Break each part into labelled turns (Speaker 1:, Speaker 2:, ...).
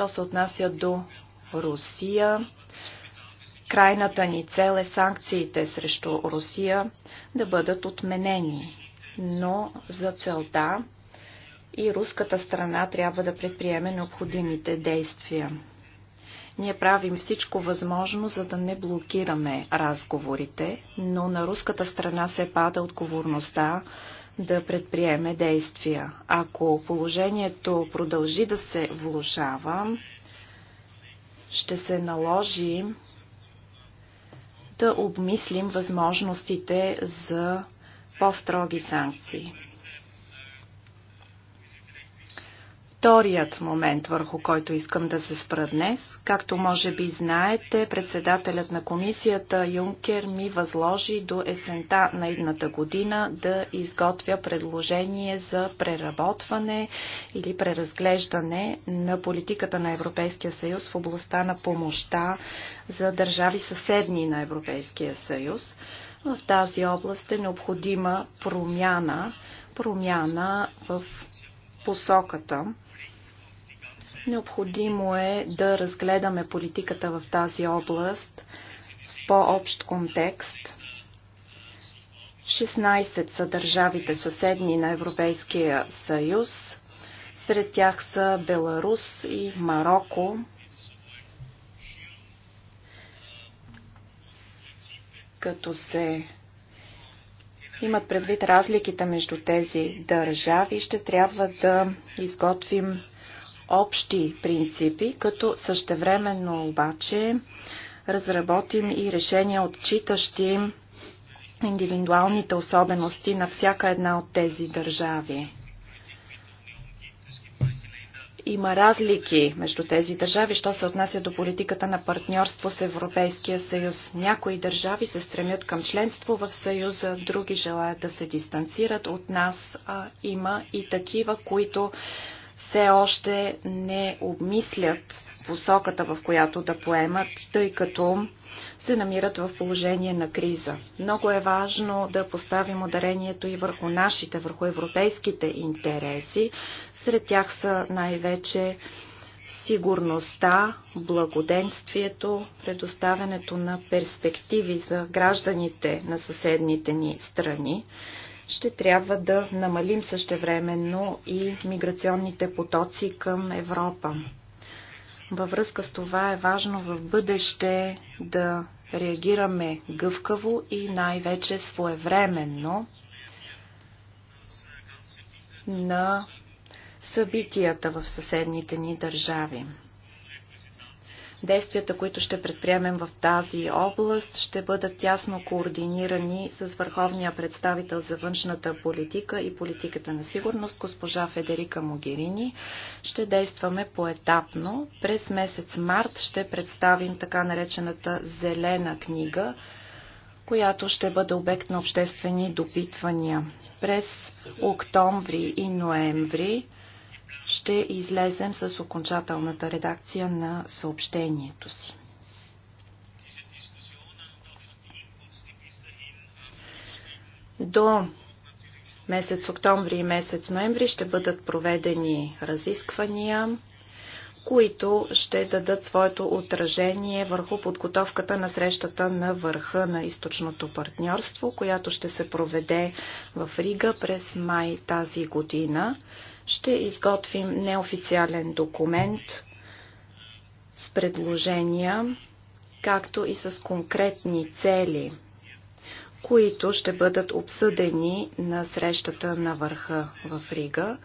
Speaker 1: Що се отнася до Русия, крайната ни цел е санкциите срещу Русия да бъдат отменени. Но за целта и руската страна трябва да предприеме необходимите действия. Ние правим всичко възможно, за да не блокираме разговорите, но на руската страна се пада отговорността да предприеме действия. Ако положението продължи да се влушава, ще се наложи да обмислим възможностите за по-строги санкции. вторият момент, върху който искам да се спра днес. Както може би знаете, председателят на комисията Юнкер ми възложи до есента на едната година да изготвя предложение за преработване или преразглеждане на политиката на Европейския съюз в областта на помощта за държави съседни на Европейския съюз. В тази област е необходима промяна, промяна в посоката Необходимо е да разгледаме политиката в тази област в по-общ контекст. 16 са държавите съседни на Европейския съюз. Сред тях са Беларус и Марокко. Като се имат предвид разликите между тези държави, ще трябва да изготвим общи принципи, като същевременно обаче разработим и решения, отчитащи индивидуалните особености на всяка една от тези държави. Има разлики между тези държави, що се отнася до политиката на партньорство с Европейския съюз. Някои държави се стремят към членство в съюза, други желаят да се дистанцират от нас. А има и такива, които все още не обмислят посоката, в която да поемат, тъй като се намират в положение на криза. Много е важно да поставим ударението и върху нашите, върху европейските интереси. Сред тях са най-вече сигурността, благоденствието, предоставянето на перспективи за гражданите на съседните ни страни ще трябва да намалим същевременно и миграционните потоци към Европа. Във връзка с това е важно в бъдеще да реагираме гъвкаво и най-вече своевременно на събитията в съседните ни държави. Действията, които ще предприемем в тази област, ще бъдат тясно координирани с върховния представител за външната политика и политиката на сигурност, госпожа Федерика Могерини. Ще действаме поетапно. През месец март ще представим така наречената зелена книга, която ще бъде обект на обществени допитвания. През октомври и ноември ще излезем с окончателната редакция на съобщението си. До месец октомври и месец ноември ще бъдат проведени разисквания, които ще дадат своето отражение върху подготовката на срещата на върха на източното партньорство, която ще се проведе в Рига през май тази година ще изготвим неофициален документ с предложения, както и с конкретни цели, които ще бъдат обсъдени на срещата на върха в Рига,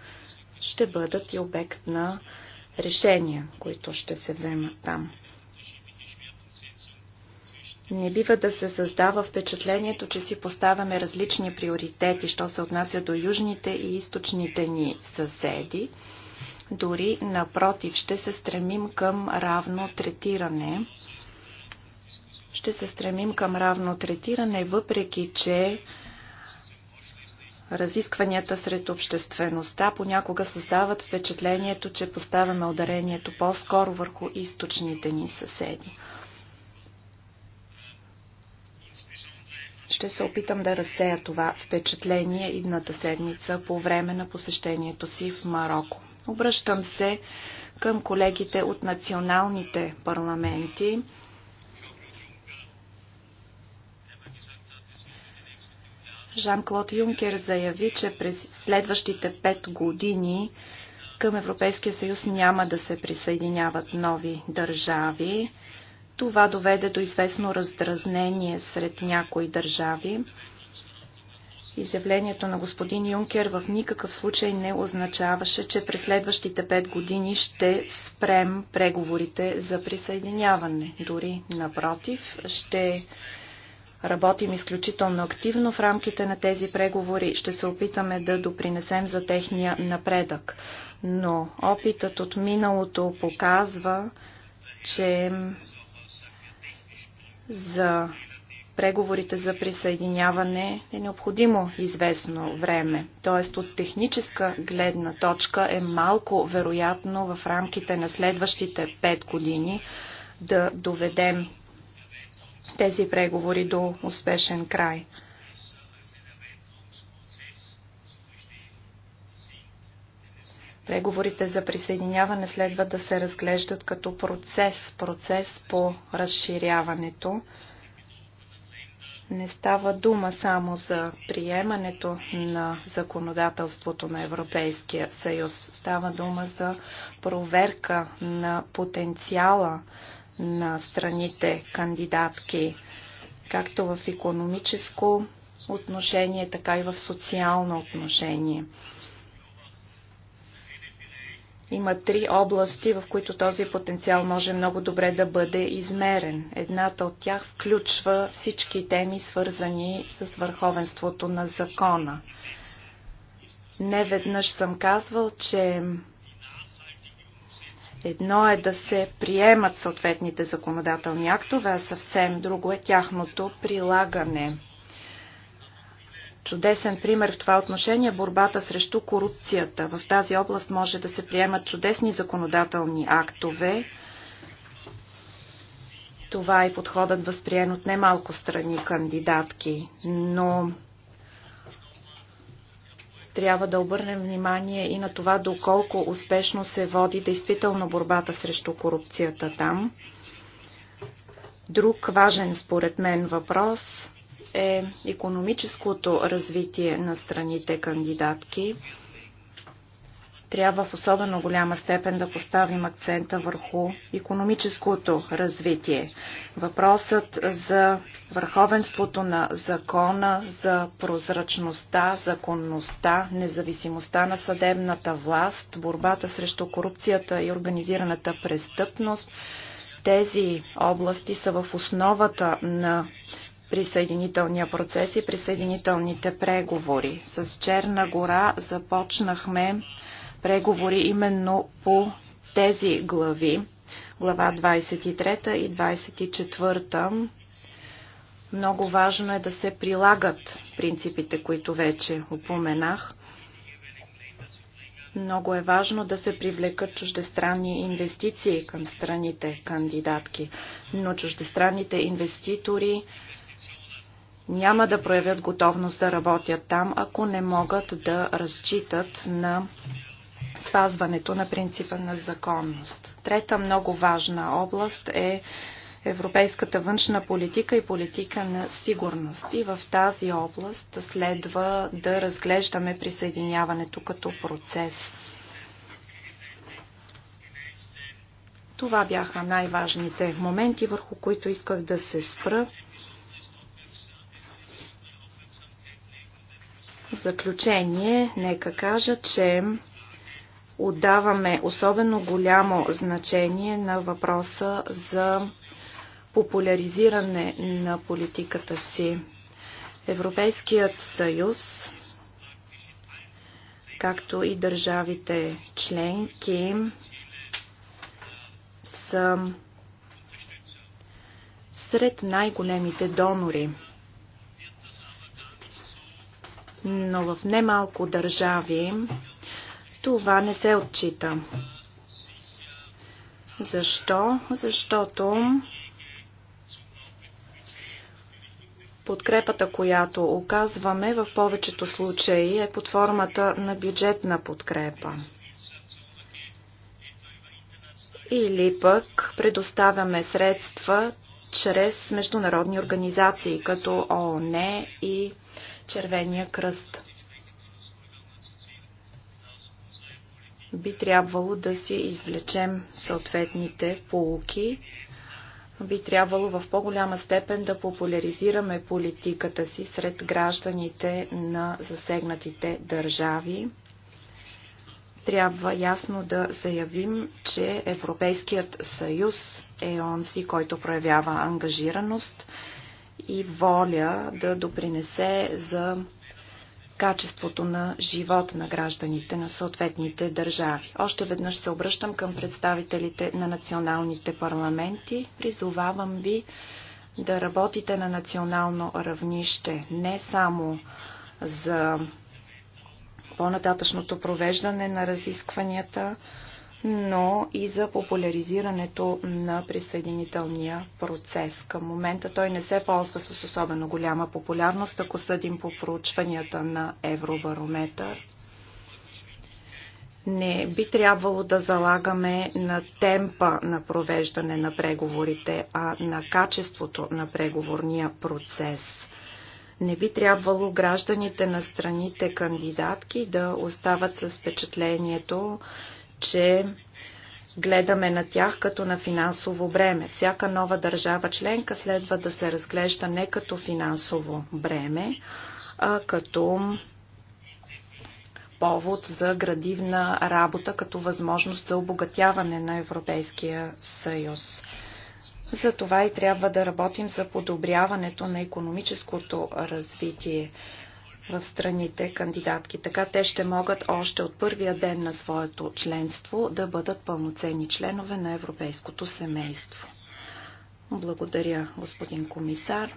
Speaker 1: ще бъдат и обект на решения, които ще се вземат там. Не бива да се създава впечатлението, че си поставяме различни приоритети, що се отнася до южните и източните ни съседи. Дори, напротив, ще се стремим към равно третиране. Ще се стремим към равно третиране, въпреки че разискванията сред обществеността понякога създават впечатлението, че поставяме ударението по-скоро върху източните ни съседи. Ще се опитам да разсея това впечатление идната седмица по време на посещението си в Марокко. Обръщам се към колегите от националните парламенти. Жан-Клод Юнкер заяви, че през следващите пет години към Европейския съюз няма да се присъединяват нови държави. Това доведе до известно раздразнение сред някои държави. Изявлението на господин Юнкер в никакъв случай не означаваше, че през следващите пет години ще спрем преговорите за присъединяване. Дори напротив, ще работим изключително активно в рамките на тези преговори, ще се опитаме да допринесем за техния напредък. Но опитът от миналото показва, че за преговорите за присъединяване е необходимо известно време. Тоест от техническа гледна точка е малко вероятно в рамките на следващите 5 години да доведем тези преговори до успешен край. Преговорите за присъединяване следва да се разглеждат като процес, процес по разширяването. Не става дума само за приемането на законодателството на Европейския съюз. Става дума за проверка на потенциала на страните кандидатки, както в економическо отношение, така и в социално отношение. Има три области, в които този потенциал може много добре да бъде измерен. Едната от тях включва всички теми, свързани с върховенството на закона. Неведнъж съм казвал, че едно е да се приемат съответните законодателни актове, а съвсем друго е тяхното прилагане – Чудесен пример в това отношение е борбата срещу корупцията. В тази област може да се приемат чудесни законодателни актове. Това е подходът възприен от немалко страни кандидатки, но трябва да обърнем внимание и на това доколко успешно се води действително борбата срещу корупцията там. Друг важен според мен въпрос е економическото развитие на страните кандидатки. Трябва в особено голяма степен да поставим акцента върху економическото развитие. Въпросът за върховенството на закона, за прозрачността, законността, независимостта на съдебната власт, борбата срещу корупцията и организираната престъпност, тези области са в основата на присъединителния процес и присъединителните преговори. С Черна гора започнахме преговори именно по тези глави, глава 23 и 24. Много важно е да се прилагат принципите, които вече упоменах. Много е важно да се привлекат чуждестранни инвестиции към страните кандидатки, но чуждестранните инвеститори няма да проявят готовност да работят там, ако не могат да разчитат на спазването на принципа на законност. Трета много важна област е европейската външна политика и политика на сигурност. И в тази област следва да разглеждаме присъединяването като процес. Това бяха най-важните моменти, върху които исках да се спра. В заключение, нека кажа, че отдаваме особено голямо значение на въпроса за популяризиране на политиката си. Европейският съюз, както и държавите членки, са сред най-големите донори но в немалко държави това не се отчита. Защо? Защото подкрепата, която оказваме в повечето случаи е под формата на бюджетна подкрепа. Или пък предоставяме средства чрез международни организации, като ООН и Червения кръст. Би трябвало да си извлечем съответните полуки. Би трябвало в по-голяма степен да популяризираме политиката си сред гражданите на засегнатите държави трябва ясно да заявим, че Европейският съюз е онзи, който проявява ангажираност, и воля да допринесе за качеството на живот на гражданите на съответните държави. Още веднъж се обръщам към представителите на националните парламенти. Призовавам ви да работите на национално равнище, не само за по-нататъчното провеждане на разискванията, но и за популяризирането на присъединителния процес. Към момента той не се ползва с особено голяма популярност, ако съдим по проучванията на Евробарометър. Не би трябвало да залагаме на темпа на провеждане на преговорите, а на качеството на преговорния процес не би трябвало гражданите на страните кандидатки да остават с впечатлението, че гледаме на тях като на финансово бреме. Всяка нова държава членка следва да се разглежда не като финансово бреме, а като повод за градивна работа, като възможност за обогатяване на Европейския съюз. За това и трябва да работим за подобряването на економическото развитие в страните кандидатки. Така те ще могат още от първия ден на своето членство да бъдат пълноценни членове на европейското семейство. Благодаря, господин комисар.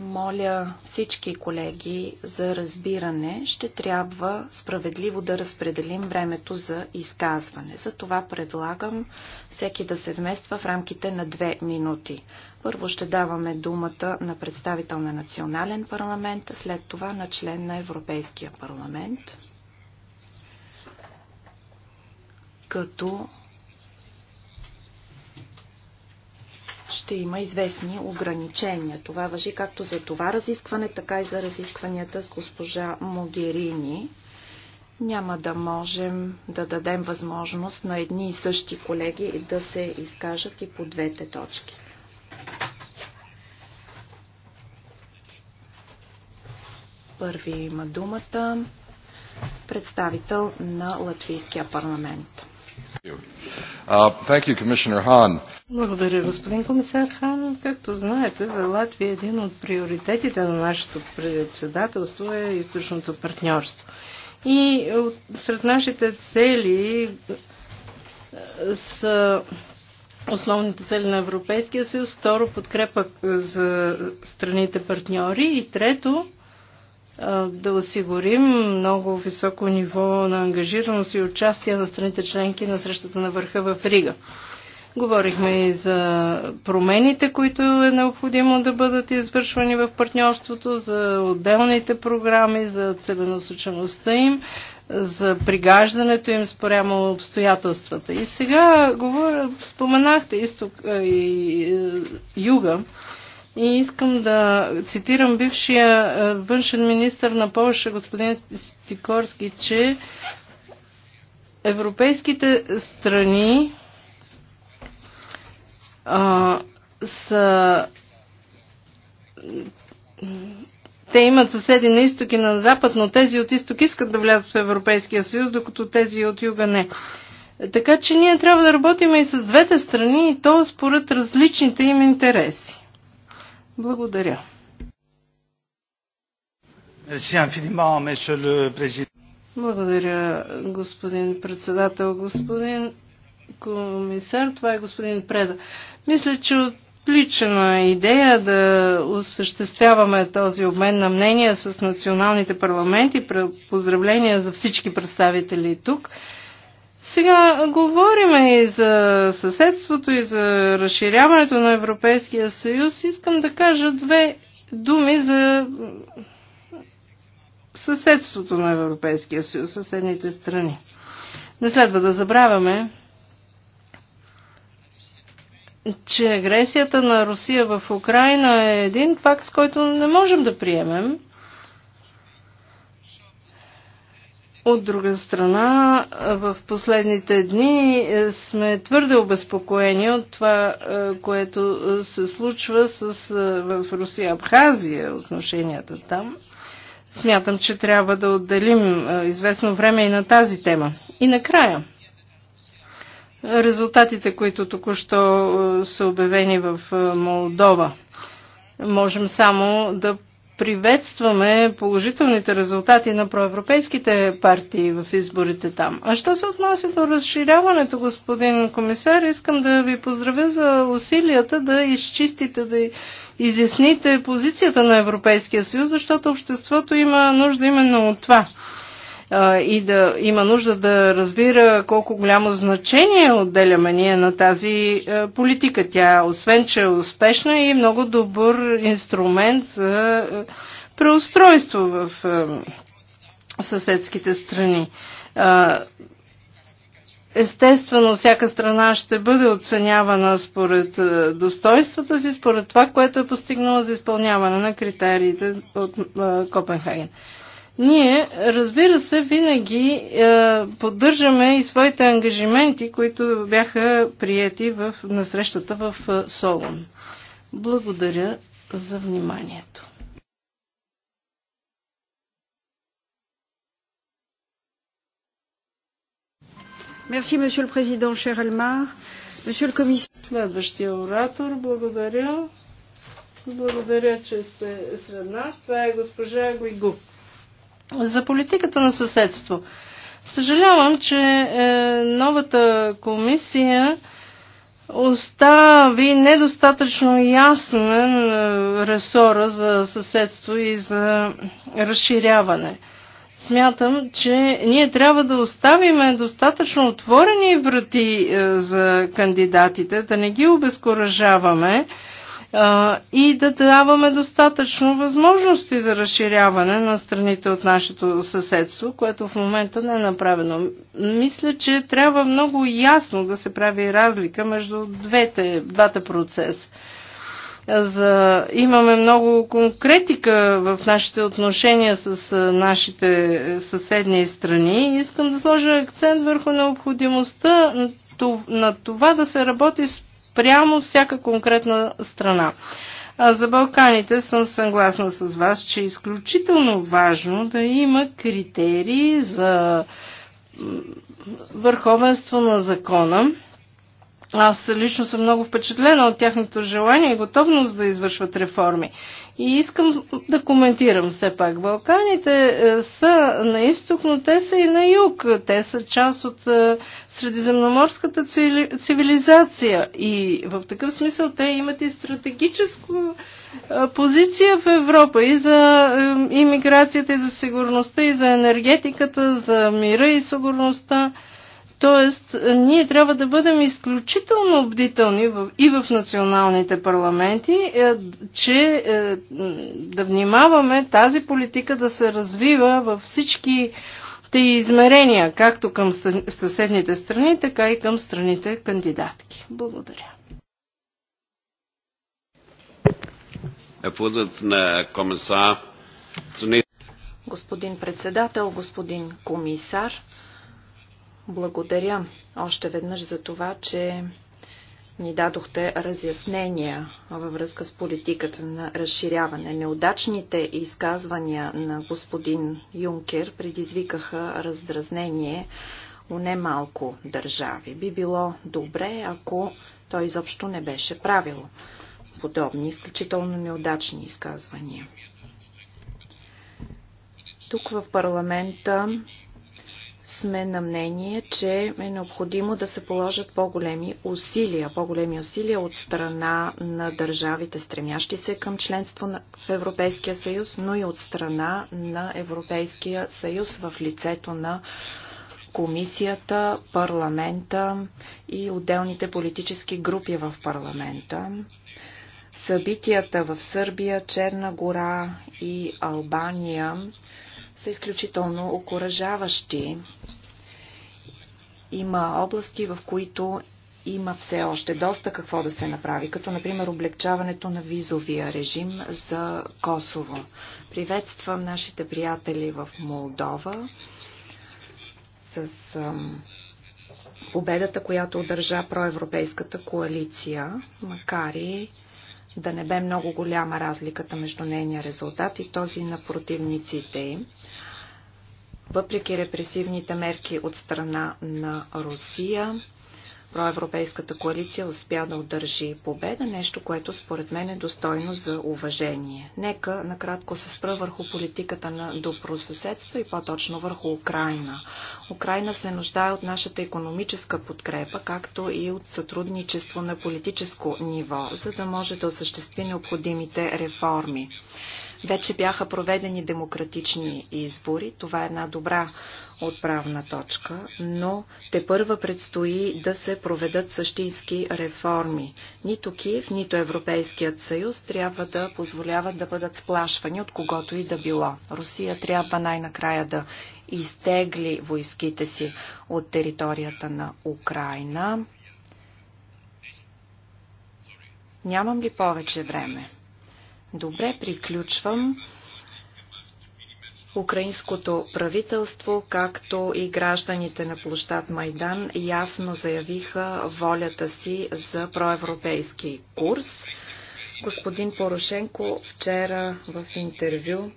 Speaker 1: Моля всички колеги за разбиране. Ще трябва справедливо да разпределим времето за изказване. За това предлагам всеки да се вмества в рамките на две минути. Първо ще даваме думата на представител на национален парламент, след това на член на Европейския парламент. Като ще има известни ограничения. Това въжи както за това разискване, така и за разискванията с госпожа Могерини. Няма да можем да дадем възможност на едни и същи колеги да се изкажат и по двете точки. Първи има думата представител на Латвийския парламент.
Speaker 2: Uh,
Speaker 1: Благодаря, господин комисар Хан. Както
Speaker 3: знаете, за Латвия един от приоритетите на нашето председателство е източното партньорство. И сред нашите цели е, са основните цели на Европейския съюз, второ подкрепа е, за страните партньори и трето да осигурим много високо ниво на ангажираност и участие на страните членки на срещата на върха в Рига. Говорихме и за промените, които е необходимо да бъдат извършвани в партньорството, за отделните програми, за целенасочеността им, за пригаждането им спрямо обстоятелствата. И сега говоря, споменахте изток и юга. И искам да цитирам бившия е, външен министр на Польша, господин Стикорски, че европейските страни а, са те имат съседи на изток и на запад, но тези от изток искат да влязат в Европейския съюз, докато тези от юга не. Така че ние трябва да работим и с двете страни, и то според различните им интереси. Благодаря. Благодаря, господин председател. Господин комисар, това е господин Преда. Мисля, че отлична идея да осъществяваме този обмен на мнения с националните парламенти. Поздравления за всички представители тук. Сега говорим и за съседството, и за разширяването на Европейския съюз. Искам да кажа две думи за съседството на Европейския съюз, съседните страни. Не следва да забравяме, че агресията на Русия в Украина е един факт, с който не можем да приемем – От друга страна, в последните дни е, сме твърде обезпокоени от това, е, което е, се случва с, в Русия Абхазия, отношенията там. Смятам, че трябва да отделим известно време и на тази тема. И накрая, резултатите, които току-що са обявени в Молдова можем само да приветстваме положителните резултати на проевропейските партии в изборите там. А що се отнася до разширяването, господин комисар, искам да ви поздравя за усилията да изчистите, да изясните позицията на Европейския съюз, защото обществото има нужда именно от това и да има нужда да разбира колко голямо значение отделяме ние на тази политика. Тя, освен че е успешна, е и много добър инструмент за преустройство в съседските страни. Естествено, всяка страна ще бъде оценявана според достоинствата си, според това, което е постигнала за изпълняване на критериите от Копенхаген. Ние, разбира се, винаги е, поддържаме и своите ангажименти, които бяха приети в, на срещата в е, Солон.
Speaker 4: Благодаря за вниманието. Merci, Monsieur le
Speaker 3: Président, cher Elmar. Monsieur le Commissaire. Следващия оратор, благодаря. Благодаря, че сте сред нас. Това е госпожа Гуйгу. За политиката на съседство. Съжалявам, че е, новата комисия остави недостатъчно ясен е, ресора за съседство и за разширяване. Смятам, че ние трябва да оставим достатъчно отворени врати е, за кандидатите, да не ги обезкуражаваме и да даваме достатъчно възможности за разширяване на страните от нашето съседство, което в момента не е направено. Мисля, че трябва много ясно да се прави разлика между двете, двата процеса. За... Имаме много конкретика в нашите отношения с нашите съседни страни. Искам да сложа акцент върху необходимостта на това да се работи с спрямо всяка конкретна страна. За Балканите съм съгласна с вас, че е изключително важно да има критерии за върховенство на закона. Аз лично съм много впечатлена от тяхното желание и готовност да извършват реформи. И искам да коментирам все пак. Балканите е, са на изток, но те са и на юг. Те са част от е, средиземноморската цивилизация. И в такъв смисъл те имат и стратегическа е, позиция в Европа и за иммиграцията, и за сигурността, и за енергетиката, за мира и сигурността. Тоест, ние трябва да бъдем изключително бдителни и в националните парламенти, е, че е, да внимаваме тази политика да се развива във всички те измерения, както към съседните страни, така и към страните кандидатки. Благодаря.
Speaker 1: Господин председател, господин комисар, благодаря още веднъж за това, че ни дадохте разяснения във връзка с политиката на разширяване. Неудачните изказвания на господин Юнкер предизвикаха раздразнение у немалко държави. Би било добре, ако той изобщо не беше правило подобни изключително неудачни изказвания. Тук в парламента сме на мнение, че е необходимо да се положат по-големи усилия, по-големи усилия от страна на държавите, стремящи се към членство в Европейския съюз, но и от страна на Европейския съюз в лицето на комисията, парламента и отделните политически групи в парламента. Събитията в Сърбия, Черна гора и Албания са изключително окоръжаващи. Има области, в които има все още доста какво да се направи, като например облегчаването на визовия режим за Косово. Приветствам нашите приятели в Молдова с ам, победата, която удържа проевропейската коалиция, макар и да не бе много голяма разликата между нейния резултат и този на противниците им, Въпреки репресивните мерки от страна на Русия, проевропейската коалиция успя да удържи победа, нещо, което според мен е достойно за уважение. Нека накратко се спра върху политиката на добросъседство и по-точно върху Украина. Украина се нуждае от нашата економическа подкрепа, както и от сътрудничество на политическо ниво, за да може да осъществи необходимите реформи. Вече бяха проведени демократични избори. Това е една добра отправна точка, но те първа предстои да се проведат същински реформи. Нито Киев, нито Европейският съюз трябва да позволяват да бъдат сплашвани от когото и да било. Русия трябва най-накрая да изтегли войските си от територията на Украина. Нямам ли повече време? Добре, приключвам. Украинското правителство, както и гражданите на площад Майдан, ясно заявиха волята си за проевропейски курс. Господин Порошенко вчера в интервю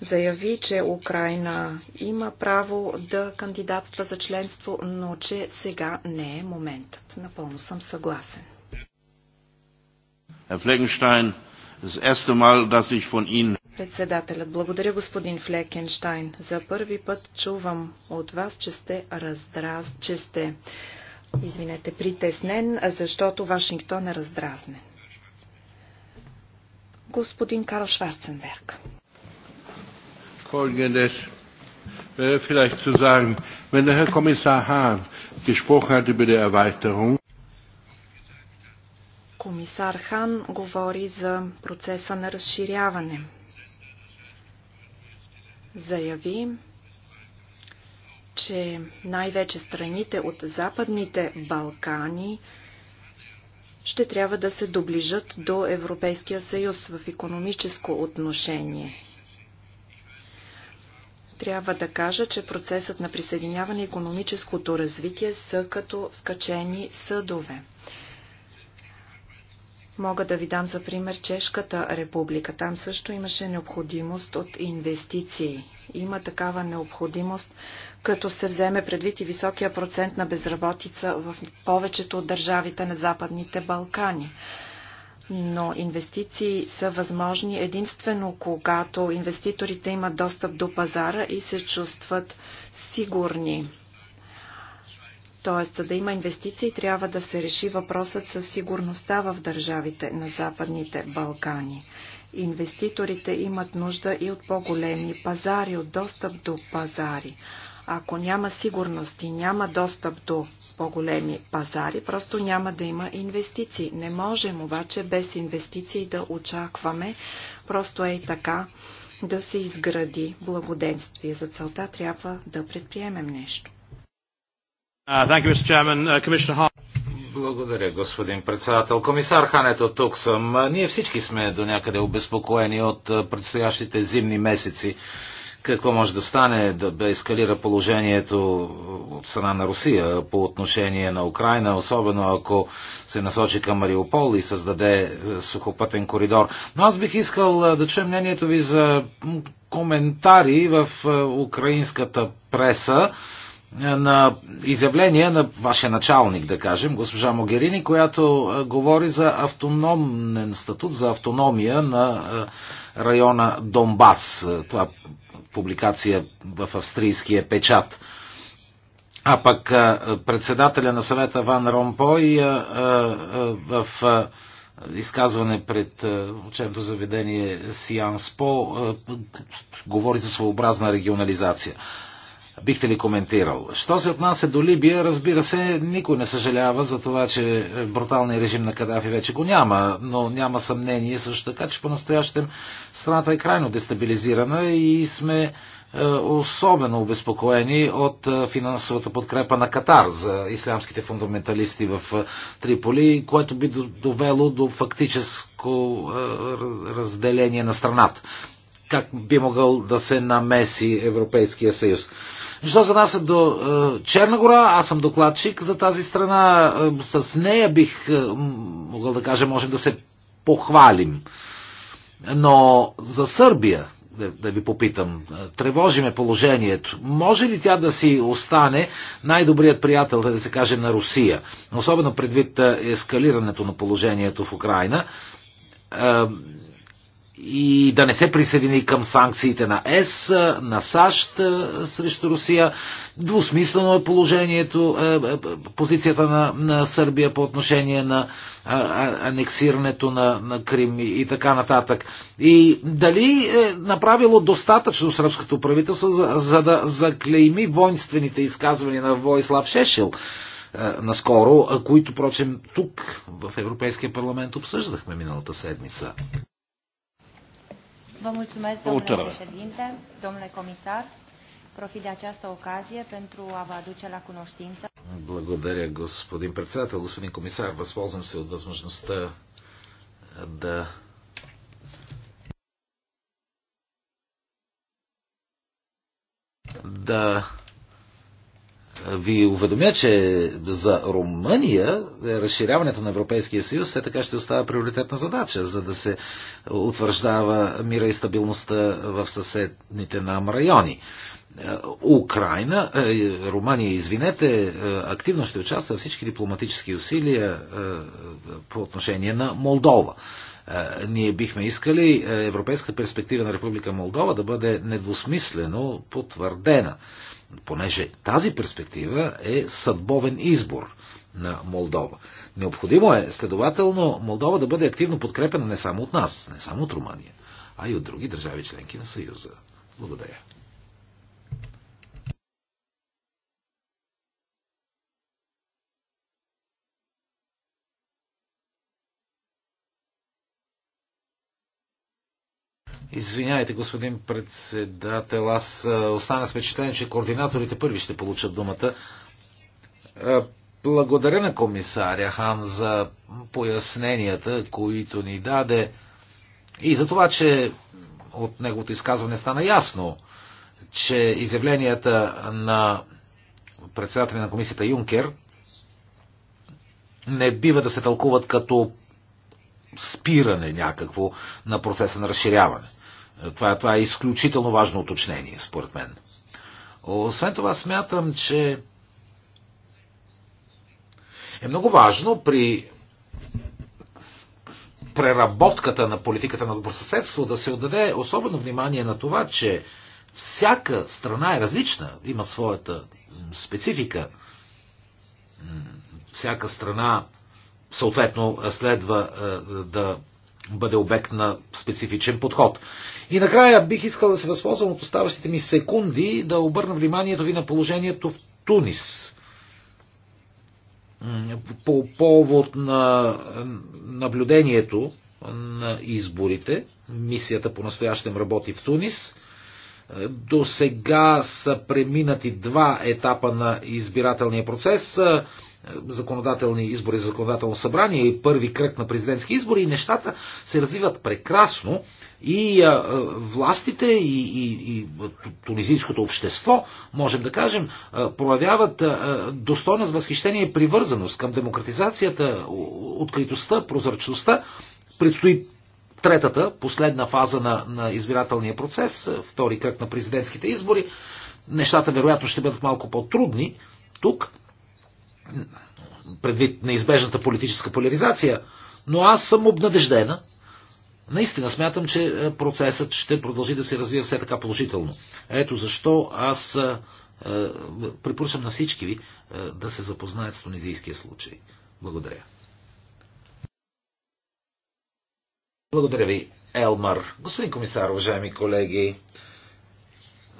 Speaker 1: заяви, че Украина има право да кандидатства за членство, но че сега не е моментът. Напълно съм съгласен.
Speaker 4: Herr Fleckenstein,
Speaker 1: Председателят, благодаря господин Флекенштайн. За първи път чувам от вас, че сте раздраз... че сте, извинете, притеснен, защото Вашингтон е раздразнен. Господин Карл Шварценберг.
Speaker 4: Folgendes
Speaker 3: wäre äh, vielleicht zu sagen, wenn der Herr Kommissar Hahn gesprochen hat über die Erweiterung,
Speaker 1: Комисар Хан говори за процеса на разширяване. Заяви, че най-вече страните от Западните Балкани ще трябва да се доближат до Европейския съюз в економическо отношение. Трябва да кажа, че процесът на присъединяване и економическото развитие са като скачени съдове. Мога да ви дам за пример Чешката република. Там също имаше необходимост от инвестиции. Има такава необходимост, като се вземе предвид и високия процент на безработица в повечето от държавите на Западните Балкани. Но инвестиции са възможни единствено когато инвеститорите имат достъп до пазара и се чувстват сигурни. Т.е. за да има инвестиции, трябва да се реши въпросът със сигурността в държавите на Западните Балкани. Инвеститорите имат нужда и от по-големи пазари, от достъп до пазари. Ако няма сигурност и няма достъп до по-големи пазари, просто няма да има инвестиции. Не можем обаче без инвестиции да очакваме просто е и така да се изгради благоденствие. За целта трябва да предприемем нещо.
Speaker 2: Uh, uh, Благодаря, господин председател. Комисар Хането тук съм. Ние всички сме до някъде обезпокоени от предстоящите зимни месеци. Какво може да стане да, да ескалира положението от страна на Русия по отношение на Украина, особено ако се насочи към Мариупол и създаде е, сухопътен коридор. Но аз бих искал да чуя мнението ви за коментари в украинската преса на изявление на вашия началник, да кажем, госпожа Могерини, която говори за автономен статут, за автономия на района Донбас. Това публикация в австрийския печат. А пък председателя на съвета Ван Ромпой в изказване пред учебното заведение Сианс По говори за своеобразна регионализация бихте ли коментирал? Що се отнася до Либия, разбира се, никой не съжалява за това, че бруталният режим на Кадафи вече го няма, но няма съмнение също така, че по-настоящем страната е крайно дестабилизирана и сме е, особено обезпокоени от е, финансовата подкрепа на Катар за ислямските фундаменталисти в е, Триполи, което би довело до фактическо разделение на страната как би могъл да се намеси Европейския съюз. Що за нас е до е, Черна гора, аз съм докладчик за тази страна. Е, с нея бих е, могъл да кажа, можем да се похвалим. Но за Сърбия, да, да ви попитам, е, тревожиме положението. Може ли тя да си остане най-добрият приятел, да се каже, на Русия? Особено предвид е, ескалирането на положението в Украина. Е, и да не се присъедини към санкциите на ЕС, на САЩ е, срещу Русия. Двусмислено е положението, е, е, позицията на, на Сърбия по отношение на анексирането на, на Крим и така нататък. И дали е направило достатъчно сръбското правителство, за, за да заклейми воинствените изказвания на Войслав Шешил наскоро, които, прочем, тук в Европейския парламент обсъждахме миналата седмица.
Speaker 1: Vă mulțumesc, domnule președinte, domnule comisar. Profit de această ocazie pentru a vă aduce la cunoștință.
Speaker 2: Благодаря, господин председател. Господин комисар, възползвам се от възможността да да ви уведомя, че за Румъния е, разширяването на Европейския съюз все така ще остава приоритетна задача, за да се утвърждава мира и стабилността в съседните нам райони. Е, Украина, е, Румъния, извинете, активно ще участва в всички дипломатически усилия по отношение на Молдова. Ние бихме искали европейската перспектива на Република Молдова да бъде недвусмислено потвърдена понеже тази перспектива е съдбовен избор на Молдова. Необходимо е, следователно, Молдова да бъде активно подкрепена не само от нас, не само от Румъния, а и от други държави членки на Съюза. Благодаря. Извинявайте, господин председател, аз остана с впечатление, че координаторите първи ще получат думата. Благодаря на комисаря Хан за поясненията, които ни даде и за това, че от неговото изказване стана ясно, че изявленията на председателя на комисията Юнкер не бива да се тълкуват като спиране някакво на процеса на разширяване. Това, това е изключително важно уточнение, според мен. Освен това, смятам, че е много важно при преработката на политиката на добросъседство да се отдаде особено внимание на това, че всяка страна е различна, има своята специфика. Всяка страна съответно следва е, да бъде обект на специфичен подход. И накрая бих искал да се възползвам от оставащите ми секунди да обърна вниманието ви на положението в Тунис. По повод на наблюдението на изборите, мисията по настоящем работи в Тунис. До сега са преминати два етапа на избирателния процес законодателни избори за законодателно събрание и първи кръг на президентски избори и нещата се развиват прекрасно и а, а, властите и, и, и тунизийското общество, можем да кажем, а, проявяват а, достойна с възхищение и привързаност към демократизацията, откритостта, прозрачността. Предстои третата, последна фаза на, на избирателния процес, втори кръг на президентските избори. Нещата вероятно ще бъдат малко по-трудни тук, предвид неизбежната политическа поляризация, но аз съм обнадеждена. Наистина смятам, че е, процесът ще продължи да се развива все така положително. Ето защо аз е, е, препоръчвам на всички ви да се запознаят с тунизийския случай. Благодаря. Благодаря ви, Елмар. Господин комисар, уважаеми колеги,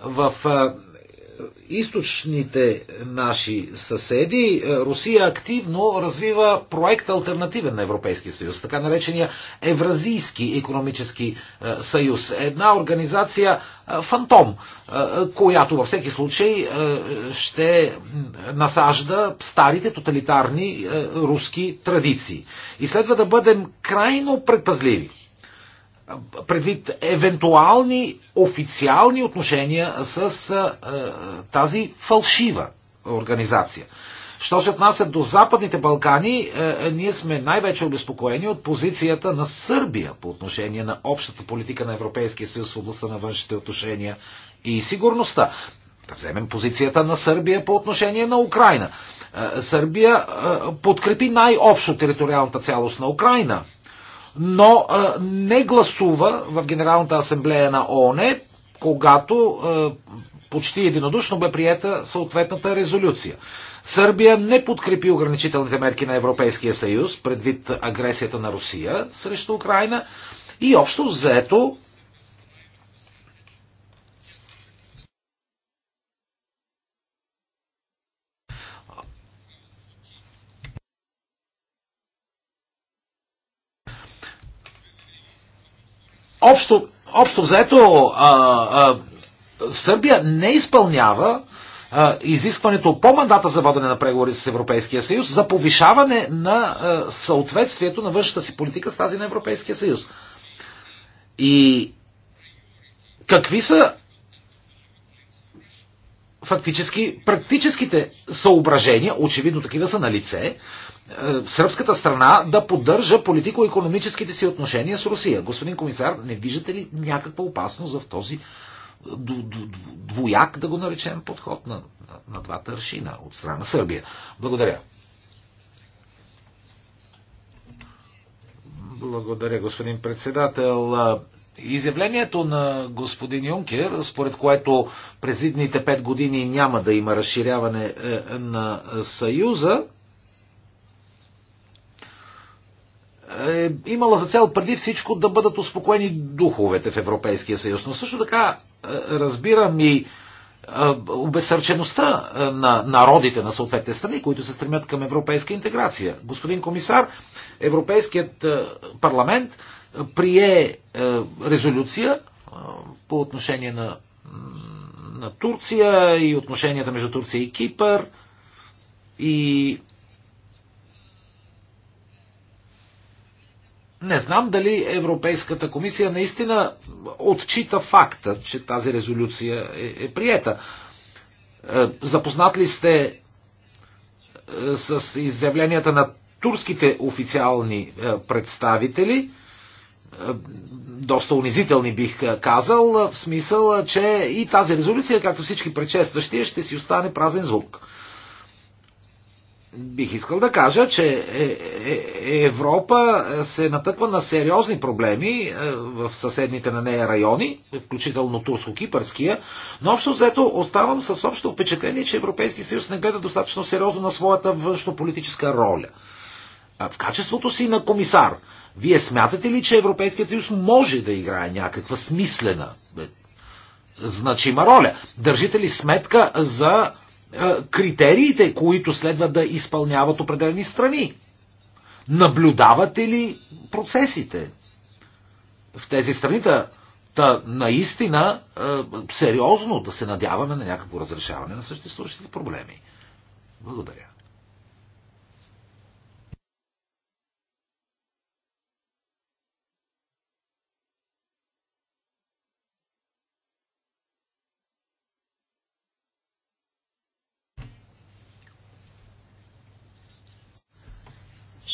Speaker 2: в източните наши съседи, е, Русия активно развива проект альтернативен на Европейския съюз, така наречения Евразийски економически е, съюз. Една организация е, фантом, която във всеки случай ще насажда старите тоталитарни руски традиции. И следва да бъдем крайно предпазливи предвид евентуални официални отношения с а, а, тази фалшива организация. Що се отнася до Западните Балкани, а, ние сме най-вече обезпокоени от позицията на Сърбия по отношение на общата политика на Европейския съюз в областта на външните отношения и сигурността. Да вземем позицията на Сърбия по отношение на Украина. Сърбия подкрепи най-общо териториалната цялост на Украина но не гласува в Генералната асамблея на ООН, когато почти единодушно бе приета съответната резолюция. Сърбия не подкрепи ограничителните мерки на Европейския съюз предвид агресията на Русия срещу Украина и общо взето общо, общо взето а, а, Сърбия не изпълнява а, изискването по мандата за водене на преговори с Европейския съюз за повишаване на а, съответствието на външната си политика с тази на Европейския съюз. И какви са фактически практическите съображения, очевидно такива са на лице, е, сръбската страна да поддържа политико-економическите си отношения с Русия. Господин комисар, не виждате ли някаква опасност в този двояк, да го наречем, подход на, на, на двата аршина от страна Сърбия? Благодаря. Благодаря, господин председател. Изявлението на господин Юнкер, според което през идните пет години няма да има разширяване е, на Съюза, е имала за цел преди всичко да бъдат успокоени духовете в Европейския съюз. Но също така е, разбирам и е, обесърчеността на народите на съответните страни, които се стремят към европейска интеграция. Господин комисар, Европейският е, парламент е, прие е, резолюция по отношение на, на Турция и отношенията между Турция и Кипър и Не знам дали Европейската комисия наистина отчита факта, че тази резолюция е, е приета. Запознат ли сте с изявленията на турските официални е, представители, е, доста унизителни бих е, казал, в смисъл, че и тази резолюция, както всички предшестващи, ще си остане празен звук. Бих искал да кажа, че Европа се натъква на сериозни проблеми в съседните на нея райони, включително турско-кипърския, но общо взето оставам с общо впечатление, че Европейски съюз не гледа достатъчно сериозно на своята външно-политическа роля – в качеството си на комисар, вие смятате ли, че Европейският съюз може да играе някаква смислена, е, значима роля? Държите ли сметка за е, критериите, които следва да изпълняват определени страни? Наблюдавате ли процесите в тези страни Та наистина е, сериозно да се надяваме на някакво разрешаване на съществуващите проблеми. Благодаря.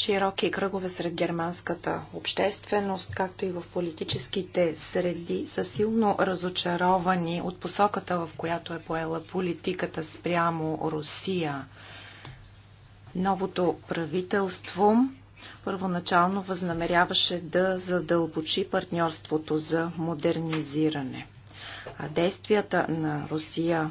Speaker 1: широки кръгове сред германската общественост, както и в политическите среди, са силно разочаровани от посоката, в която е поела политиката спрямо Русия. Новото правителство първоначално възнамеряваше да задълбочи партньорството за модернизиране. А действията на Русия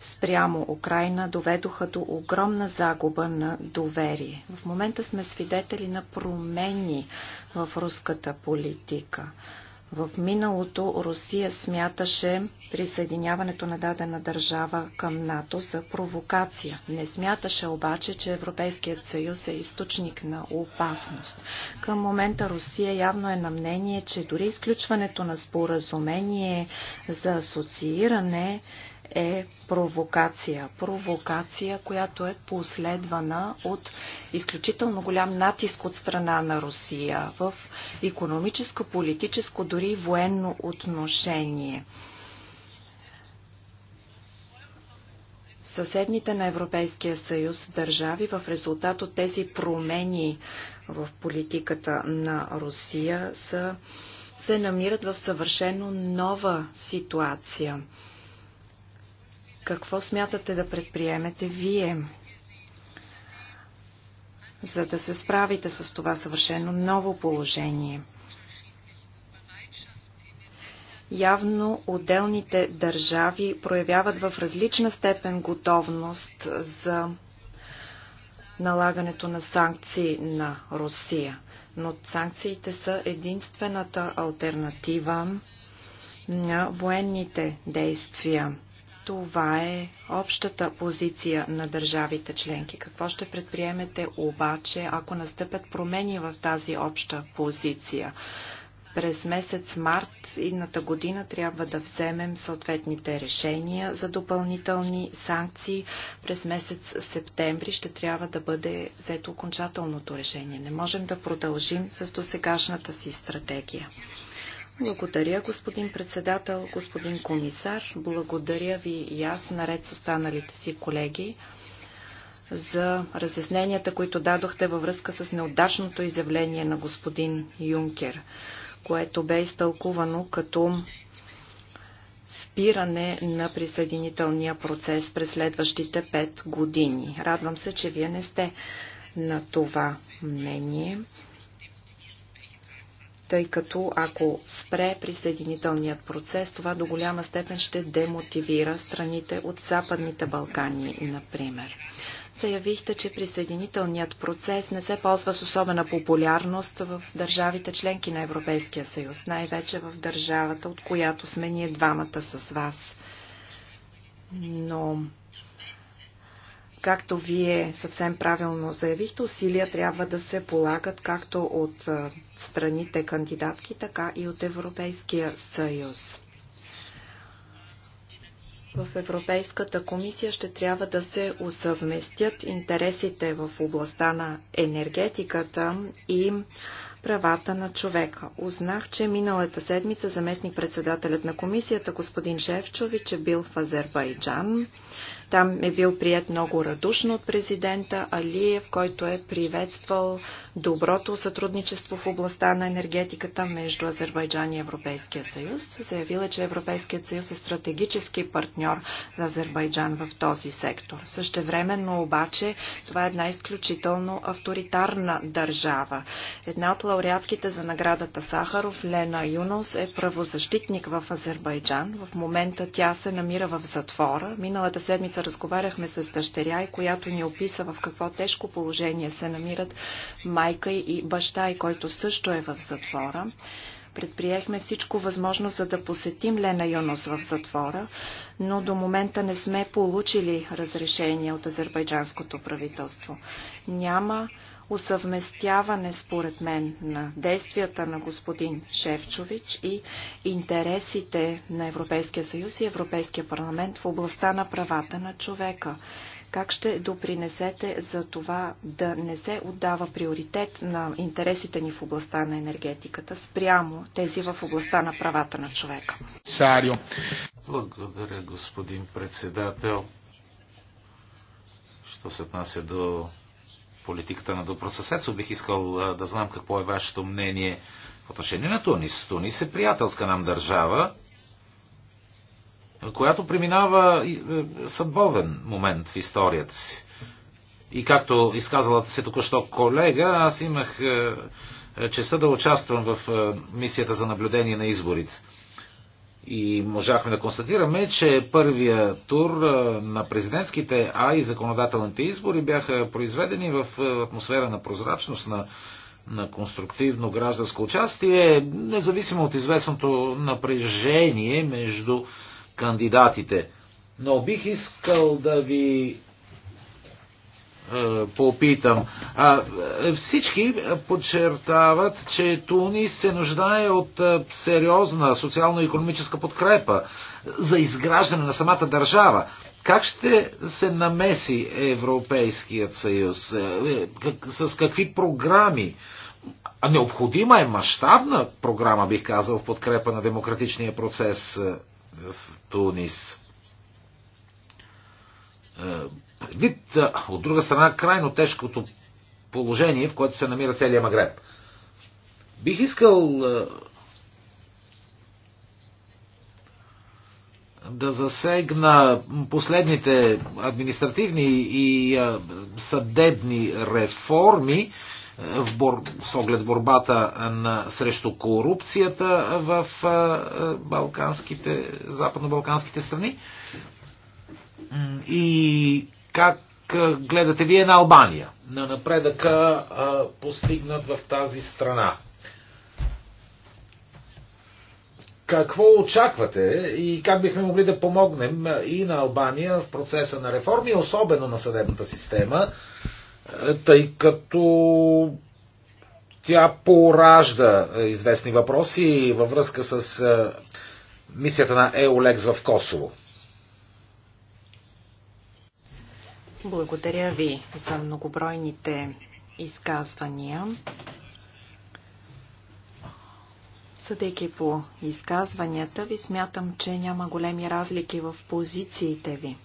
Speaker 1: спрямо Украина доведоха до огромна загуба на доверие. В момента сме свидетели на промени в руската политика. В миналото Русия смяташе присъединяването на дадена държава към НАТО за провокация. Не смяташе обаче, че Европейският съюз е източник на опасност. Към момента Русия явно е на мнение, че дори изключването на споразумение за асоцииране е провокация. Провокация, която е последвана от изключително голям натиск от страна на Русия в економическо, политическо, дори военно отношение. съседните на Европейския съюз държави в резултат от тези промени в политиката на Русия са, се намират в съвършено нова ситуация. Какво смятате да предприемете вие, за да се справите с това съвършено ново положение? Явно отделните държави проявяват в различна степен готовност за налагането на санкции на Русия. Но санкциите са единствената альтернатива на военните действия. Това е общата позиция на държавите членки. Какво ще предприемете обаче, ако настъпят промени в тази обща позиция? През месец март едната година трябва да вземем съответните решения за допълнителни санкции. През месец септември ще трябва да бъде взето окончателното решение. Не можем да продължим с досегашната си стратегия. Благодаря, господин председател, господин комисар. Благодаря ви и аз, наред с останалите си колеги, за разясненията, които дадохте във връзка с неудачното изявление на господин Юнкер, което бе изтълкувано като спиране на присъединителния процес през следващите пет години. Радвам се, че вие не сте на това мнение тъй като ако спре присъединителният процес, това до голяма степен ще демотивира страните от Западните Балкани, например. Заявихте, че присъединителният процес не се ползва с особена популярност в държавите членки на Европейския съюз, най-вече в държавата, от която сме ние двамата с вас. Но Както вие съвсем правилно заявихте, усилия трябва да се полагат както от страните кандидатки, така и от Европейския съюз. В Европейската комисия ще трябва да се усъвместят интересите в областта на енергетиката и правата на човека. Узнах, че миналата седмица заместник председателят на комисията господин Шевчович е бил в Азербайджан. Там е бил прият много радушно от президента Алиев, който е приветствал доброто сътрудничество в областта на енергетиката между Азербайджан и Европейския съюз. Заявил е, че Европейският съюз е стратегически партньор за Азербайджан в този сектор. Същевременно обаче това е една изключително авторитарна държава. Една от лауреатките за наградата Сахаров, Лена Юнос, е правозащитник в Азербайджан. В момента тя се намира в затвора. Миналата седмица седмица разговаряхме с дъщеря и която ни описа в какво тежко положение се намират майка и баща и който също е в затвора. Предприехме всичко възможно, за да посетим Лена Юнос в затвора, но до момента не сме получили разрешение от азербайджанското правителство. Няма усъвместяване, според мен, на действията на господин Шевчович и интересите на Европейския съюз и Европейския парламент в областта на правата на човека. Как ще допринесете за това да не се отдава приоритет на интересите ни в областта на енергетиката спрямо тези в областта на правата на човека?
Speaker 2: Сарио. Благодаря, господин председател. Що се отнася до политиката на добросъседство. Бих искал да знам какво е вашето мнение в отношение на Тунис. Тунис е приятелска нам държава, която преминава е, съдбовен момент в историята си. И както изказала се току-що колега, аз имах е, е, честа да участвам в мисията за наблюдение на изборите. И можахме да констатираме, че първия тур на президентските, а и законодателните избори бяха произведени в атмосфера на прозрачност, на, на конструктивно гражданско участие, независимо от известното напрежение между кандидатите. Но бих искал да ви е, попитам. Е, всички подчертават, че Тунис се нуждае от е, сериозна социално-економическа подкрепа за изграждане на самата държава. Как ще се намеси Европейският съюз? С какви програми? А Необходима е мащабна програма, бих казал, в подкрепа на демократичния процес в Тунис Предвид, от друга страна, крайно тежкото положение, в което се намира целият Магреб. Бих искал да засегна последните административни и съдебни реформи в бор... с оглед борбата на... срещу корупцията в балканските, западно-балканските страни. И как гледате вие на Албания, на напредъка постигнат в тази страна? Какво очаквате и как бихме могли да помогнем и на Албания в процеса на реформи, особено на съдебната система, тъй като тя поражда известни въпроси във връзка с мисията на Еолекс в Косово.
Speaker 1: Благодаря ви за многобройните изказвания. Съдейки по изказванията ви, смятам, че няма големи разлики в позициите ви.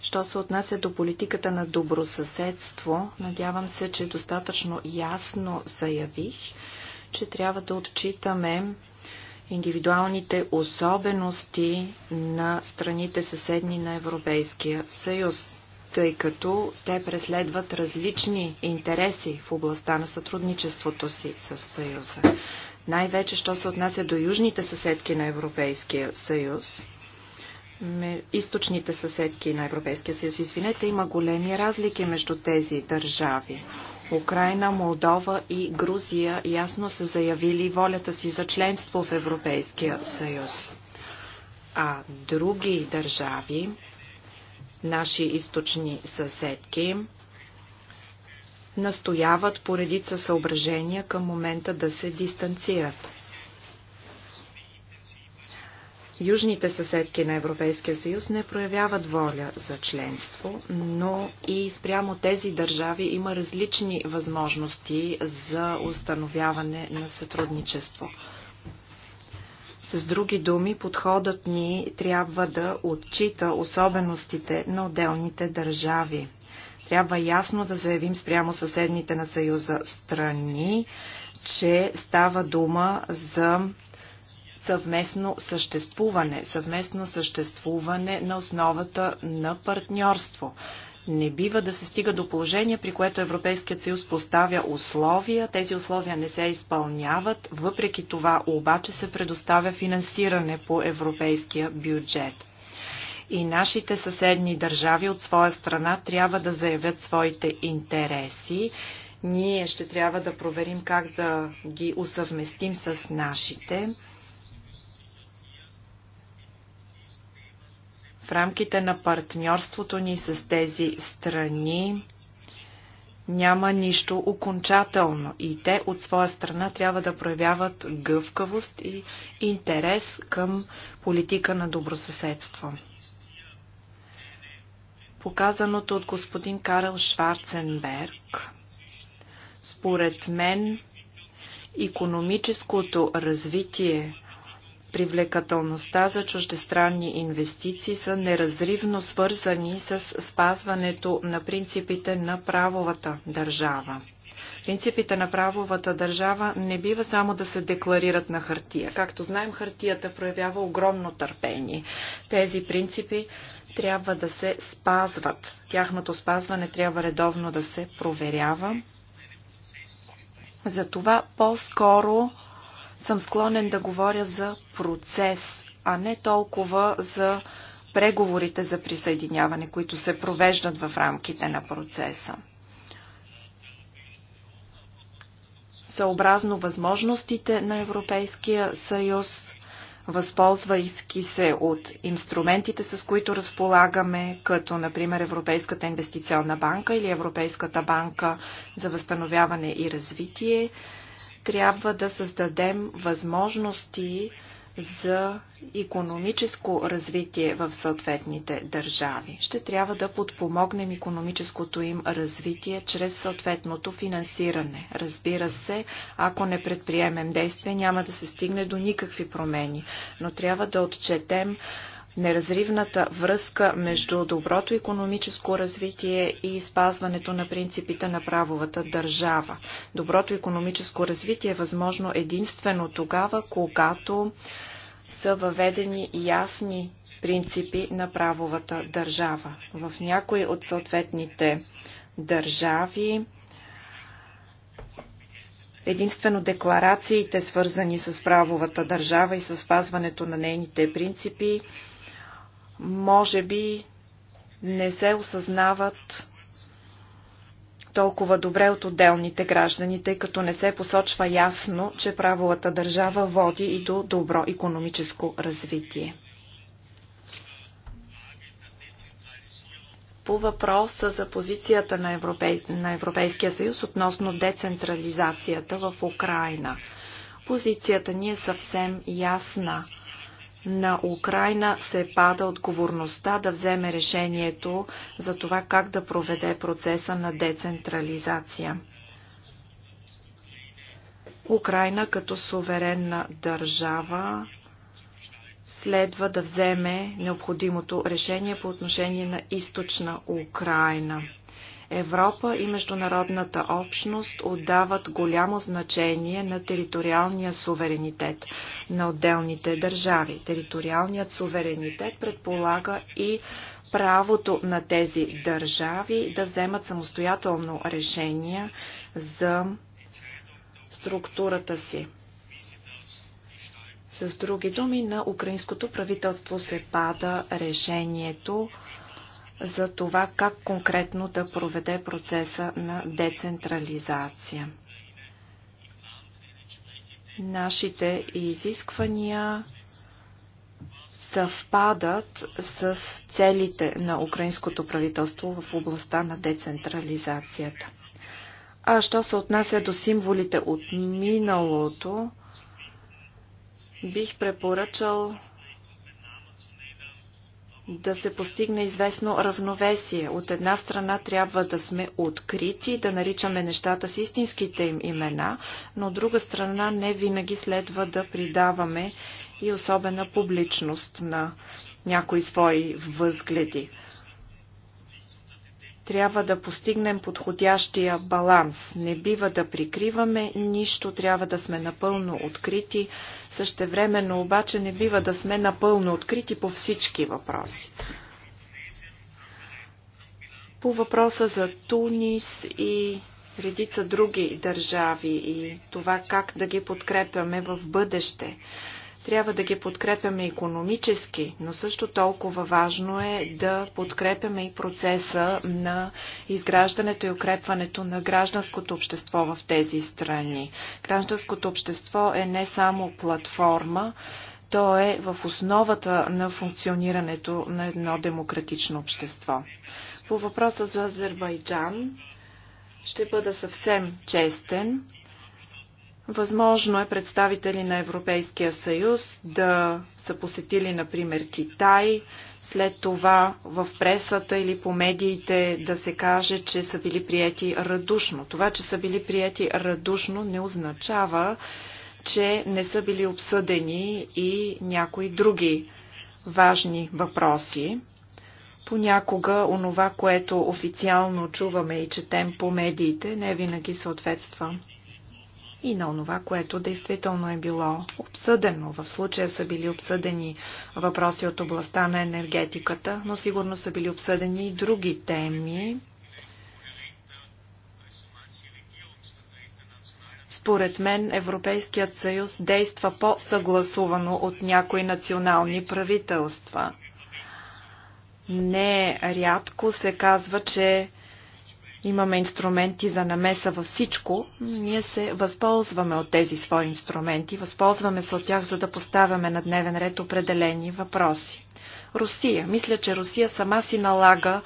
Speaker 1: Що се отнася до политиката на добросъседство, надявам се, че достатъчно ясно заявих, че трябва да отчитаме индивидуалните особености на страните съседни на Европейския съюз тъй като те преследват различни интереси в областта на сътрудничеството си с Съюза. Най-вече, що се отнася до южните съседки на Европейския съюз, източните съседки на Европейския съюз, извинете, има големи разлики между тези държави. Украина, Молдова и Грузия ясно са заявили волята си за членство в Европейския съюз. А други държави, наши източни съседки настояват поредица съображения към момента да се дистанцират. Южните съседки на Европейския съюз не проявяват воля за членство, но и спрямо тези държави има различни възможности за установяване на сътрудничество. С други думи, подходът ни трябва да отчита особеностите на отделните държави. Трябва ясно да заявим спрямо съседните на Съюза страни, че става дума за съвместно съществуване, съвместно съществуване на основата на партньорство. Не бива да се стига до положение, при което Европейският съюз поставя условия. Тези условия не се изпълняват. Въпреки това обаче се предоставя финансиране по европейския бюджет и нашите съседни държави от своя страна трябва да заявят своите интереси. Ние ще трябва да проверим как да ги усъвместим с нашите. В рамките на партньорството ни с тези страни няма нищо окончателно и те от своя страна трябва да проявяват гъвкавост и интерес към политика на добросъседство. Показаното от господин Карл Шварценберг, според мен, економическото развитие привлекателността за чуждестранни инвестиции са неразривно свързани с спазването на принципите на правовата държава. Принципите на правовата държава не бива само да се декларират на хартия. Както знаем, хартията проявява огромно търпение. Тези принципи трябва да се спазват. Тяхното спазване трябва редовно да се проверява. Затова по-скоро съм склонен да говоря за процес, а не толкова за преговорите за присъединяване, които се провеждат в рамките на процеса. Съобразно възможностите на Европейския съюз, възползвайки се от инструментите, с които разполагаме, като например Европейската инвестиционна банка или Европейската банка за възстановяване и развитие, трябва да създадем възможности за економическо развитие в съответните държави. Ще трябва да подпомогнем економическото им развитие чрез съответното финансиране. Разбира се, ако не предприемем действия, няма да се стигне до никакви промени, но трябва да отчетем неразривната връзка между доброто економическо развитие и спазването на принципите на правовата държава. Доброто економическо развитие е възможно единствено тогава, когато са въведени ясни принципи на правовата държава. В някои от съответните държави Единствено декларациите, свързани с правовата държава и с спазването на нейните принципи, може би не се осъзнават толкова добре от отделните граждани, тъй като не се посочва ясно, че правовата държава води и до добро економическо развитие. По въпроса за позицията на, Европей... на Европейския съюз относно децентрализацията в Украина. Позицията ни е съвсем ясна – на Украина се пада отговорността да вземе решението за това как да проведе процеса на децентрализация. Украина като суверенна държава следва да вземе необходимото решение по отношение на източна Украина. Европа и международната общност отдават голямо значение на териториалния суверенитет на отделните държави. Териториалният суверенитет предполага и правото на тези държави да вземат самостоятелно решение за структурата си. С други думи, на украинското правителство се пада решението за това как конкретно да проведе процеса на децентрализация. Нашите изисквания съвпадат с целите на украинското правителство в областта на децентрализацията. А що се отнася до символите от миналото, бих препоръчал да се постигне известно равновесие. От една страна трябва да сме открити, да наричаме нещата с истинските им имена, но от друга страна не винаги следва да придаваме и особена публичност на някои свои възгледи. Трябва да постигнем подходящия баланс. Не бива да прикриваме нищо, трябва да сме напълно открити, Същевременно обаче не бива да сме напълно открити по всички въпроси. По въпроса за Тунис и редица други държави и това как да ги подкрепяме в бъдеще. Трябва да ги подкрепяме економически, но също толкова важно е да подкрепяме и процеса на изграждането и укрепването на гражданското общество в тези страни. Гражданското общество е не само платформа, то е в основата на функционирането на едно демократично общество. По въпроса за Азербайджан ще бъда съвсем честен. Възможно е представители на Европейския съюз да са посетили, например, Китай, след това в пресата или по медиите да се каже, че са били прияти радушно. Това, че са били прияти радушно, не означава, че не са били обсъдени и някои други важни въпроси. Понякога онова, което официално чуваме и четем по медиите, не винаги съответства и на онова, което действително е било обсъдено. В случая са били обсъдени въпроси от областта на енергетиката, но сигурно са били обсъдени и други теми. Според мен Европейският съюз действа по-съгласувано от някои национални правителства. Не рядко се казва, че имаме инструменти за намеса във всичко, ние се възползваме от тези свои инструменти, възползваме се от тях, за да поставяме на дневен ред определени въпроси. Русия. Мисля, че Русия сама си налага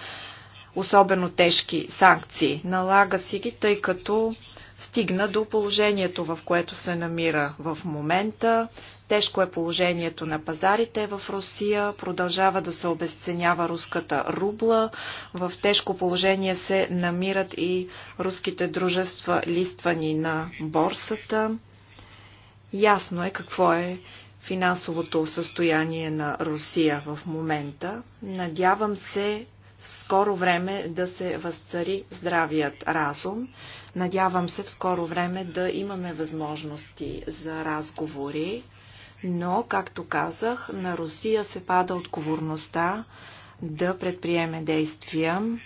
Speaker 1: особено тежки санкции. Налага си ги, тъй като стигна до положението, в което се намира в момента. Тежко е положението на пазарите в Русия, продължава да се обесценява руската рубла, в тежко положение се намират и руските дружества листвани на борсата. Ясно е какво е финансовото състояние на Русия в момента. Надявам се в скоро време да се възцари здравият разум Надявам се в скоро време да имаме възможности за разговори, но, както казах, на Русия се пада отговорността да предприеме действия.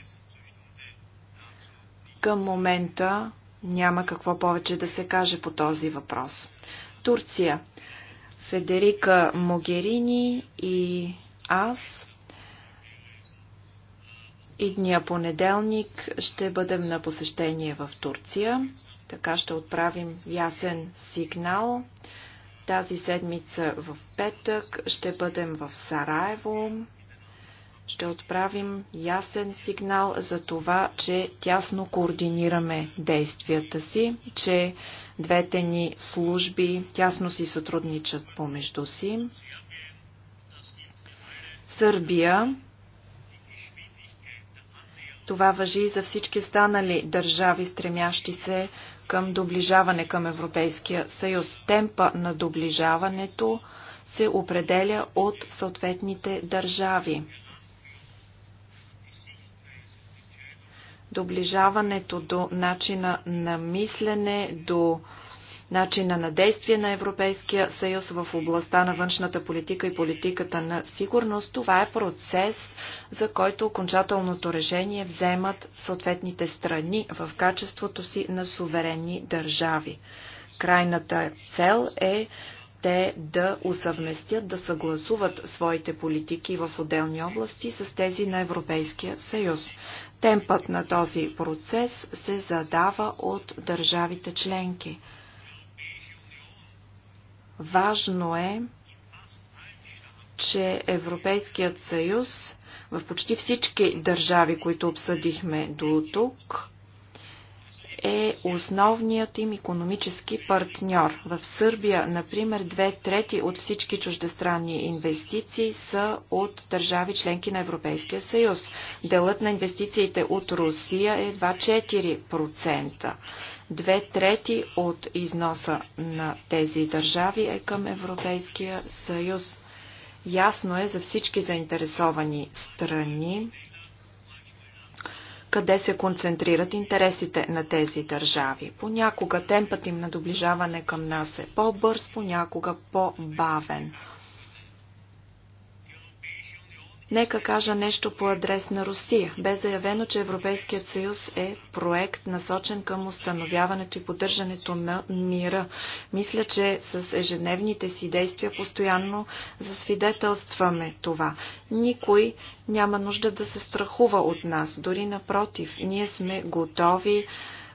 Speaker 1: Към момента няма какво повече да се каже по този въпрос. Турция. Федерика Могерини и аз Идния понеделник ще бъдем на посещение в Турция. Така ще отправим ясен сигнал. Тази седмица в петък ще бъдем в Сараево. Ще отправим ясен сигнал за това, че тясно координираме действията си, че двете ни служби тясно си сътрудничат помежду си. Сърбия това въжи и за всички останали държави, стремящи се към доближаване към Европейския съюз. Темпа на доближаването се определя от съответните държави. Доближаването до начина на мислене, до начина на действие на Европейския съюз в областта на външната политика и политиката на сигурност, това е процес, за който окончателното решение вземат съответните страни в качеството си на суверенни държави. Крайната цел е те да усъвместят, да съгласуват своите политики в отделни области с тези на Европейския съюз. Темпът на този процес се задава от държавите членки – Важно е, че Европейският съюз в почти всички държави, които обсъдихме до тук, е основният им економически партньор. В Сърбия, например, две трети от всички чуждестранни инвестиции са от държави членки на Европейския съюз. Делът на инвестициите от Русия е 2-4%. Две трети от износа на тези държави е към Европейския съюз. Ясно е за всички заинтересовани страни, къде се концентрират интересите на тези държави. Понякога темпът им на доближаване към нас е по-бърз, понякога по-бавен. Нека кажа нещо по адрес на Русия. Бе заявено, че Европейският съюз е проект насочен към установяването и поддържането на мира. Мисля, че с ежедневните си действия постоянно засвидетелстваме това. Никой няма нужда да се страхува от нас. Дори напротив, ние сме готови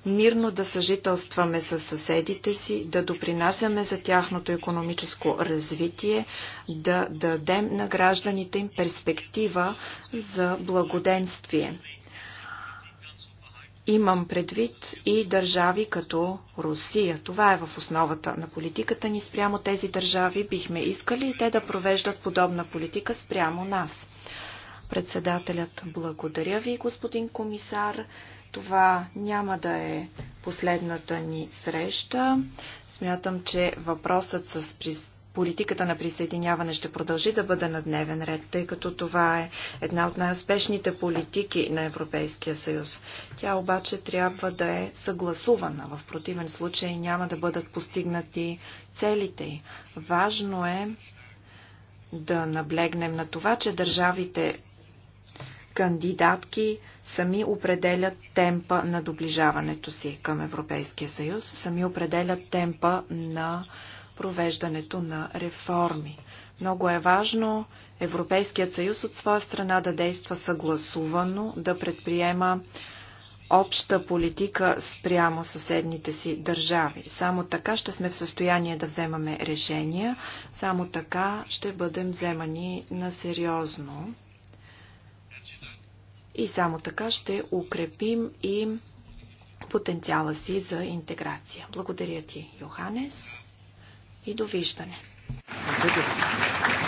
Speaker 1: мирно да съжителстваме с съседите си, да допринасяме за тяхното економическо развитие, да дадем на гражданите им перспектива за благоденствие. Имам предвид и държави като Русия. Това е в основата на политиката ни спрямо тези държави. Бихме искали и те да провеждат подобна политика спрямо нас. Председателят, благодаря ви, господин комисар. Това няма да е последната ни среща. Смятам, че въпросът с политиката на присъединяване ще продължи да бъде на дневен ред, тъй като това е една от най-успешните политики на Европейския съюз. Тя обаче трябва да е съгласувана. В противен случай няма да бъдат постигнати целите й. Важно е да наблегнем на това, че държавите кандидатки сами определят темпа на доближаването си към Европейския съюз, сами определят темпа на провеждането на реформи. Много е важно Европейският съюз от своя страна да действа съгласувано, да предприема обща политика спрямо съседните си държави. Само така ще сме в състояние да вземаме решения, само така ще бъдем вземани на сериозно. И само така ще укрепим и потенциала си за интеграция. Благодаря ти, Йоханес, и довиждане. Thank you.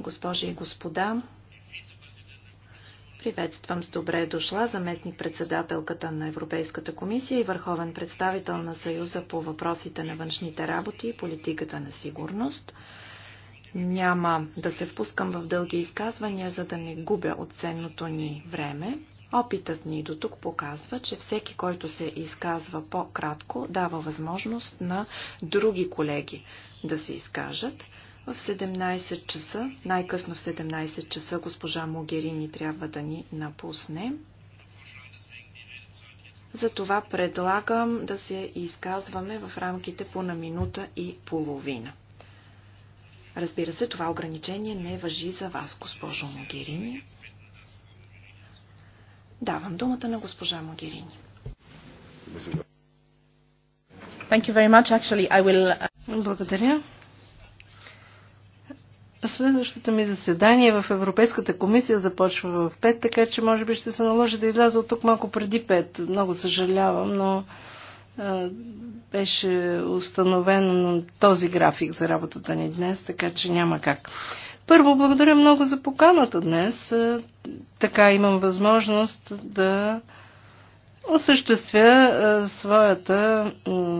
Speaker 1: Госпожи и господа, приветствам с добре дошла заместник председателката на Европейската комисия и върховен представител на Съюза по въпросите на външните работи и политиката на сигурност. Няма да се впускам в дълги изказвания, за да не губя от ценното ни време. Опитът ни до тук показва, че всеки, който се изказва по-кратко, дава възможност на други колеги да се изкажат. В 17 часа, най-късно в 17 часа, госпожа Могерини трябва да ни напусне. Затова предлагам да се изказваме в рамките по на минута и половина. Разбира се, това ограничение не въжи за вас, госпожо Могерини. Давам думата на госпожа Могерини. Thank you very much. Actually, I will... Uh,
Speaker 3: Благодаря. Следващото ми заседание в Европейската комисия започва в 5, така че може би ще се наложи да изляза от тук малко преди 5. Много съжалявам, но а, беше установен този график за работата ни днес, така че няма как. Първо, благодаря много за поканата днес. Е, така имам възможност да осъществя е, своята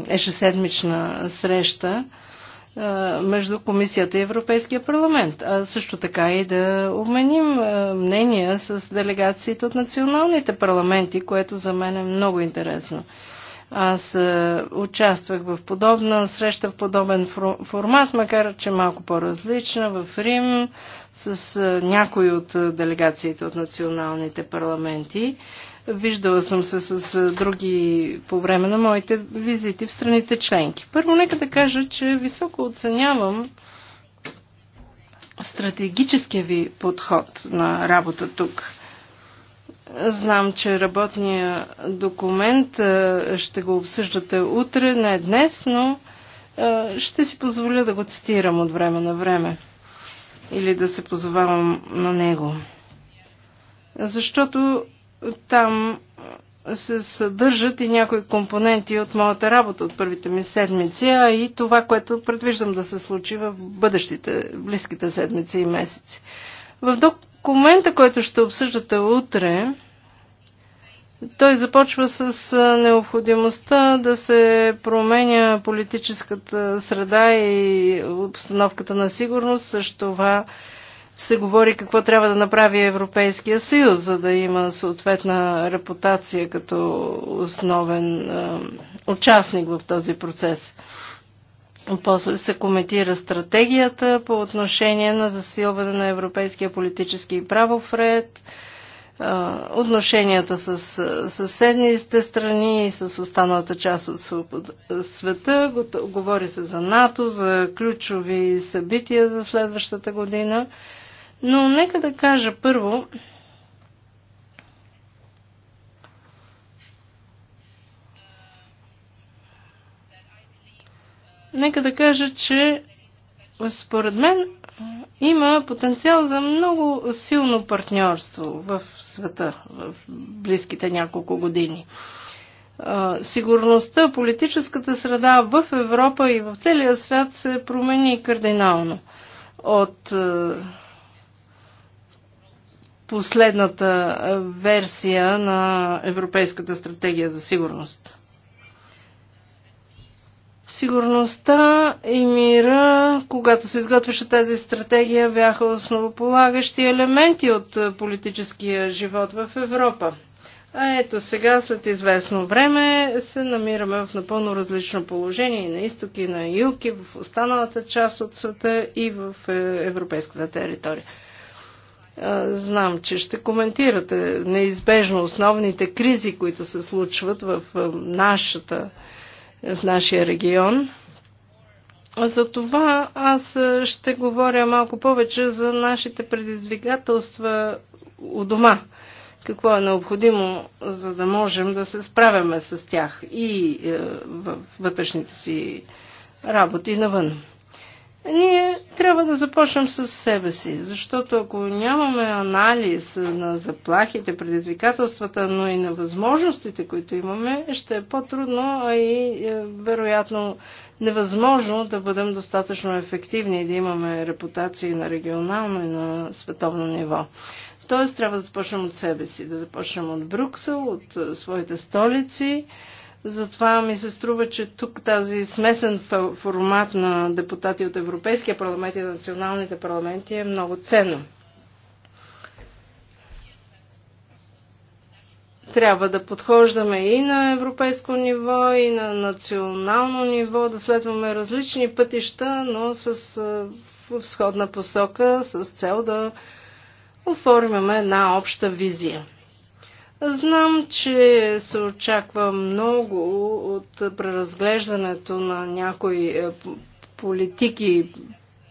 Speaker 3: ежеседмична среща е, между Комисията и Европейския парламент, а също така и да обменим мнения с делегациите от националните парламенти, което за мен е много интересно. Аз е, участвах в подобна среща, в подобен формат, макар че малко по-различна, в Рим, с е, някои от е, делегациите от националните парламенти. Виждала съм се с други по време на моите визити в страните членки. Първо, нека да кажа, че високо оценявам стратегическия ви подход на работа тук. Знам, че работния документ ще го обсъждате утре, не днес, но ще си позволя да го цитирам от време на време или да се позовавам на него. Защото там се съдържат и някои компоненти от моята работа от първите ми седмици, а и това, което предвиждам да се случи в бъдещите, близките седмици и месеци. В док Комента, който ще обсъждате утре, той започва с необходимостта да се променя политическата среда и обстановката на сигурност. Също това се говори какво трябва да направи Европейския съюз, за да има съответна репутация като основен участник в този процес. После се коментира стратегията по отношение на засилване на европейския политически и правов ред, отношенията с съседните страни и с останалата част от света. Говори се за НАТО, за ключови събития за следващата година. Но нека да кажа първо, нека да кажа, че според мен има потенциал за много силно партньорство в света в близките няколко години. Сигурността, политическата среда в Европа и в целия свят се промени кардинално от последната версия на Европейската стратегия за сигурност. Сигурността и мира, когато се изготвяше тази стратегия, бяха основополагащи елементи от е, политическия живот в Европа. А ето сега, след известно време, се намираме в напълно различно положение и на изток, и на юг, и в останалата част от света, и в е, европейската територия. Знам, че ще коментирате неизбежно основните кризи, които се случват в е, нашата в нашия регион. За това аз ще говоря малко повече за нашите предизвикателства у дома. Какво е необходимо, за да можем да се справяме с тях и е, във вътрешните си работи навън ние трябва да започнем с себе си, защото ако нямаме анализ на заплахите, предизвикателствата, но и на възможностите, които имаме, ще е по-трудно, а и е, вероятно невъзможно да бъдем достатъчно ефективни и да имаме репутации на регионално и на световно ниво. Тоест трябва да започнем от себе си, да започнем от Брюксел, от е, своите столици, затова ми се струва, че тук тази смесен формат на депутати от Европейския парламент и националните парламенти е много ценно. Трябва да подхождаме и на европейско ниво, и на национално ниво, да следваме различни пътища, но с в сходна посока, с цел да оформяме една обща визия. Знам, че се очаква много от преразглеждането на някои е, политики.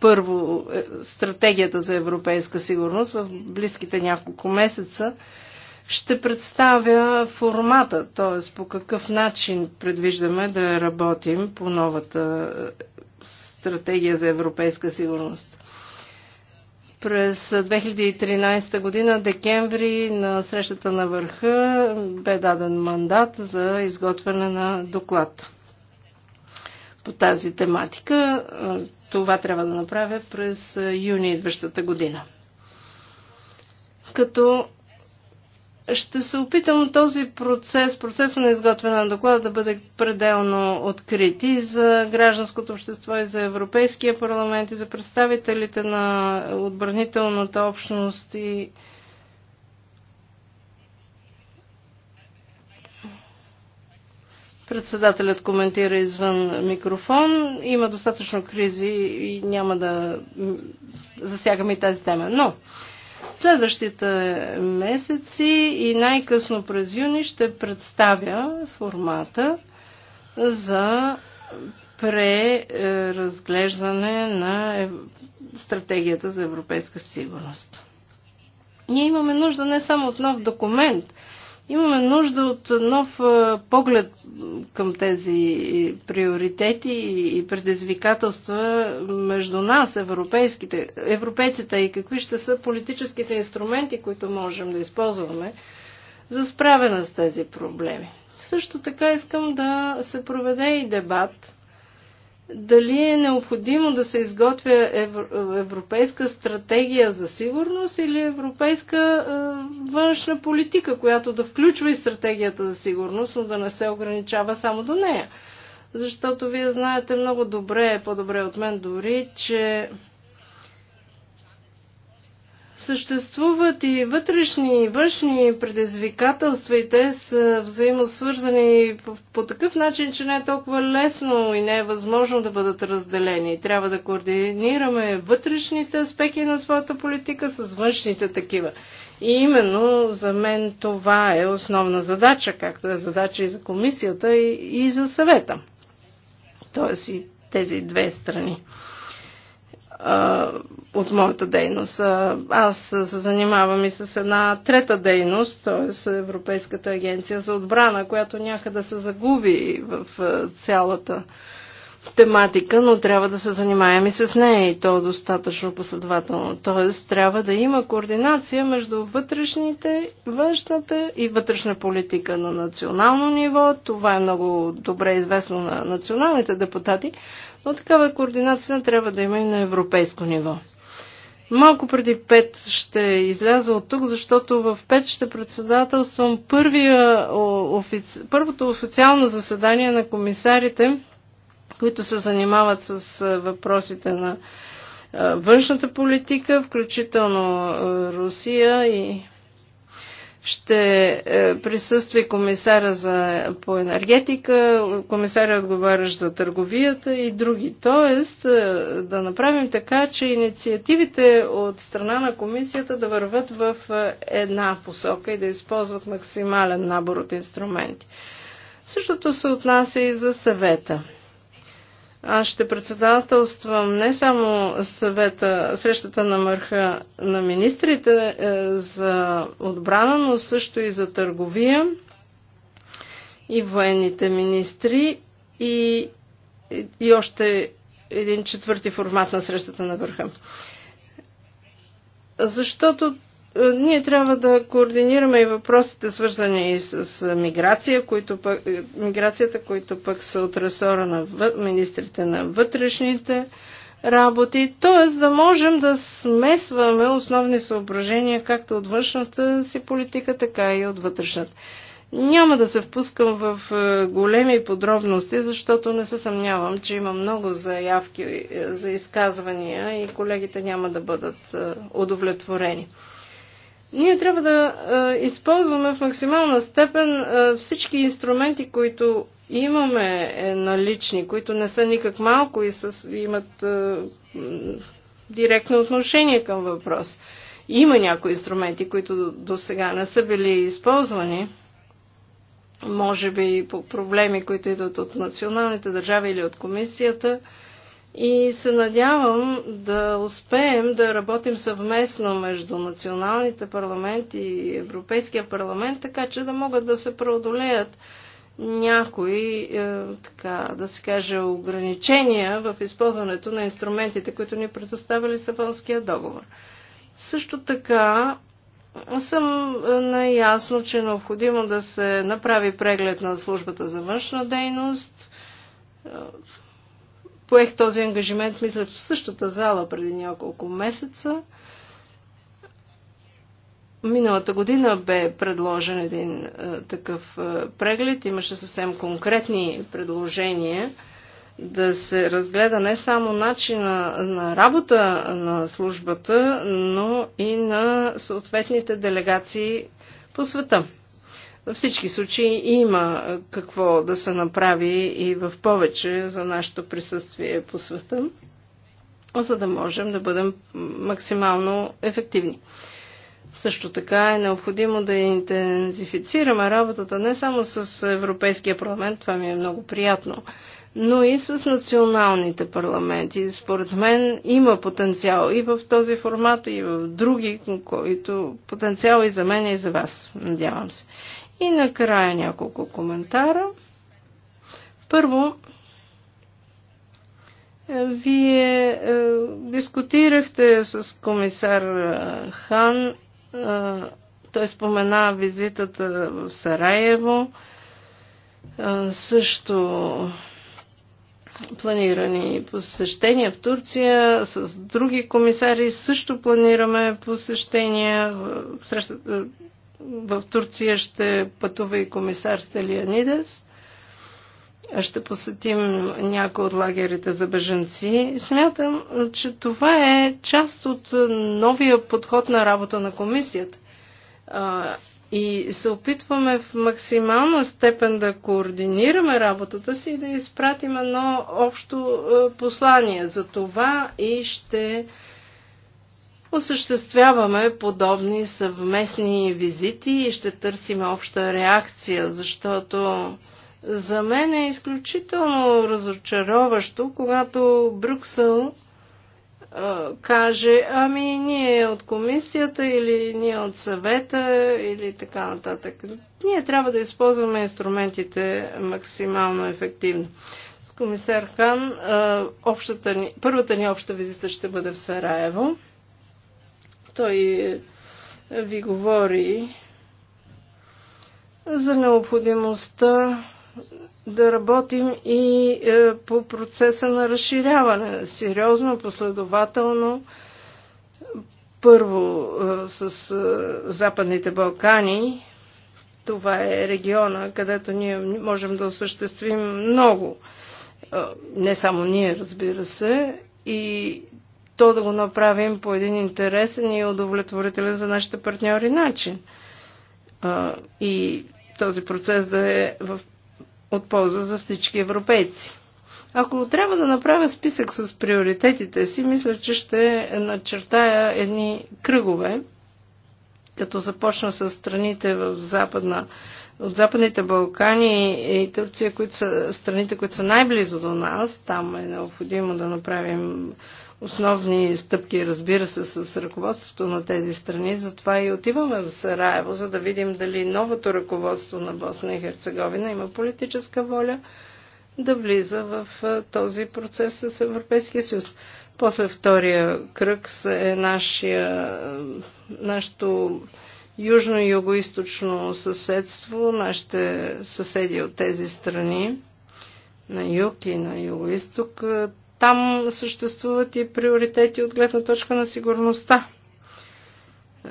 Speaker 3: Първо, е, стратегията за европейска сигурност в близките няколко месеца ще представя формата, т.е. по какъв начин предвиждаме да работим по новата е, стратегия за европейска сигурност. През 2013 година, декември, на срещата на върха бе даден мандат за изготвяне на доклад по тази тематика. Това трябва да направя през юни идващата година. Като ще се опитам този процес, процеса на изготвяне на доклада да бъде пределно открит и за гражданското общество, и за Европейския парламент, и за представителите на отбранителната общност и Председателят коментира извън микрофон. Има достатъчно кризи и няма да засягаме и тази тема. Но, Следващите месеци и най-късно през юни ще представя формата за преразглеждане на стратегията за европейска сигурност. Ние имаме нужда не само от нов документ – Имаме нужда от нов поглед към тези приоритети и предизвикателства между нас, европейските, европейците, и какви ще са политическите инструменти, които можем да използваме за справяне с тези проблеми. Също така искам да се проведе и дебат дали е необходимо да се изготвя европейска стратегия за сигурност или европейска е, външна политика, която да включва и стратегията за сигурност, но да не се ограничава само до нея. Защото вие знаете много добре, по-добре от мен дори, че съществуват и вътрешни и външни предизвикателства и те са взаимосвързани по, по такъв начин, че не е толкова лесно и не е възможно да бъдат разделени. Трябва да координираме вътрешните аспекти на своята политика с външните такива. И именно за мен това е основна задача, както е задача и за комисията, и, и за съвета. Тоест и тези две страни от моята дейност. Аз се занимавам и с една трета дейност, т.е. Европейската агенция за отбрана, която някъде се загуби в цялата тематика, но трябва да се занимаем и с нея и то е достатъчно последователно. Т.е. трябва да има координация между вътрешните, външната и вътрешна политика на национално ниво. Това е много добре известно на националните депутати, но такава координация трябва да има и на европейско ниво. Малко преди 5 ще изляза от тук, защото в 5 ще председателствам първия офици... първото официално заседание на комисарите, които се занимават с въпросите на външната политика, включително Русия и ще е, присъства и комисара за, по енергетика, комисаря отговарящ за търговията и други. Тоест е, да направим така, че инициативите от страна на комисията да върват в е, една посока и да използват максимален набор от инструменти. Същото се отнася и за съвета. Аз ще председателствам не само съвета, срещата на мърха на министрите е, за отбрана, но също и за търговия и военните министри и, и, и още един четвърти формат на срещата на върха. Защото е, ние трябва да координираме и въпросите, свързани и с е, миграция, които пък, е, миграцията, които пък са от ресора на министрите на вътрешните работи, т.е. да можем да смесваме основни съображения както от външната си политика, така и от вътрешната. Няма да се впускам в големи подробности, защото не се съмнявам, че има много заявки за изказвания и колегите няма да бъдат удовлетворени. Ние трябва да а, използваме в максимална степен а, всички инструменти, които имаме е, налични, които не са никак малко и с, имат а, директно отношение към въпрос. Има някои инструменти, които до сега не са били използвани, може би по проблеми, които идват от националните държави или от комисията. А, и се надявам да успеем да работим съвместно между националните парламенти и Европейския парламент, така че да могат да се преодолеят някои, е, така да се каже, ограничения в използването на инструментите, които ни предоставя Лисабонския договор. Също така съм е, наясно, че е необходимо да се направи преглед на службата за външна дейност. Е, Поех този ангажимент, мисля, в същата зала преди няколко месеца. Миналата година бе предложен един а, е, такъв а, е, преглед. Имаше съвсем конкретни предложения да се разгледа не само начина на работа на службата, но и на съответните делегации по света. Във всички случаи има какво да се направи и в повече за нашето присъствие по света, за да можем да бъдем максимално ефективни. Също така е необходимо да интензифицираме работата не само с Европейския парламент, това ми е много приятно, но и с националните парламенти. Според мен има потенциал и в този формат, и в други, който потенциал и за мен, и за вас, надявам се. И накрая няколко коментара. Първо, е, вие е, дискутирахте с комисар е, Хан, е, той спомена визитата в Сараево, е, също планирани посещения в Турция, с други комисари също планираме посещения, е, среща, в Турция ще пътува и комисар Стелианидес. Ще посетим някои от лагерите за беженци. Смятам, че това е част от новия подход на работа на комисията. И се опитваме в максимална степен да координираме работата си и да изпратим едно общо послание. За това и ще осъществяваме подобни съвместни визити и ще търсим обща реакция, защото за мен е изключително разочароващо, когато Брюксел каже, ами ние от комисията или ние от съвета или така нататък. Ние трябва да използваме инструментите максимално ефективно. С комисар Хан общата ни, първата ни обща визита ще бъде в Сараево. Той ви говори за необходимостта да работим и е, по процеса на разширяване. Сериозно, последователно. Първо е, с е, Западните Балкани. Това е региона, където ние можем да осъществим много. Не само ние, разбира се. И то да го направим по един интересен и удовлетворителен за нашите партньори начин. А, и този процес да е в, от полза за всички европейци. Ако трябва да направя списък с приоритетите си, мисля, че ще начертая едни кръгове, като започна с страните в западна, от Западните Балкани и Турция, които са страните, които са най-близо до нас. Там е необходимо да направим основни стъпки, разбира се, с ръководството на тези страни. Затова и отиваме в Сараево, за да видим дали новото ръководство на Босна и Херцеговина има политическа воля да влиза в този процес с Европейския съюз. После втория кръг е нашия, нашето южно-юго-источно съседство, нашите съседи от тези страни на юг и на юго-исток. Там съществуват и приоритети от гледна точка на сигурността.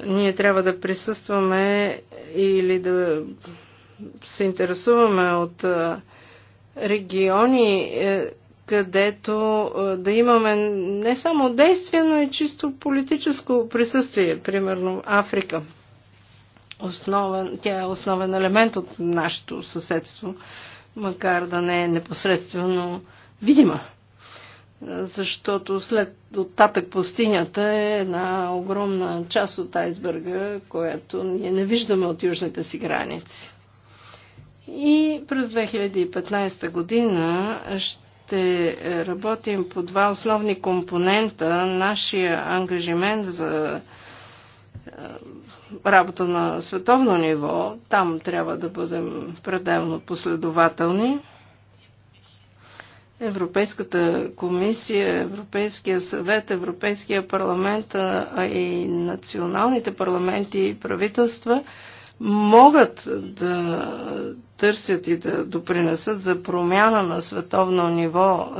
Speaker 3: Ние трябва да присъстваме или да се интересуваме от региони, е, където да имаме не само действие, но и чисто политическо присъствие, примерно Африка. Основен, тя е основен елемент от нашето съседство, макар да не е непосредствено видима защото след оттатък пустинята е една огромна част от айсберга, която ние не виждаме от южните си граници. И през 2015 година ще работим по два основни компонента. Нашия ангажимент за работа на световно ниво, там трябва да бъдем пределно последователни – Европейската комисия, Европейския съвет, Европейския парламент, а и националните парламенти и правителства могат да търсят и да допринесат за промяна на световно ниво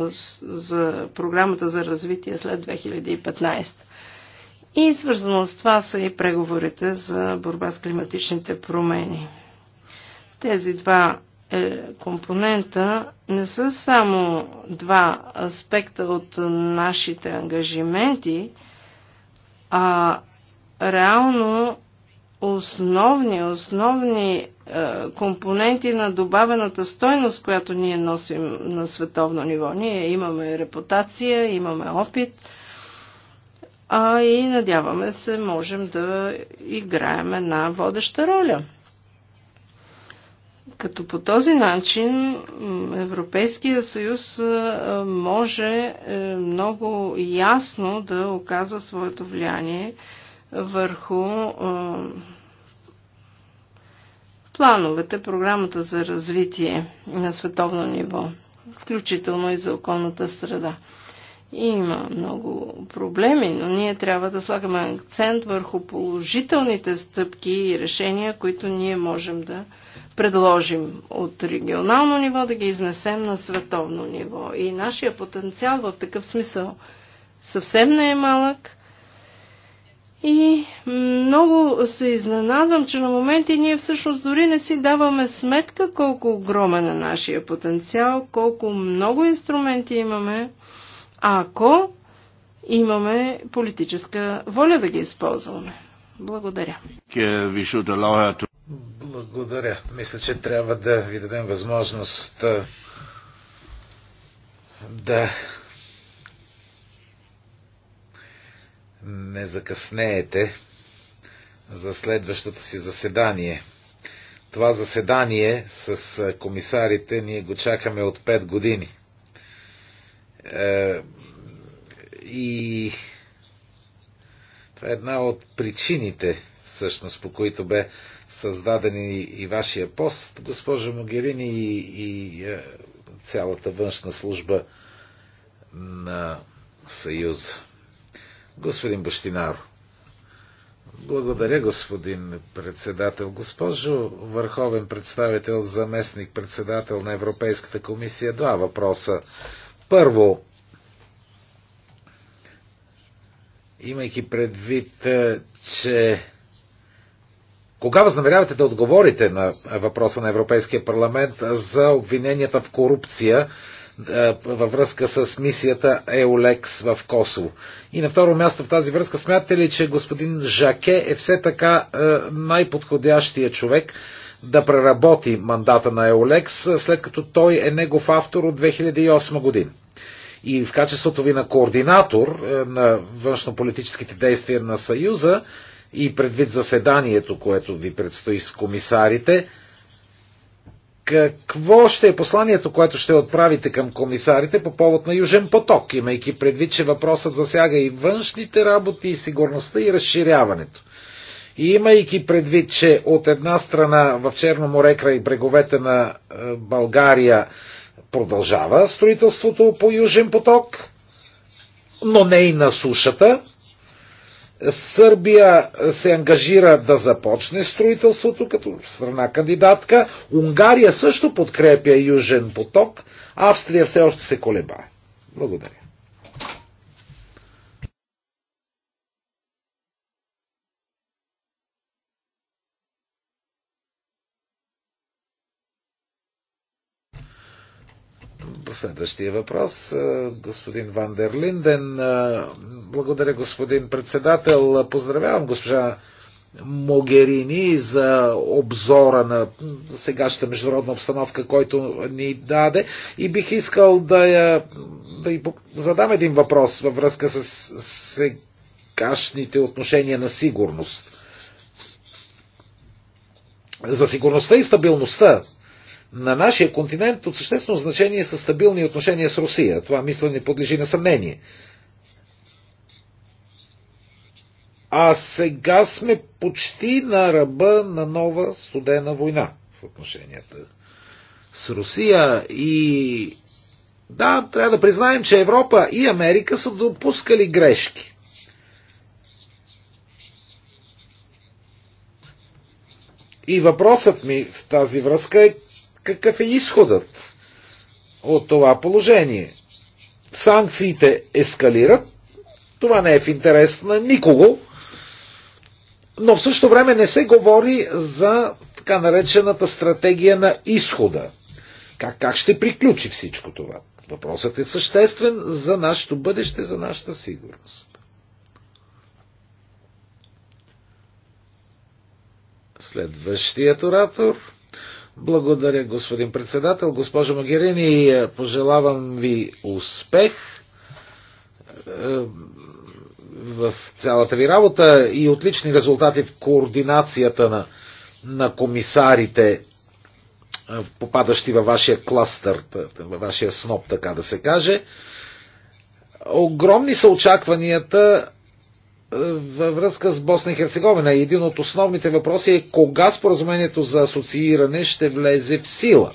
Speaker 3: за програмата за развитие след 2015. И свързано с това са и преговорите за борба с климатичните промени. Тези два е, компонента не са само два аспекта от нашите ангажименти, а реално основни, основни е, компоненти на добавената стойност, която ние носим на световно ниво. Ние имаме репутация, имаме опит, а и надяваме се можем да играем една водеща роля. Като по този начин Европейския съюз може е, много ясно да оказва своето влияние върху плановете, програмата за развитие на световно ниво, включително и за околната среда. Има много проблеми, но ние трябва да слагаме акцент върху положителните стъпки и решения, които ние можем да предложим от регионално ниво, да ги изнесем на световно ниво. И нашия потенциал в такъв смисъл съвсем не е малък. И много се изненадвам, че на моменти ние всъщност дори не си даваме сметка колко огромен е нашия потенциал, колко много инструменти имаме ако имаме политическа воля да ги използваме. Благодаря.
Speaker 2: Благодаря. Мисля, че трябва да ви дадем възможност да не закъснеете за следващото си заседание. Това заседание с комисарите ние го чакаме от 5 години. Е, и това е една от причините, всъщност, по които бе създаден и, и вашия пост, госпожа Могерини и, и е, цялата външна служба на Съюза. Господин Бащинаро. Благодаря, господин председател. Госпожо върховен представител, заместник председател на Европейската комисия, два въпроса първо, имайки предвид, е, че кога възнамерявате да отговорите на въпроса на Европейския парламент за обвиненията в корупция е, във връзка с мисията Еолекс в Косово? И на второ място в тази връзка смятате ли, че господин Жаке е все така е, най-подходящия човек, да преработи мандата на Еолекс, след като той е негов автор от 2008 година. И в качеството ви на координатор е, на външнополитическите действия на Съюза и предвид заседанието, което ви предстои с комисарите, какво ще е посланието, което ще отправите към комисарите по повод на Южен поток, имайки предвид, че въпросът засяга и външните работи, и сигурността, и разширяването? И имайки предвид, че от една страна в Черно море край бреговете на е, България продължава строителството по Южен поток, но не и на сушата, Сърбия се ангажира да започне строителството като страна кандидатка. Унгария също подкрепя Южен поток. Австрия все още се колеба. Благодаря. Следващия въпрос. Господин Ван дер Линден. Благодаря, господин председател. Поздравявам госпожа Могерини за обзора на сегашната международна обстановка, който ни даде. И бих искал да, я, да и задам един въпрос във връзка с сегашните отношения на сигурност. За сигурността и стабилността на нашия континент от съществено значение са стабилни отношения с Русия. Това мисля не подлежи на съмнение. А сега сме почти на ръба на нова студена война в отношенията с Русия и да, трябва да признаем, че Европа и Америка са допускали грешки. И въпросът ми в тази връзка е какъв е изходът от това положение. Санкциите ескалират, това не е в интерес на никого, но в същото време не се говори за така наречената стратегия на изхода. Как, как ще приключи всичко това? Въпросът е съществен за нашето бъдеще, за нашата сигурност. Следващият оратор. Благодаря, господин председател. Госпожо Магерини, е, пожелавам ви успех е, в цялата ви работа и отлични резултати в координацията на, на комисарите, е, попадащи във вашия кластър, във вашия сноп, така да се каже. Огромни са очакванията във връзка с Босна и Херцеговина. Един от основните въпроси е кога споразумението за асоцииране ще влезе в сила.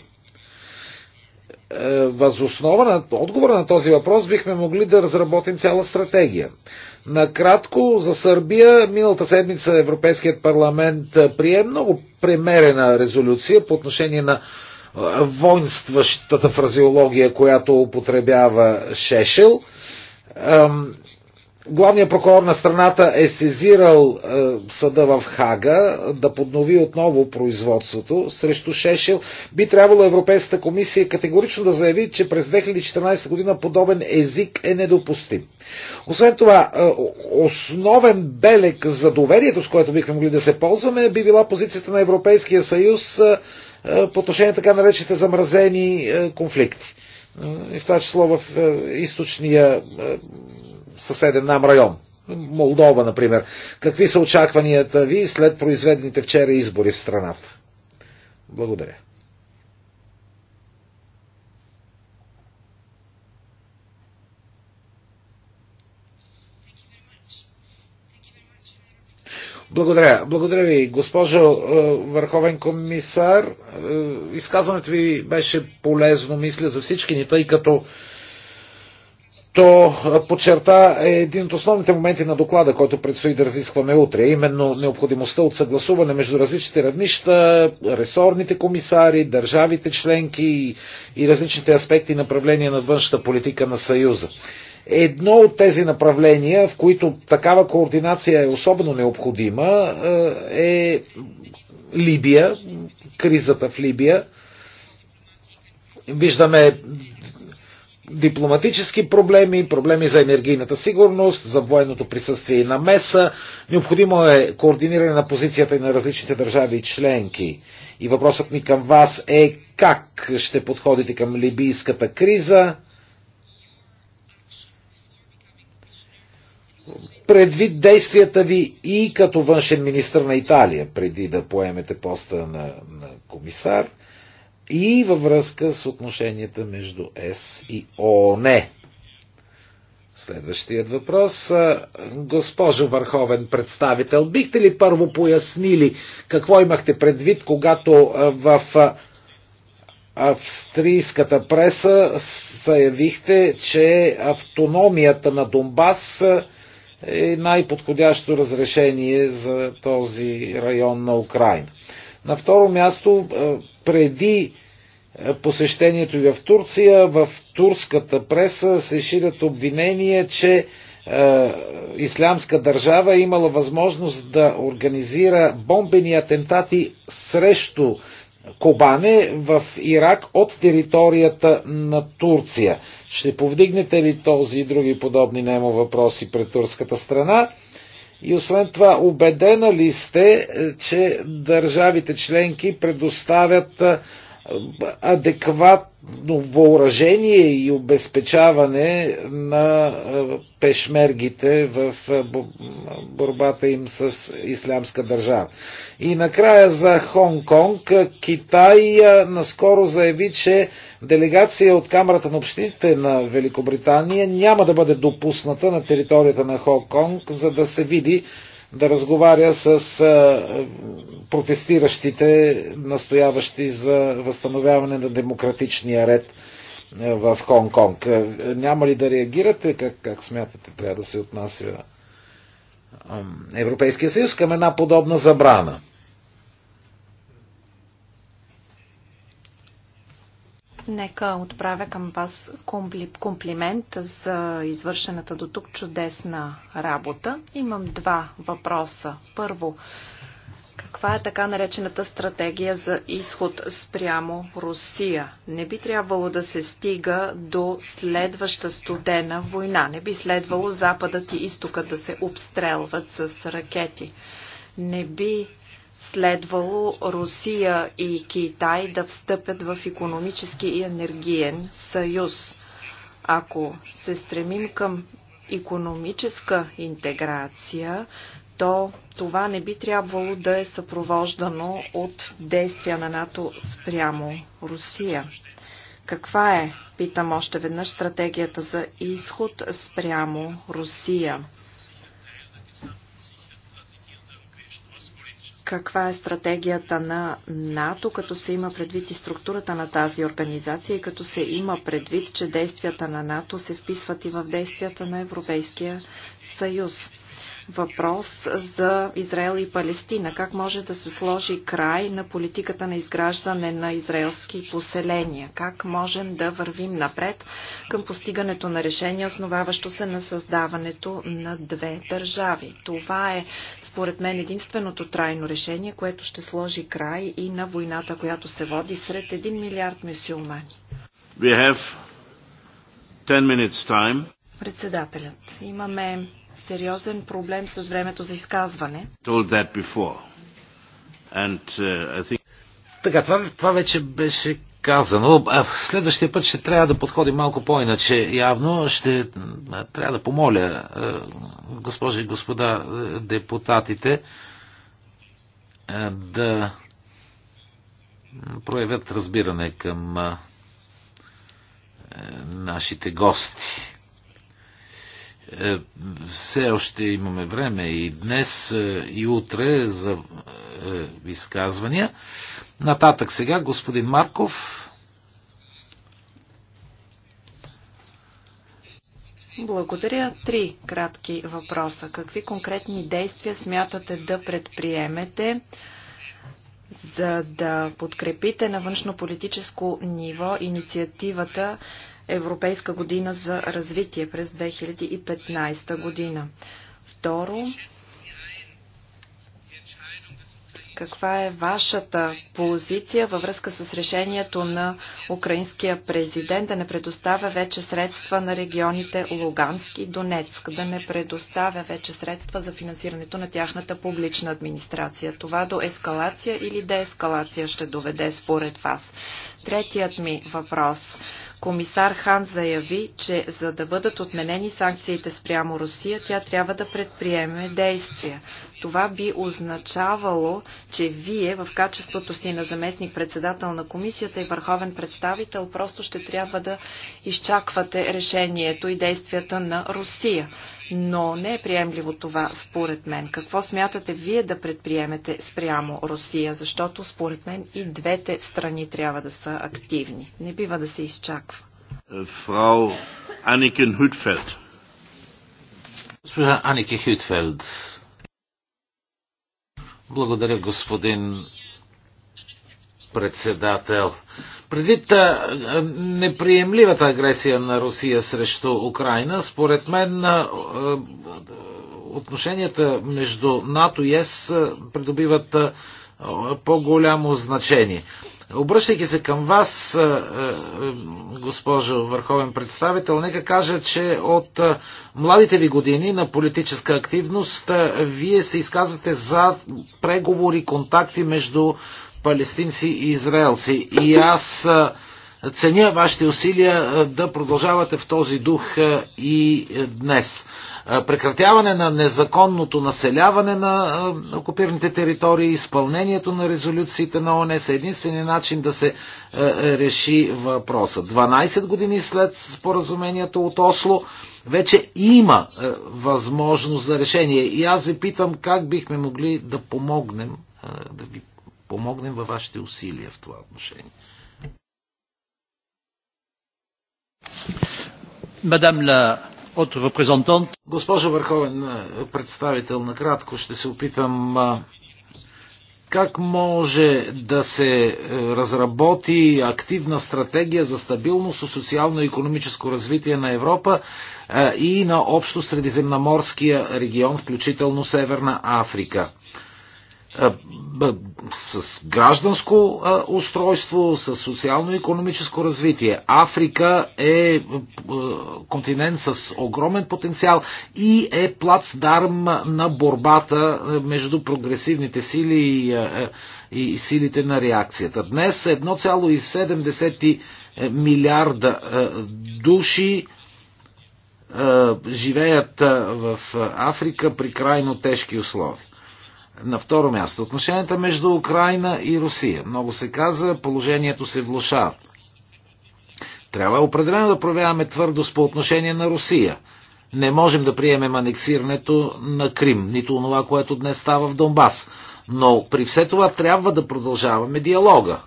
Speaker 2: Е, Възоснова на отговора на този въпрос бихме могли да разработим цяла стратегия. Накратко за Сърбия, миналата седмица Европейският парламент е, прие много премерена резолюция по отношение на е, воинстващата фразеология, която употребява Шешел. Главният прокурор на страната е сезирал е, съда в Хага да поднови отново производството срещу Шешел. Би трябвало Европейската комисия категорично да заяви, че през 2014 година подобен език е недопустим. Освен това, е, основен белег за доверието, с което бихме могли да се ползваме, би била позицията на Европейския съюз е, е, по отношение така наречените замразени е, конфликти. Е, в това число в е, източния. Е, съседен нам район. Молдова, например. Какви са очакванията ви след произведените вчера избори в страната? Благодаря. Благодаря. Благодаря ви, госпожо е, Върховен комисар. Е, изказването ви беше полезно, мисля, за всички ни, тъй като то подчерта е един от основните моменти на доклада, който предстои да разискваме утре, е именно необходимостта от съгласуване между различните равнища, ресорните комисари, държавите членки и различните аспекти направления на външната политика на Съюза. Едно от тези направления, в които такава координация е особено необходима, е, е Либия, кризата в Либия. Виждаме дипломатически проблеми, проблеми за енергийната сигурност, за военното присъствие и намеса. Необходимо е координиране на позицията и на различните държави и членки. И въпросът ми към вас е как ще подходите към либийската криза, предвид действията ви и като външен министр на Италия, преди да поемете поста на, на комисар – и във връзка с отношенията между С и ООН. Е. Следващият въпрос. Госпожо Върховен представител, бихте ли първо пояснили какво имахте предвид, когато в австрийската преса заявихте, че автономията на Донбас е най-подходящо разрешение за този район на Украина. На второ място, преди е, посещението ви в Турция. В турската преса се ширят обвинения, че е, Ислямска държава е имала възможност да организира бомбени атентати срещу Кобане в Ирак от територията на Турция. Ще повдигнете ли този и други подобни немо въпроси пред турската страна? И освен това, убедена ли сте, е, че държавите членки предоставят адекватно въоръжение и обезпечаване на пешмергите в борбата им с ислямска държава. И накрая за Хонг-Конг. Китай наскоро заяви, че делегация от Камерата на общините на Великобритания няма да бъде допусната на територията на Хонг-Конг, за да се види да разговаря с протестиращите, настояващи за възстановяване на демократичния ред в Хонг-Конг. Няма ли да реагирате? Как, как смятате трябва да се отнася Европейския съюз към една подобна забрана?
Speaker 1: Нека отправя към вас компли, комплимент за извършената до тук чудесна работа. Имам два въпроса. Първо, каква е така наречената стратегия за изход спрямо Русия? Не би трябвало да се стига до следваща студена война. Не би следвало Западът и Изтокът да се обстрелват с ракети. Не би следвало Русия и Китай да встъпят в економически и енергиен съюз. Ако се стремим към економическа интеграция, то това не би трябвало да е съпровождано от действия на НАТО спрямо Русия. Каква е, питам още веднъж, стратегията за изход спрямо Русия? каква е стратегията на НАТО, като се има предвид и структурата на тази организация и като се има предвид, че действията на НАТО се вписват и в действията на Европейския съюз въпрос за Израел и Палестина. Как може да се сложи край на политиката на изграждане на израелски поселения? Как можем да вървим напред към постигането на решение, основаващо се на създаването на две държави? Това е, според мен, единственото трайно решение, което ще сложи край и на войната, която се води сред един милиард мюсюлмани. Председателят, имаме сериозен проблем с времето за изказване.
Speaker 4: Uh,
Speaker 2: така, това, това вече беше казано. Следващия път ще трябва да подходим малко по-иначе. Явно ще трябва да помоля госпожи и господа депутатите да проявят разбиране към е, нашите гости. Е, все още имаме време и днес, е, и утре за е, изказвания. Нататък сега господин Марков.
Speaker 1: Благодаря. Три кратки въпроса. Какви конкретни действия смятате да предприемете, за да подкрепите на външно-политическо ниво инициативата Европейска година за развитие през 2015 година. Второ, каква е вашата позиция във връзка с решението на украинския президент да не предоставя вече средства на регионите Лугански и Донецк, да не предоставя вече средства за финансирането на тяхната публична администрация. Това до ескалация или деескалация ще доведе според вас. Третият ми въпрос. Комисар Хан заяви, че за да бъдат отменени санкциите спрямо Русия, тя трябва да предприеме действия. Това би означавало, че вие в качеството си на заместник председател на комисията и върховен представител просто ще трябва да изчаквате решението и действията на Русия но не е приемливо това според мен. Какво смятате вие да предприемете спрямо Русия? Защото според мен и двете страни трябва да са активни. Не бива да се изчаква.
Speaker 4: Е, фрау Аникен Хютфелд.
Speaker 2: Госпожа Анике Хютфелд. Благодаря, господин председател. Предвид неприемливата агресия на Русия срещу Украина, според мен отношенията между НАТО и ЕС придобиват по-голямо значение. Обръщайки се към вас, госпожо Върховен представител, нека кажа, че от младите ви години на политическа активност вие се изказвате за преговори, контакти между палестинци и израелци. И аз ценя вашите усилия да продължавате в този дух и днес. Прекратяване на незаконното населяване на окупираните територии, изпълнението на резолюциите на ОНЕ са единствения начин да се реши въпроса. 12 години след споразумението от Осло, вече има възможност за решение. И аз ви питам как бихме могли да помогнем, да ви помогнем във вашите усилия в това отношение. Мадам ла от репрезентант. Госпожо Върховен е, представител, накратко ще се опитам е, как може да се е, разработи активна стратегия за стабилност, социално-економическо развитие на Европа и на общо средиземноморския регион, включително Северна Африка с гражданско устройство, с социално-економическо развитие. Африка е, е континент с огромен потенциал и е плацдарм на борбата между прогресивните сили и, е, и силите на реакцията. Днес 1,7 е, милиарда души живеят в Африка при крайно тежки условия. На второ място, отношенията между Украина и Русия. Много се каза, положението се влушава. Трябва определено да проявяваме твърдост по отношение на Русия. Не можем да приемем анексирането на Крим, нито онова, което днес става в Донбас. Но при все това трябва да продължаваме диалога.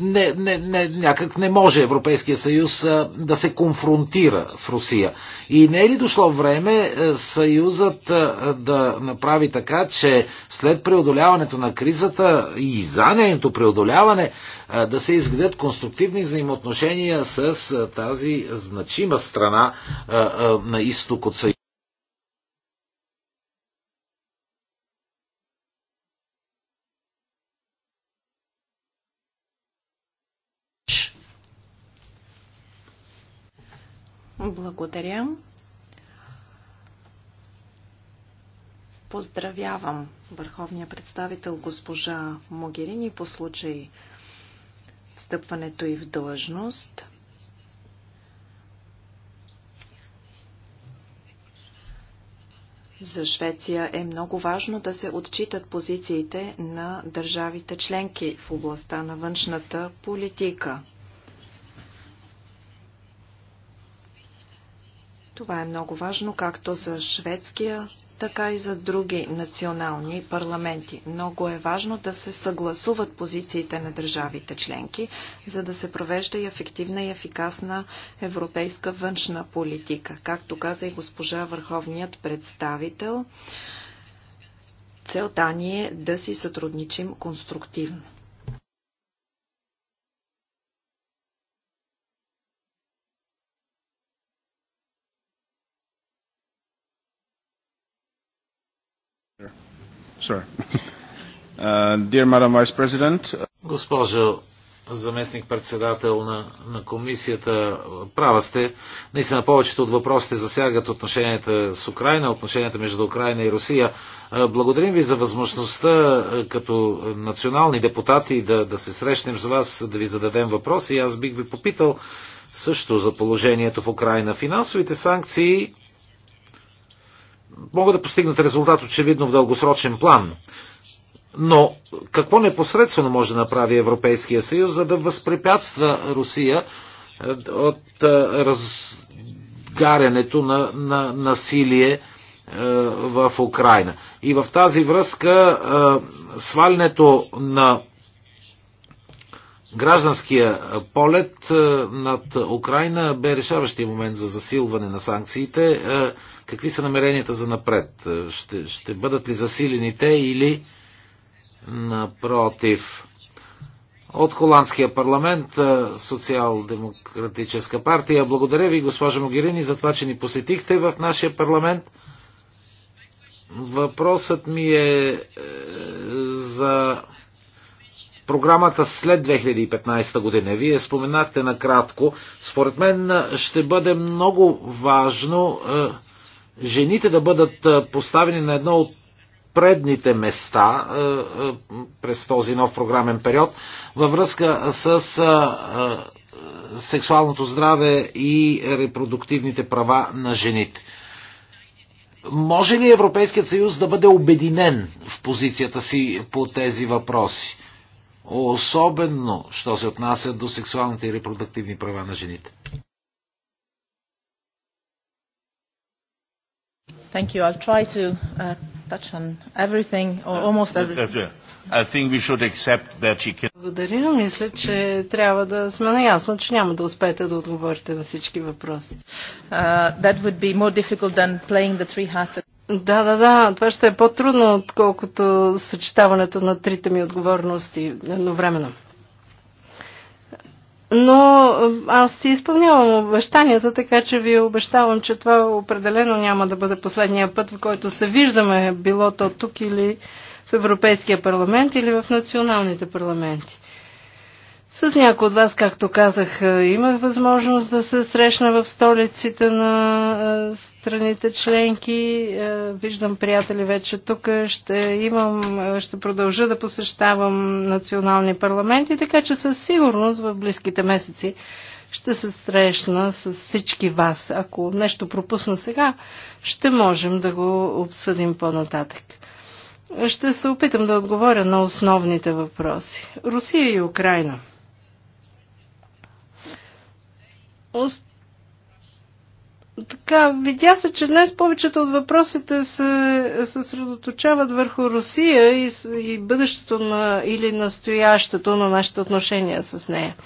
Speaker 2: не, не, не, някак не може Европейския съюз а, да се конфронтира в Русия. И не е ли дошло време а, е, съюзът а, е, да направи така, че след преодоляването на кризата и за нейното преодоляване а, е, да се изградят конструктивни взаимоотношения с а, тази значима страна а, а, на изток от съюза?
Speaker 1: Благодаря. Поздравявам върховния представител госпожа Могерини по случай встъпването и в длъжност. За Швеция е много важно да се отчитат позициите на държавите членки в областта на външната политика. Това е много важно както за шведския, така и за други национални парламенти. Много е важно да се съгласуват позициите на държавите членки, за да се провежда и ефективна и ефикасна европейска външна политика. Както каза и госпожа Върховният представител, целта ни е да си
Speaker 4: сътрудничим конструктивно. Uh, dear Madam Vice President. Uh,
Speaker 2: Госпожо заместник-председател на, на комисията, права сте. Наистина повечето от въпросите засягат отношенията с Украина, отношенията между Украина и Русия. Uh, благодарим ви за възможността uh, като национални депутати да, да се срещнем с вас, да ви зададем въпроси. Аз бих ви попитал също за положението в Украина. Финансовите санкции могат да постигнат резултат очевидно в дългосрочен план. Но какво непосредствено може да направи Европейския съюз, за да възпрепятства Русия е, от е, разгарянето на, на насилие е, в Украина? И в тази връзка свалянето на гражданския полет над Украина бе решаващия момент за засилване на санкциите Какви са намеренията за напред? Е, ще, ще бъдат ли засилени те или напротив? От Холандския парламент, е, Социал-демократическа партия. Благодаря ви, госпожа Могирини, за това, че ни посетихте в нашия парламент. Въпросът ми е, е за програмата след 2015 година. Вие споменахте накратко. Според мен ще бъде много важно е, жените да бъдат поставени на едно от предните места през този нов програмен период във връзка с сексуалното здраве и репродуктивните права на жените. Може ли Европейският съюз да бъде обединен в позицията си по тези въпроси? Особено, що се отнася до сексуалните и репродуктивни права на жените.
Speaker 3: Thank you. I'll try to uh, touch on everything or uh, almost uh,
Speaker 4: everything. I think we should accept that she can...
Speaker 3: Благодаря. Мисля, че трябва да сме наясно, че няма да успеете да отговорите на всички въпроси. Uh, that would be more difficult than playing the three hats. Да, да, да. Това ще е по-трудно, отколкото съчетаването на трите ми отговорности едновременно. Но аз си изпълнявам обещанията, така че ви обещавам, че това определено няма да бъде последния път, в който се виждаме, било то тук или в Европейския парламент или в националните парламенти. С някои от вас, както казах, е, имах възможност да се срещна в столиците на е, страните членки. Е, виждам приятели вече тук. Ще, имам, ще продължа да посещавам национални парламенти, така че със сигурност в близките месеци ще се срещна с всички вас. Ако нещо пропусна сега, ще можем да го обсъдим по-нататък. Ще се опитам да отговоря на основните въпроси. Русия и Украина – Ост... Така, видя се, че днес повечето от въпросите се съсредоточават върху Русия и, и бъдещето на, или настоящето на нашите отношения с нея.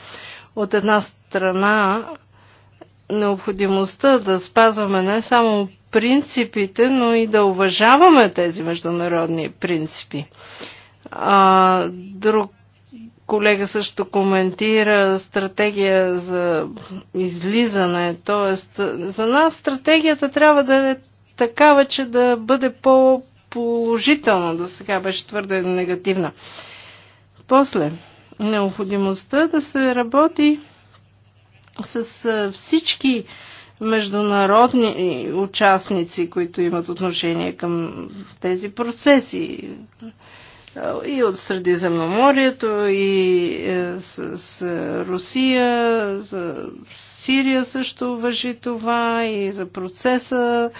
Speaker 3: От една страна, необходимостта да спазваме не само принципите, но и да уважаваме тези международни принципи. А, друг колега също коментира стратегия за излизане. Тоест, за нас стратегията трябва да е такава, че да бъде по-положителна. До сега беше твърде негативна. После, необходимостта да се работи с всички международни участници, които имат отношение към тези процеси и от Средиземноморието, и е, с, с Русия, за Сирия също въжи това, и за процеса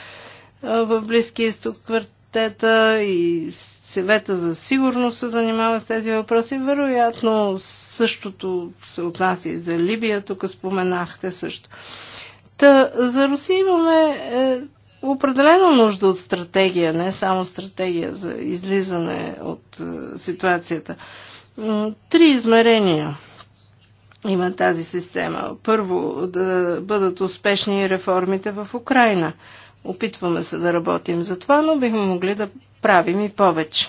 Speaker 3: е, в Близкия изток квартета, и съвета за сигурност се занимава с тези въпроси. Вероятно същото се отнася и за Либия, тук споменахте също. Та, за Русия имаме е, определено нужда от стратегия, не само стратегия за излизане от е, ситуацията. Три измерения има тази система. Първо, да бъдат успешни реформите в Украина. Опитваме се да работим за това, но бихме могли да правим и повече.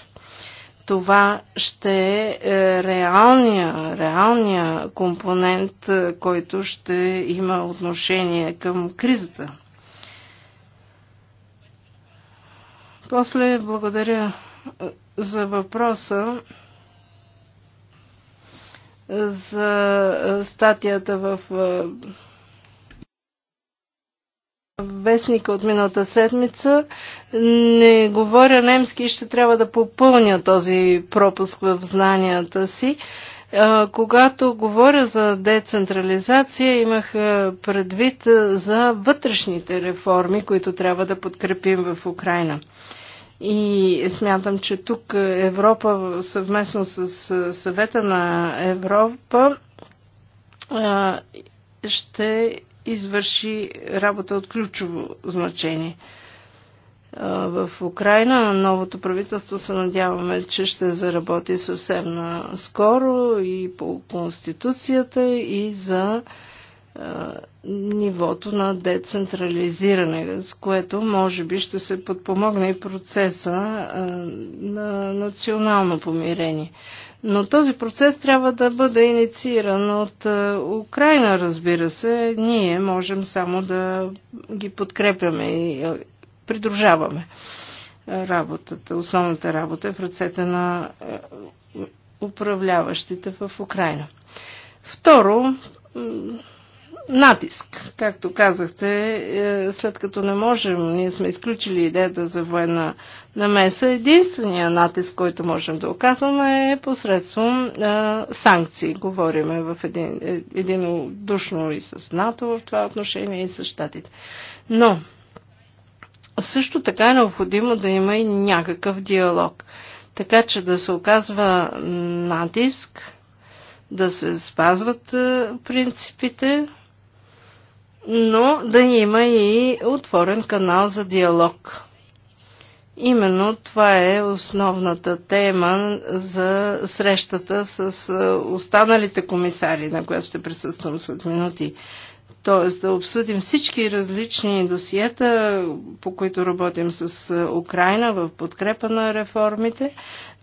Speaker 3: Това ще е, е реалния, реалния компонент, е, който ще има отношение към кризата, После благодаря е, за въпроса е, за е, статията в вестника от миналата седмица. Не говоря немски и ще трябва да попълня този пропуск в знанията си. Когато говоря за децентрализация, имах предвид за вътрешните реформи, които трябва да подкрепим в Украина. И смятам, че тук Европа съвместно с съвета на Европа ще извърши работа от ключово значение в Украина. Новото правителство се надяваме, че ще заработи съвсем скоро и по Конституцията и за нивото на децентрализиране, с което може би ще се подпомогне и процеса на национално помирение. Но този процес трябва да бъде иницииран от Украина, разбира се. Ние можем само да ги подкрепяме и придружаваме. Работата, основната работа е в ръцете на е, управляващите в Украина. Второ, натиск. Както казахте, е, след като не можем, ние сме изключили идеята за военна намеса, единствения натиск, който можем да оказваме е посредством е, санкции. Говориме в един, единодушно и с НАТО в това отношение и с щатите. Но също така е необходимо да има и някакъв диалог. Така че да се оказва натиск, да се спазват е, принципите, но да има и отворен канал за диалог. Именно това е основната тема за срещата с е, останалите комисари, на която ще присъствам след минути. Т.е да обсъдим всички различни досиета, по които работим с е, Украина в подкрепа на реформите,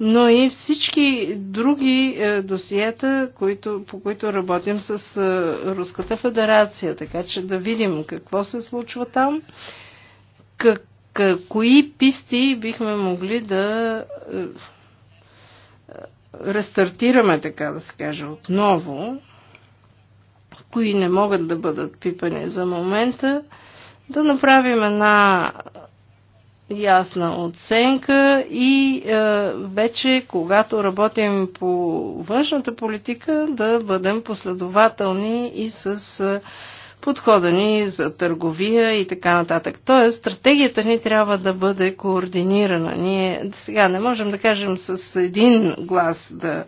Speaker 3: но и всички други е, досиета, които, по които работим с е, Руската федерация. Така че да видим какво се случва там, как, кои писти бихме могли да рестартираме, така да се каже, отново кои не могат да бъдат пипани за момента, да направим една ясна оценка и е, вече, когато работим по външната политика, да бъдем последователни и с е, подхода ни за търговия и така нататък. Тоест, стратегията ни трябва да бъде координирана. Ние сега не можем да кажем с един глас да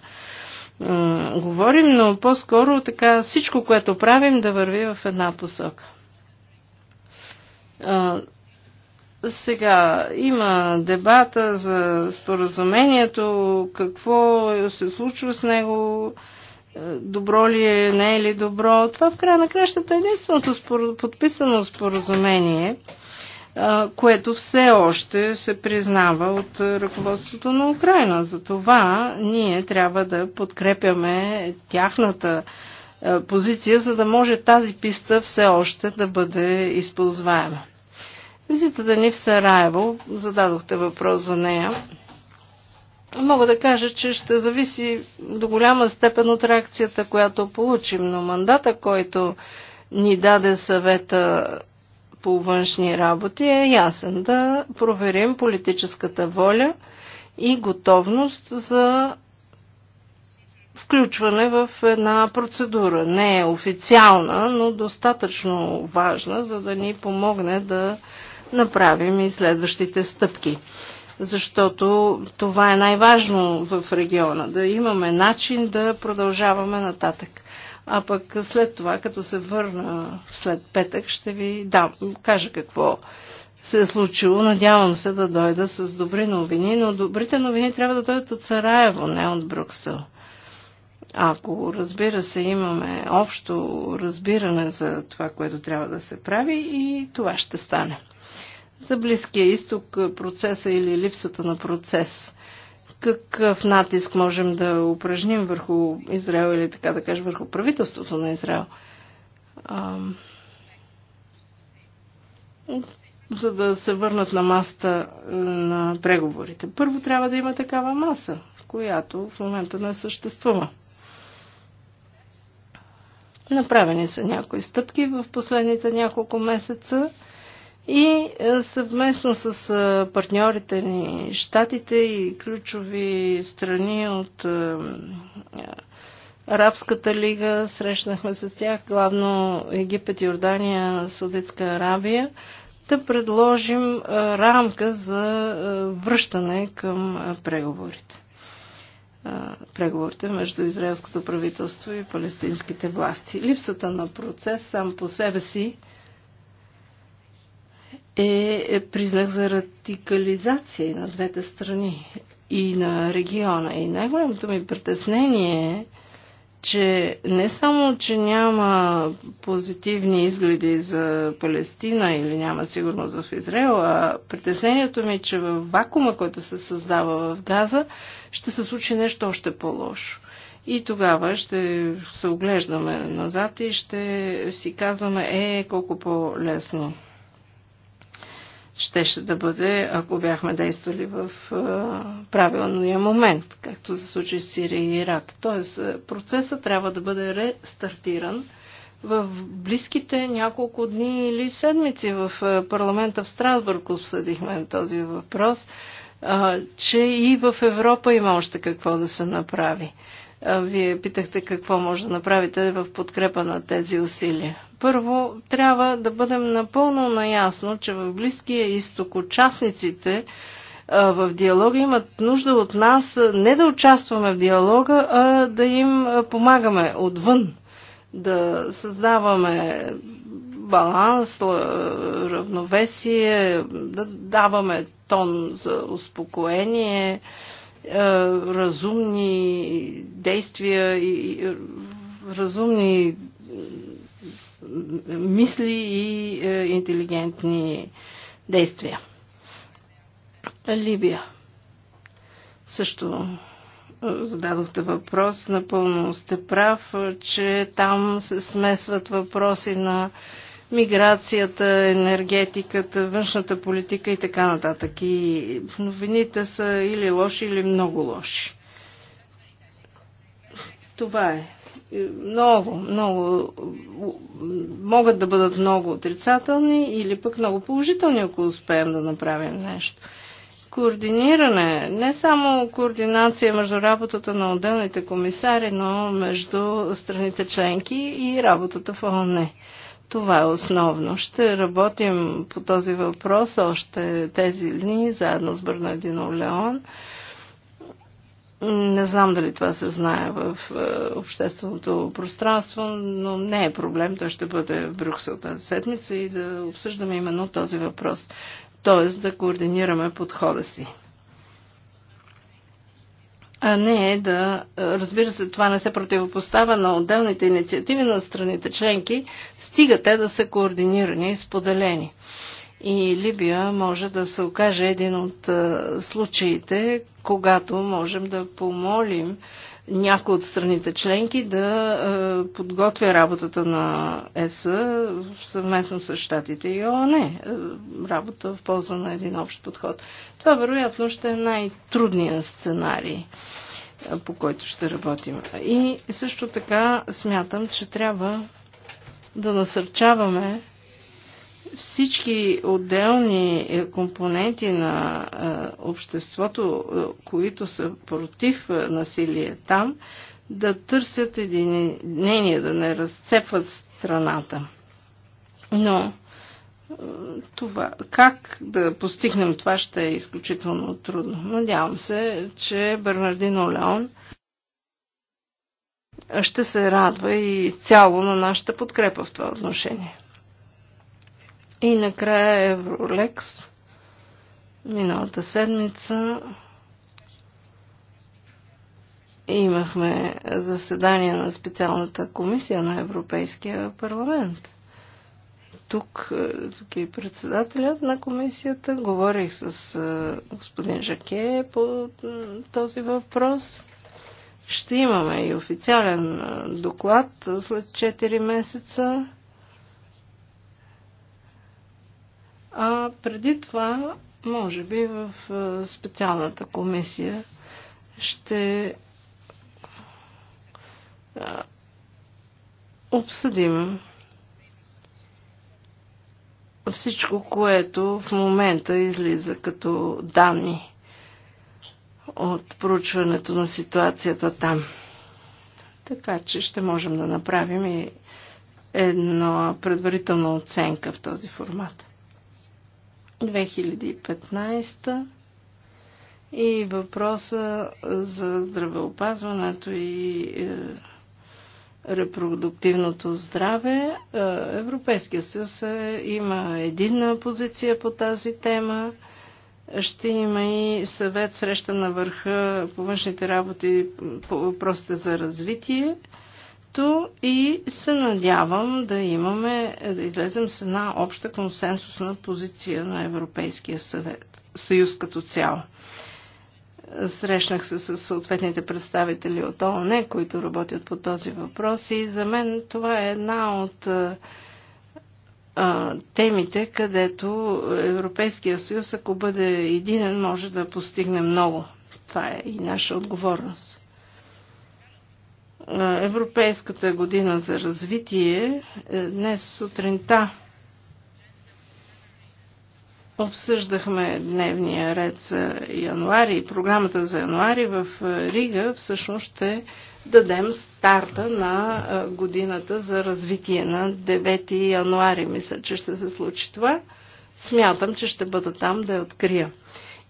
Speaker 3: говорим, но по-скоро така всичко, което правим, да върви в една посока. А, сега има дебата за споразумението, какво се случва с него, добро ли е, не е ли добро. Това в края на кращата е единственото споро... подписано споразумение което все още се признава от ръководството на Украина. Затова ние трябва да подкрепяме тяхната позиция, за да може тази писта все още да бъде използваема. Визитата ни в Сараево, зададохте въпрос за нея, мога да кажа, че ще зависи до голяма степен от реакцията, която получим, но мандата, който ни даде съвета по външни работи е ясен да проверим политическата воля и готовност за включване в една процедура. Не е официална, но достатъчно важна, за да ни помогне да направим и следващите стъпки. Защото това е най-важно в региона, да имаме начин да продължаваме нататък. А пък след това, като се върна след петък, ще ви дам, кажа какво се е случило. Надявам се да дойда с добри новини, но добрите новини трябва да дойдат от Сараево, не от Брюксел. Ако, разбира се, имаме общо разбиране за това, което трябва да се прави и това ще стане. За Близкия изток процеса или липсата на процес какъв натиск можем да упражним върху Израел или така да кажа върху правителството на Израел. А, за да се върнат на масата е, на преговорите. Първо трябва да има такава маса, която в момента не съществува. Направени са някои стъпки в последните няколко месеца и е, съвместно с е, партньорите ни, щатите и ключови страни от е, Арабската лига, срещнахме с тях, главно Египет, Йордания, Саудитска Арабия, да предложим рамка за връщане към преговорите. Преговорите между израелското правителство и палестинските власти. Липсата на процес сам по себе си е, е признак за радикализация на двете страни и на региона. И най-голямото ми притеснение е, че не само, че няма позитивни изгледи за Палестина или няма сигурност в Израел, а притеснението ми е, че в вакуума, който се създава в Газа, ще се случи нещо още по-лошо. И тогава ще се оглеждаме назад и ще си казваме, е, колко по-лесно щеше да бъде, ако бяхме действали в е, правилния момент, както се случи с Сирия и Ирак. Тоест, е, процесът трябва да бъде рестартиран в близките няколко дни или седмици в е, парламента в Страсбург обсъдихме този въпрос, че и в Европа има още какво да се направи. Вие питахте какво може да направите в подкрепа на тези усилия. Първо, трябва да бъдем напълно наясно, че в Близкия изток участниците в диалога имат нужда от нас не да участваме в диалога, а да им помагаме отвън, да създаваме баланс, равновесие, да даваме тон за успокоение, разумни действия и разумни мисли и интелигентни действия. Либия. Също зададохте въпрос. Напълно сте прав, че там се смесват въпроси на миграцията, енергетиката, външната политика и така нататък. И новините са или лоши, или много лоши. Това е. Много, много. Могат да бъдат много отрицателни или пък много положителни, ако успеем да направим нещо. Координиране, не само координация между работата на отделните комисари, но между страните членки и работата в ООН. Това е основно. Ще работим по този въпрос още тези дни, заедно с Бернардино Леон. Не знам дали това се знае в е, общественото пространство, но не е проблем. Той ще бъде в Брюксел тази седмица и да обсъждаме именно този въпрос. Тоест да координираме подхода си а не е да, разбира се, това не се противопоставя на отделните инициативи на страните членки, стига те да са координирани и споделени. И Либия може да се окаже един от случаите, когато можем да помолим някои от страните членки да е, подготвя работата на ЕС съвместно с щатите и ООН. Е, работа в полза на един общ подход. Това вероятно ще е най-трудният сценарий, е, по който ще работим. И също така смятам, че трябва да насърчаваме всички отделни е, компоненти на е, обществото, е, които са против насилие там, да търсят единение, да не разцепват страната. Но това, как да постигнем това ще е изключително трудно. Надявам се, че Бернардино Леон ще се радва и цяло на нашата подкрепа в това отношение. И накрая Евролекс. Миналата седмица имахме заседание на специалната комисия на Европейския парламент. Тук, е, тук е и председателят на комисията, говорих с е, господин Жаке по този въпрос. Ще имаме и официален доклад след 4 месеца. А преди това, може би в специалната комисия ще обсъдим всичко, което в момента излиза като данни от проучването на ситуацията там. Така че ще можем да направим и една предварителна оценка в този формат. 2015 и въпроса за здравеопазването и е, репродуктивното здраве. Е, Европейския съюз е, има единна позиция по тази тема. Ще има и съвет среща на върха по външните работи по въпросите за развитие както и се надявам да имаме, да излезем с една обща консенсусна позиция на Европейския съвет, съюз като цяло. Срещнах се с съответните представители от ООН, които работят по този въпрос и за мен това е една от темите, където Европейския съюз, ако бъде единен, може да постигне много. Това е и наша отговорност. Европейската година за развитие е днес сутринта обсъждахме дневния ред за януари и програмата за януари в Рига всъщност ще дадем старта на годината за развитие на 9 януари. Мисля, че ще се случи това. Смятам, че ще бъда там да я открия.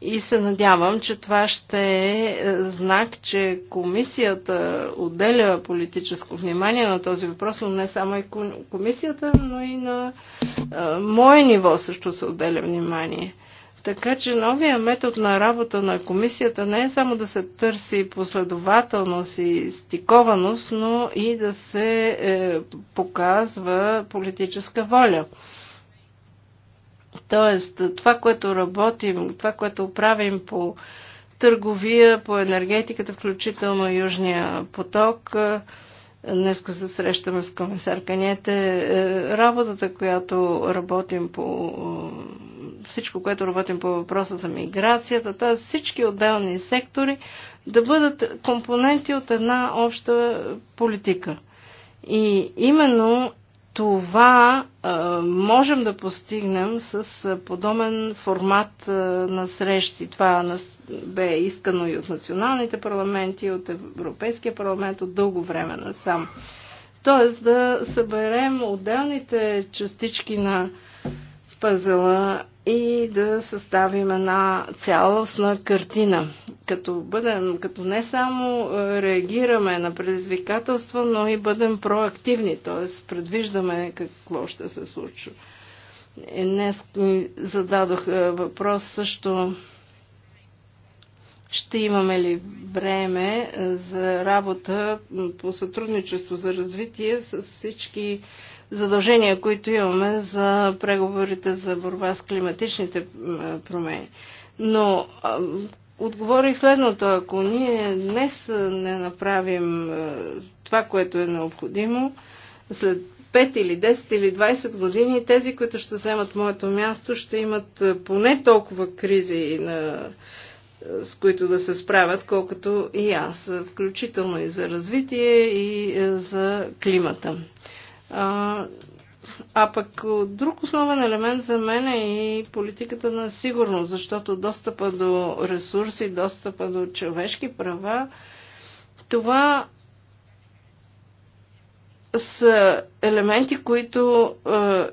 Speaker 3: И се надявам, че това ще е, е знак, че комисията отделя политическо внимание на този въпрос, но не само и комисията, но и на е, мое ниво също се отделя внимание. Така че новия метод на работа на комисията не е само да се търси последователност и стикованост, но и да се е, показва политическа воля. Тоест, това, което работим, това, което правим по търговия, по енергетиката, включително Южния поток, е, днес се срещаме с комисар Канете, е, работата, която работим по е, всичко, което работим по въпроса за миграцията, т.е. всички отделни сектори да бъдат компоненти от една обща политика. И именно това а, можем да постигнем с а, подобен формат а, на срещи. Това на, бе искано и от националните парламенти, от Европейския парламент от дълго време насам. Тоест да съберем отделните частички на пъзела и да съставим една цялостна картина. Като, бъдем, като не само е, реагираме на предизвикателства, но и бъдем проактивни, т.е. предвиждаме какво ще се случва. Е, днес ми зададох е, въпрос също ще имаме ли време за работа по сътрудничество за развитие с всички задължения, които имаме за преговорите за борба с климатичните промени. Но отговорих следното. Ако ние днес не направим това, което е необходимо, след 5 или 10 или 20 години тези, които ще вземат моето място, ще имат поне толкова кризи, на, с които да се справят, колкото и аз, включително и за развитие и за климата. А, а пък друг основен елемент за мен е и политиката на сигурност, защото достъпа до ресурси, достъпа до човешки права, това са елементи, които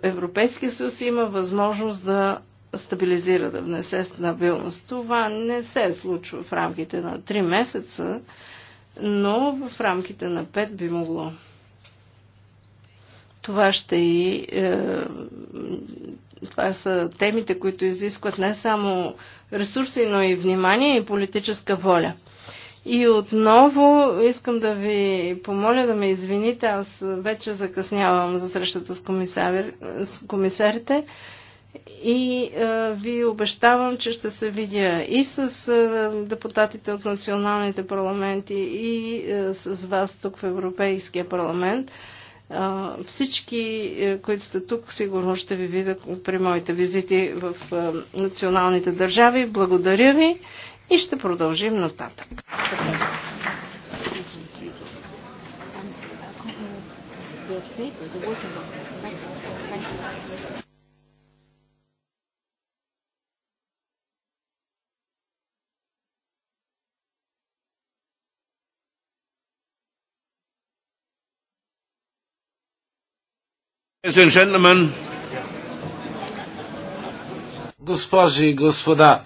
Speaker 3: Европейския съюз има възможност да стабилизира, да внесе стабилност. Това не се случва в рамките на 3 месеца, но в рамките на 5 би могло. Това ще и. Е, това са темите, които изискват не само ресурси, но и внимание и политическа воля. И отново искам да ви помоля да ме извините, аз вече закъснявам за срещата с, комисар, с комисарите и е, ви обещавам, че ще се видя и с е, депутатите от националните парламенти и е, с вас тук в Европейския парламент. Всички, е, които сте тук, сигурно ще ви видят при моите визити в е, националните държави. Благодаря ви и ще продължим нататък.
Speaker 4: you.
Speaker 2: Госпожи и господа,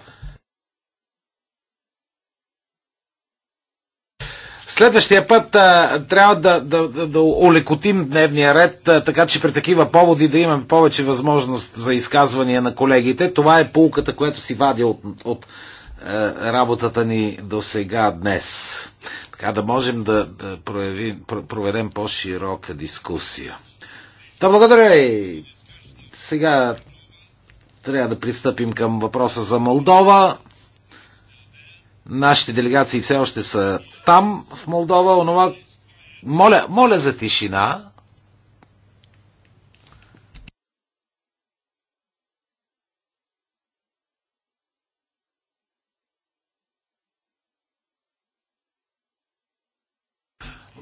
Speaker 2: Следващия път а, трябва да, да, да, да улекотим дневния ред, а, така че при такива поводи да имаме повече възможност за изказвания на колегите. Това е полката, която си вадя от, от е, работата ни до сега днес. Така да можем да, да проявим, проведем по-широка дискусия. Да, благодаря и сега трябва да пристъпим към въпроса за Молдова. Нашите делегации все още са там, в Молдова. Онова... Моля, моля за тишина.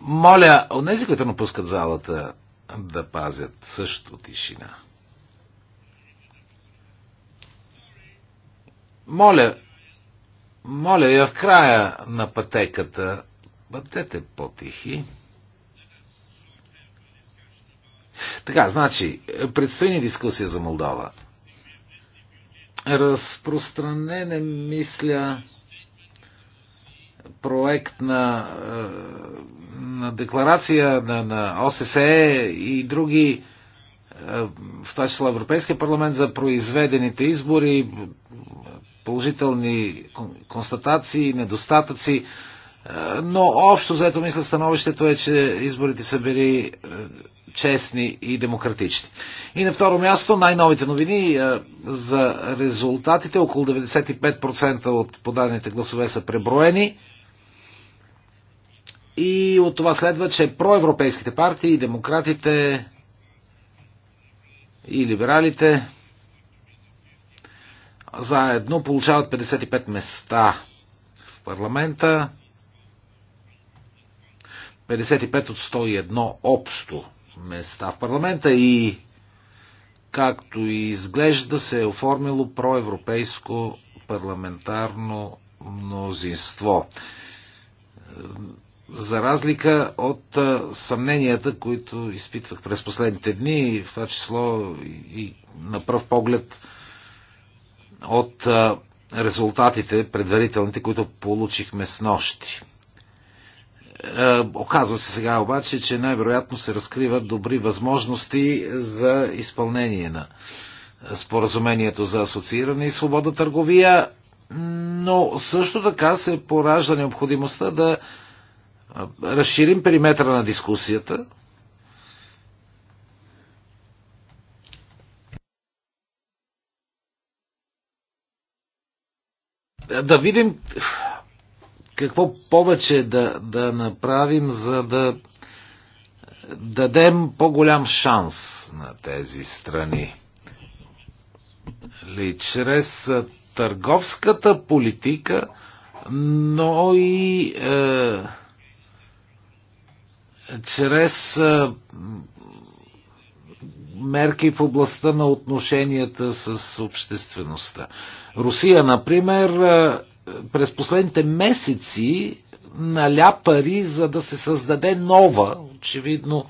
Speaker 2: Моля, онези, които напускат залата, да пазят също тишина. Моля, моля я в края на пътеката, бъдете по-тихи. Така, значи, предстои ни дискусия за Молдова. Разпространен е, мисля, проект на, е, на декларация на, на ОССЕ и други, е, в това число Европейския парламент, за произведените избори, е, положителни констатации, недостатъци. Но общо заето мисля становището е, че изборите са били честни и демократични. И на второ място най-новите новини за резултатите. Около 95% от подадените гласове са преброени. И от това следва, че проевропейските партии, демократите и либералите заедно получават 55 места в парламента, 55 от 101 общо места в парламента и както и изглежда се е оформило проевропейско парламентарно мнозинство за разлика от съмненията, които изпитвах през последните дни, в това число и на пръв поглед от резултатите, предварителните, които получихме с нощи. Е, оказва се сега обаче, че най-вероятно се разкриват добри възможности за изпълнение на споразумението за асоцииране и свобода търговия, но също така се поражда необходимостта да разширим периметра на дискусията. Да видим какво повече да, да направим, за да дадем по-голям шанс на тези страни. Ли, чрез търговската политика, но и е, чрез мерки в областта на отношенията с обществеността. Русия, например, през последните месеци наля пари, за да се създаде нова, очевидно,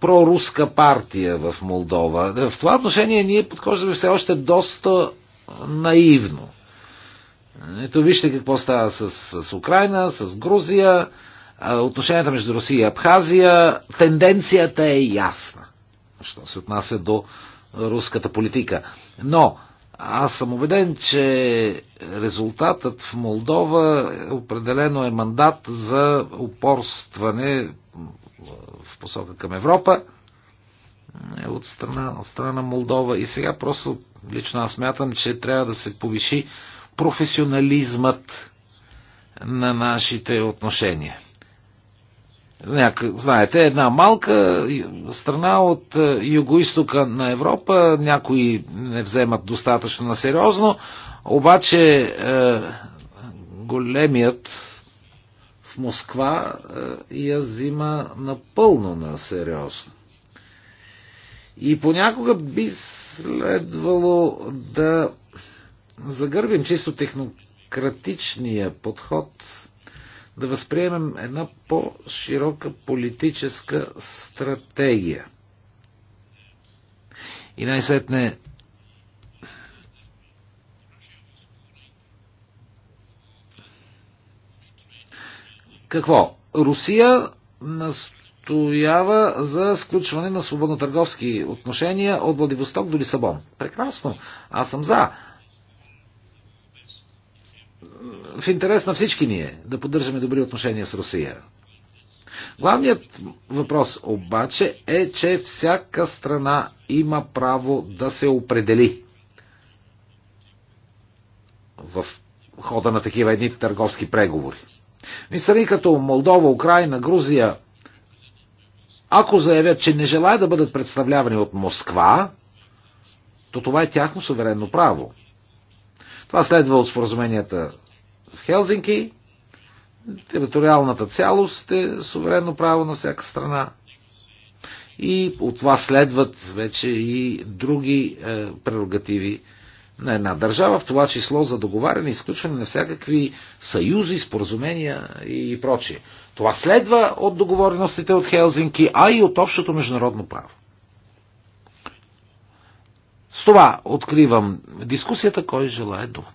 Speaker 2: проруска партия в Молдова. В това отношение ние подхождаме все още доста наивно. Ето вижте какво става с, с Украина, с Грузия, отношенията между Русия и Абхазия, тенденцията е ясна, що се отнася до руската политика. Но аз съм убеден, че резултатът в Молдова определено е мандат за упорстване в посока към Европа е от страна, от страна на Молдова. И сега просто лично аз мятам, че трябва да се повиши професионализмът на нашите отношения. Знаете, една малка страна от е, юго-истока на Европа, някои не вземат достатъчно на сериозно, обаче е, големият в Москва е, я взима напълно на сериозно. И понякога би следвало да загърбим чисто технократичния подход да възприемем една по-широка политическа стратегия. И най-сетне какво? Русия настоява за сключване на свободно търговски отношения от Владивосток до Лисабон. Прекрасно. Аз съм за в интерес на всички ние да поддържаме добри отношения с Русия. Главният въпрос обаче е, че всяка страна има право да се определи в хода на такива едни търговски преговори. Мисля, като Молдова, Украина, Грузия, ако заявят, че не желаят да бъдат представлявани от Москва, то това е тяхно суверенно право. Това следва от споразуменията Хелзинки, териториалната цялост е суверенно право на всяка страна. И от това следват вече и други е, прерогативи на една държава, в това число за договаряне и изключване на всякакви съюзи, споразумения и прочие. Това следва от договореностите от Хелзинки, а и от общото международно право. С това откривам дискусията, кой желая думата.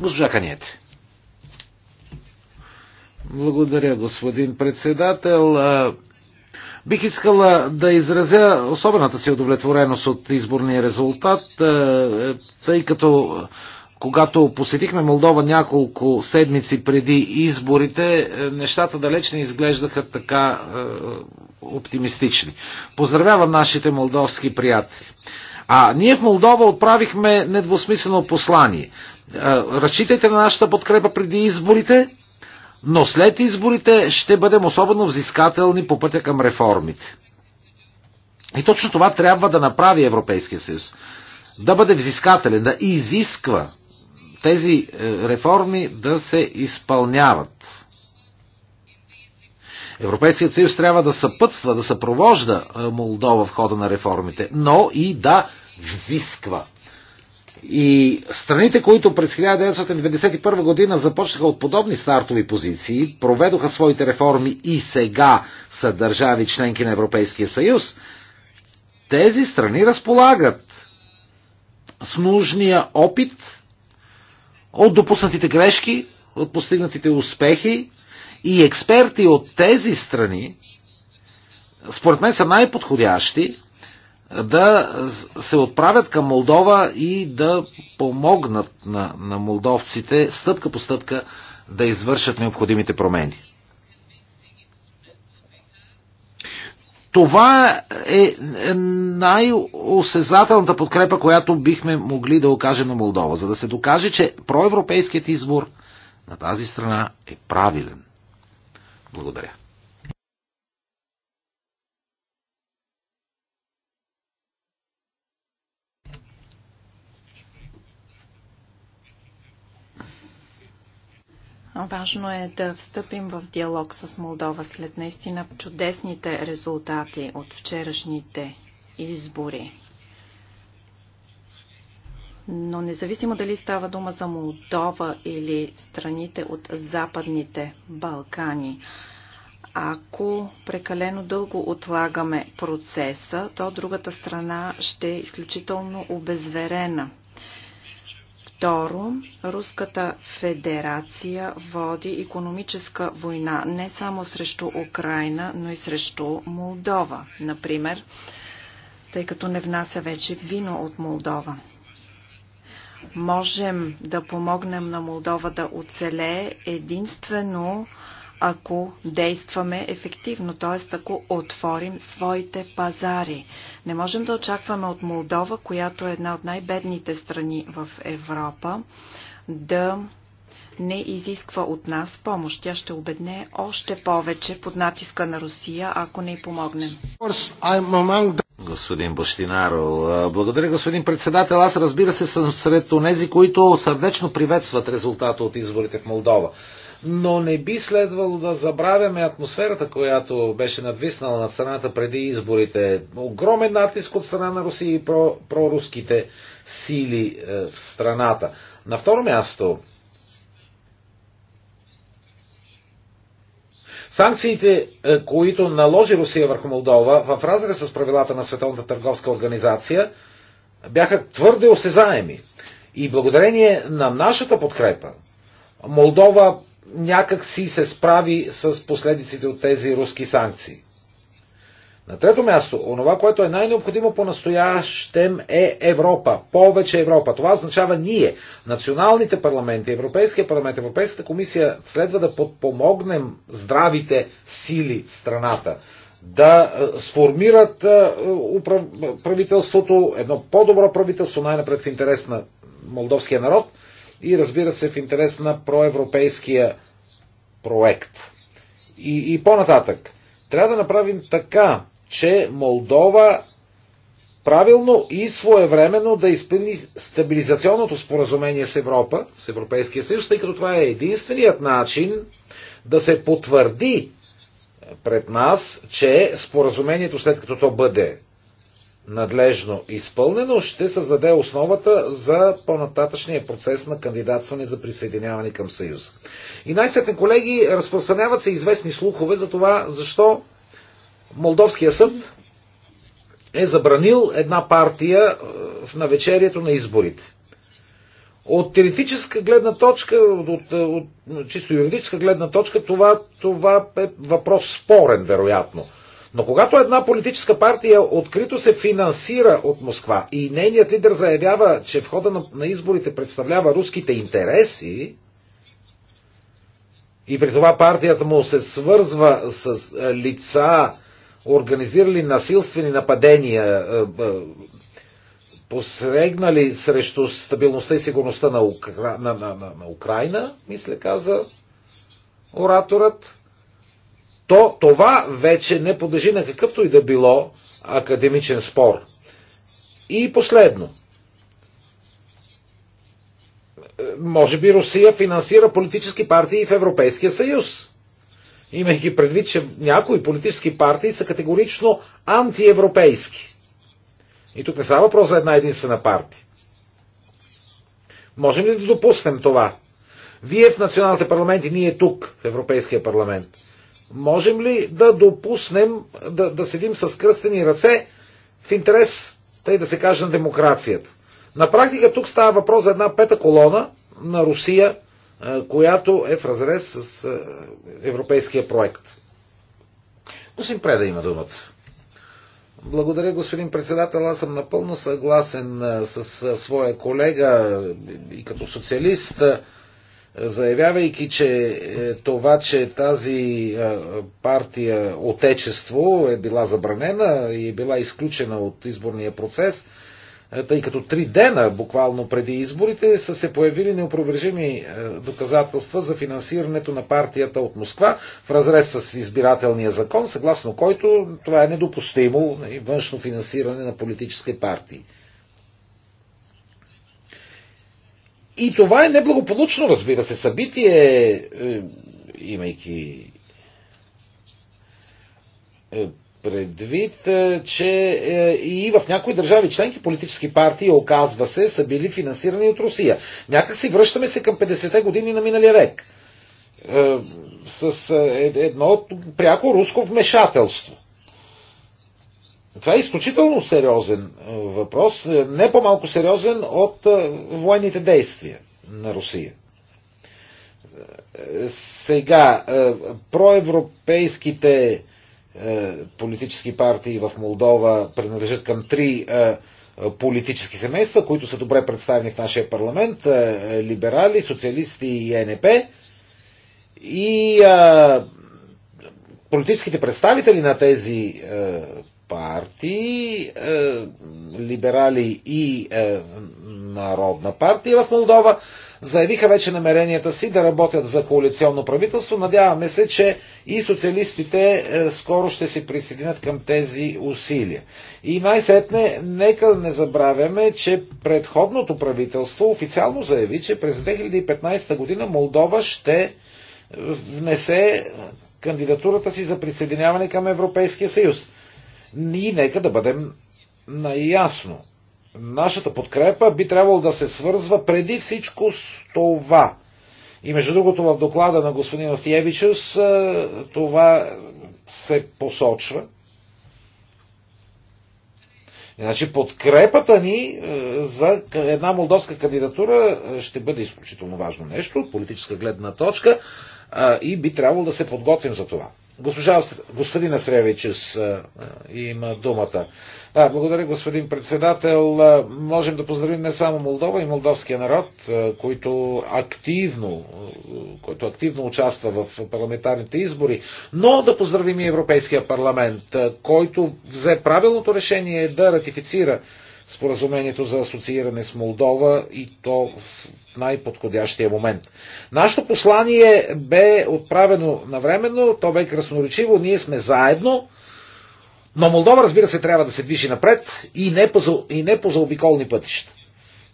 Speaker 2: Госпожа Каниете. Благодаря, господин председател. Бих искала да изразя особената си удовлетвореност от изборния резултат, тъй като когато посетихме Молдова няколко седмици преди изборите, нещата далеч не изглеждаха така оптимистични. Поздравявам нашите молдовски приятели. А ние в Молдова отправихме недвусмислено послание. Е, разчитайте на нашата подкрепа преди изборите, но след изборите ще бъдем особено взискателни по пътя към реформите. И точно това трябва да направи Европейския съюз. Да бъде взискателен, да изисква тези е, реформи да се изпълняват. Европейският съюз трябва да съпътства, да съпровожда е, Молдова в хода на реформите, но и да взисква и страните, които през 1991 година започнаха от подобни стартови позиции, проведоха своите реформи и сега са държави членки на Европейския съюз, тези страни разполагат с нужния опит от допуснатите грешки, от постигнатите успехи и експерти от тези страни, според мен са най-подходящи да се отправят към Молдова и да помогнат на, на молдовците стъпка по стъпка да извършат необходимите промени. Това е най-осезателната подкрепа, която бихме могли да окажем на Молдова, за да се докаже, че проевропейският избор
Speaker 4: на тази страна е правилен. Благодаря.
Speaker 1: Важно е да встъпим в диалог с Молдова след наистина чудесните резултати от вчерашните избори. Но независимо дали става дума за Молдова или страните от Западните Балкани, ако прекалено дълго отлагаме процеса, то другата страна ще е изключително обезверена – Второ, Руската федерация води економическа война не само срещу Украина, но и срещу Молдова, например, тъй като не внася вече вино от Молдова. Можем да помогнем на Молдова да оцелее единствено ако действаме ефективно, т.е. ако отворим своите пазари. Не можем да очакваме от Молдова, която е една от най-бедните страни в Европа, да не изисква от нас помощ. Тя ще обедне още повече под натиска на Русия, ако не й помогнем.
Speaker 2: Господин Бощинаро, благодаря господин председател. Аз разбира се съм сред онези, които сърдечно приветстват резултата от изборите в Молдова но не би следвало да забравяме атмосферата, която беше надвиснала на страната преди изборите. Огромен натиск от страна на Русия и про, проруските сили е, в страната. На второ място, Санкциите, е, които наложи Русия върху Молдова, в разрез с правилата на Световната търговска организация, бяха твърде осезаеми. И благодарение на нашата подкрепа, Молдова някак си се справи с последиците от тези руски санкции. На трето място, онова, което е най-необходимо по-настоящем е Европа. Повече Европа. Това означава ние, националните парламенти, Европейския парламент, Европейската комисия, следва да подпомогнем здравите сили в страната. Да е, сформират е, правителството, едно по-добро правителство, най-напред в интерес на молдовския народ – и разбира се в интерес на проевропейския проект. И, и по-нататък. Трябва да направим така, че Молдова правилно и своевременно да изпълни стабилизационното споразумение с Европа, с Европейския съюз, тъй като това е единственият начин да се потвърди пред нас, че споразумението след като то бъде надлежно изпълнено, ще създаде основата за по-нататъчния процес на кандидатстване за присъединяване към Съюз. И най-сетне, колеги, разпространяват се известни слухове за това, защо Молдовския съд е забранил една партия е, в навечерието на изборите. От теоретическа гледна точка, от, от, от чисто юридическа гледна точка, това, това е въпрос спорен, вероятно но когато една политическа партия открито се финансира от Москва и нейният лидер заявява, че в хода на изборите представлява руските интереси, и при това партията му се свързва с лица, организирали насилствени нападения, посрегнали срещу стабилността и сигурността на, Укра... на, на, на, на Украина, мисля каза ораторът, то това вече не подлежи на какъвто и да било академичен спор. И последно. Може би Русия финансира политически партии в Европейския съюз. Имайки предвид, че някои политически партии са категорично антиевропейски. И тук не става въпрос за една единствена партия. Можем ли да допуснем това? Вие в националните парламенти, ние тук, в Европейския парламент – Можем ли да допуснем да, да седим с кръстени ръце в интерес, тъй да се каже, на демокрацията? На практика тук става въпрос за една пета колона на Русия, е, която е в разрез с е, европейския проект. Господин Преда има думата. Благодаря, господин председател. Аз съм напълно съгласен е, с своя колега и като социалист заявявайки, че е, това, че тази е, партия Отечество е била забранена и е била изключена от изборния процес, е, тъй като три дена, буквално преди изборите, са се появили неопровержими доказателства за финансирането на партията от Москва в разрез с избирателния закон, съгласно който това е недопустимо нали, външно финансиране на политически партии. И това е неблагополучно, разбира се, събитие, е, имайки е, предвид, е, че и в някои държави членки политически партии, оказва се, са били финансирани от Русия. Някак си връщаме се към 50-те години на миналия век. С едно пряко руско вмешателство. Това е изключително сериозен е, въпрос, е, не по-малко сериозен от е, военните действия на Русия. Сега, проевропейските политически партии в Молдова принадлежат към три политически семейства, които са добре представени в нашия парламент либерали, социалисти и ЕНП. И а, политическите представители на тези партии, е, либерали и е, Народна партия в Молдова, заявиха вече намеренията си да работят за коалиционно правителство. Надяваме се, че и социалистите е, скоро ще се присъединят към тези усилия. И най-сетне, нека не забравяме, че предходното правителство официално заяви, че през 2015 година Молдова ще внесе кандидатурата си за присъединяване към Европейския съюз. И нека да бъдем наясно. Нашата подкрепа би трябвало да се свързва преди всичко с това. И между другото в доклада на господин Остиевичус е, това се посочва. Значи подкрепата ни е, за една молдовска кандидатура е, ще бъде изключително важно нещо от политическа гледна точка и би трябвало да се подготвим за това. Госпожа, господин Асревичус има думата. Да, благодаря, господин председател. Можем да поздравим не само Молдова и молдовския народ, който активно, който активно участва в парламентарните избори, но да поздравим и Европейския парламент, който взе правилното решение да ратифицира споразумението за асоцииране с Молдова и то в най-подходящия момент. Нашето послание бе отправено навременно, то бе красноречиво, ние сме заедно, но Молдова, разбира се, трябва да се движи напред и не по, и не по заобиколни пътища.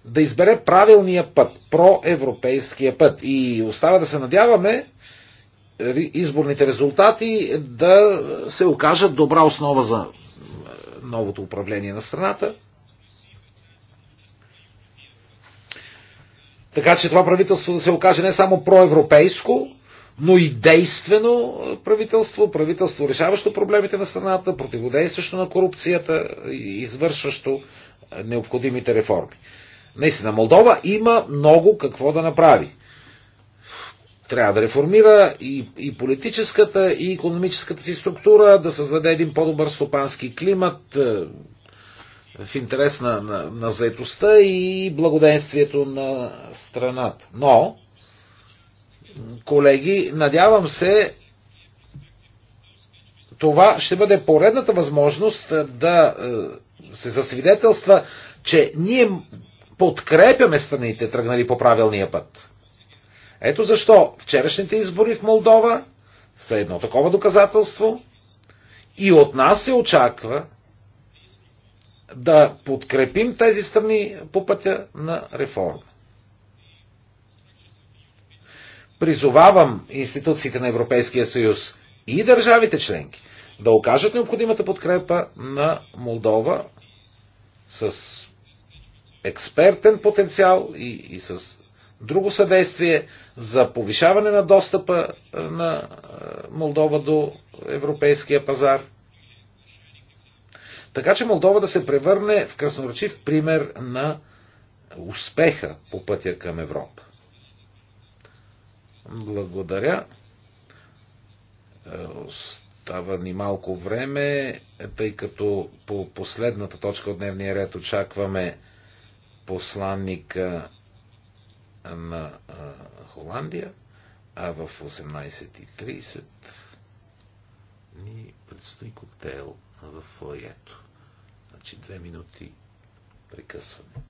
Speaker 2: Да избере правилния път, проевропейския път. И остава да се надяваме изборните резултати да се окажат добра основа за новото управление на страната, Така че това правителство да се окаже не само проевропейско, но и действено правителство, правителство решаващо проблемите на страната, противодействащо на корупцията и извършващо необходимите реформи. Наистина, Молдова има много какво да направи. Трябва да реформира и, и политическата, и економическата си структура, да създаде един по-добър стопански климат, в интерес на, на, на заедостта и благоденствието на страната. Но, колеги, надявам се, това ще бъде поредната възможност да се засвидетелства, че ние подкрепяме страните, тръгнали по правилния път. Ето защо вчерашните избори в Молдова са едно такова доказателство и от нас се очаква да подкрепим тези страни по пътя на реформа. Призовавам институциите на Европейския съюз и държавите членки да окажат необходимата подкрепа на Молдова с експертен потенциал и, и с друго съдействие за повишаване на достъпа на е, Молдова до европейския пазар – така че Молдова да се превърне в красноречив пример на успеха по пътя към Европа. Благодаря. Остава ни малко време, тъй като по последната точка от дневния ред очакваме посланника на Холандия, а в 18.30 ни предстои коктейл
Speaker 4: в фойето. Значи две минути прекъсване.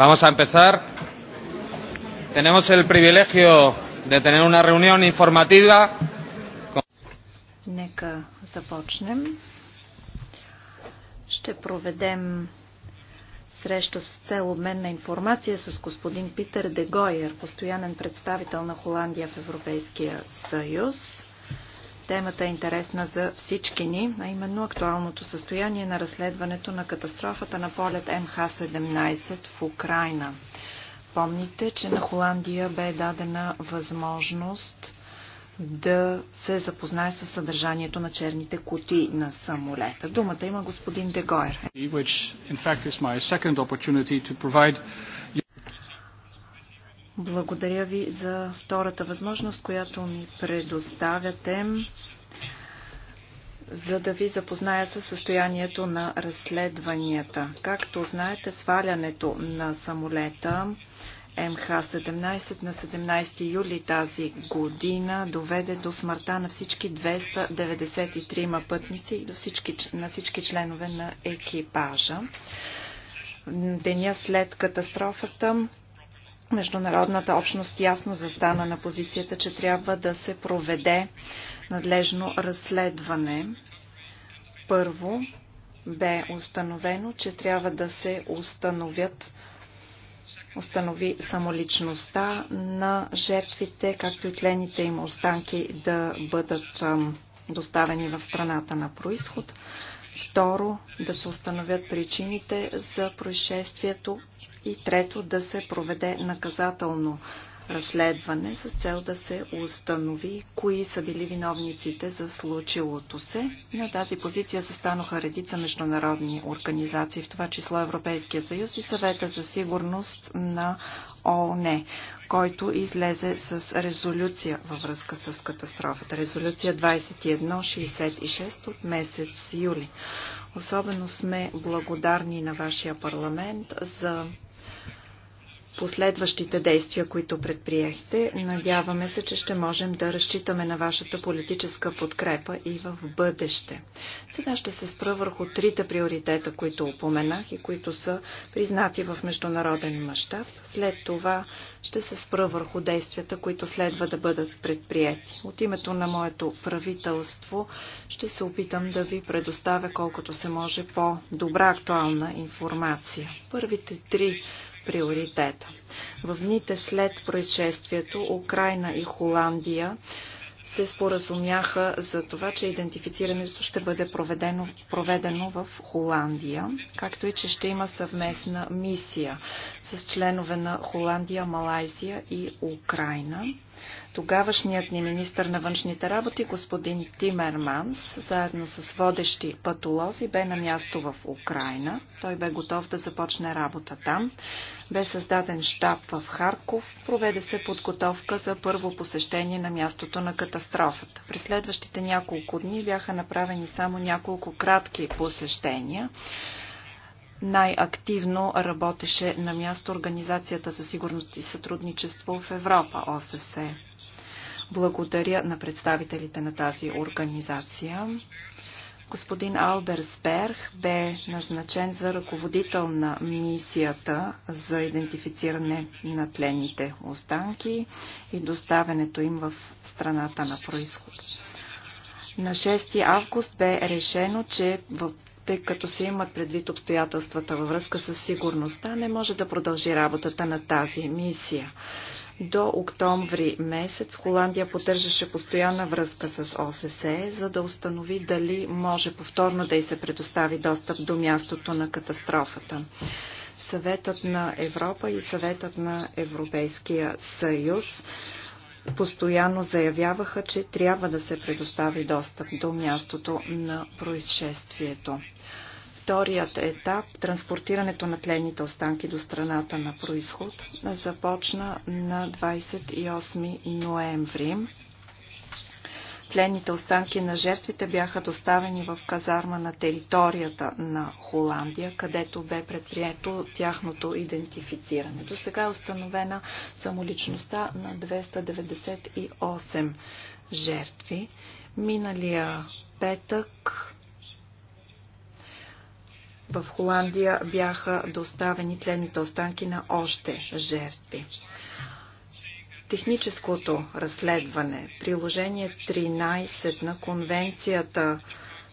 Speaker 4: Vamos a empezar.
Speaker 2: Tenemos el privilegio de tener una reunión informativa.
Speaker 1: Нека започнем. Ще проведем среща с цел обмен на информация с господин Питер Дегойер, постоянен представител на Холандия в Европейския съюз. Темата е интересна за всички ни, а именно актуалното състояние на разследването на катастрофата на полет МХ-17 в Украина. Помните, че на Холандия бе дадена възможност да се запознае с съдържанието на черните кути на самолета. Думата има господин Дегоер. Благодаря ви за втората възможност, която ми предоставяте, за да ви запозная със състоянието на разследванията. Както знаете, свалянето на самолета МХ-17 на 17 юли тази година доведе до смъртта на всички 293 пътници и до всички, на всички членове на екипажа. Деня след катастрофата международната общност ясно застана на позицията, че трябва да се проведе надлежно разследване. Първо бе установено, че трябва да се установят установи самоличността на жертвите, както и тлените им останки да бъдат доставени в страната на происход. Второ, да се установят причините за происшествието. И трето, да се проведе наказателно разследване с цел да се установи кои са били виновниците за случилото се. На тази позиция станоха редица международни организации, в това число Европейския съюз и съвета за сигурност на ООН който излезе с резолюция във връзка с катастрофата. Резолюция 2166 от месец юли. Особено сме благодарни на вашия парламент за последващите действия, които предприехте. Надяваме се, че ще можем да разчитаме на вашата политическа подкрепа и в бъдеще. Сега ще се спра върху трите приоритета, които упоменах и които са признати в международен мащаб. След това ще се спра върху действията, които следва да бъдат предприяти. От името на моето правителство ще се опитам да ви предоставя колкото се може по-добра актуална информация. Първите три приоритета. В дните след происшествието Украина и Холандия се споразумяха за това, че идентифицирането ще бъде проведено, проведено в Холандия, както и че ще има съвместна мисия с членове на Холандия, Малайзия и Украина. Тогавашният ни министр на външните работи, господин Тимерманс, заедно с водещи патолози, бе на място в Украина. Той бе готов да започне работа там. Бе създаден штаб в Харков. Проведе се подготовка за първо посещение на мястото на катастрофата. През следващите няколко дни бяха направени само няколко кратки посещения най-активно работеше на място Организацията за сигурност и сътрудничество в Европа, ОССЕ. Благодаря на представителите на тази организация. Господин Алберсберг бе назначен за ръководител на мисията за идентифициране на тлените останки и доставянето им в страната на происход. На 6 август бе решено, че в тъй като се имат предвид обстоятелствата във връзка с сигурността, не може да продължи работата на тази мисия. До октомври месец Холандия поддържаше постоянна връзка с ОССЕ, за да установи дали може повторно да й се предостави достъп до мястото на катастрофата. Съветът на Европа и Съветът на Европейския съюз постоянно заявяваха, че трябва да се предостави достъп до мястото на происшествието. Вторият етап, транспортирането на тленните останки до страната на происход, започна на 28 ноември. Тленните останки на жертвите бяха доставени в казарма на територията на Холандия, където бе предприето тяхното идентифициране. До сега е установена самоличността на 298 жертви. Миналия петък в Холандия бяха доставени тленните останки на още жертви. Техническото разследване, приложение 13 на конвенцията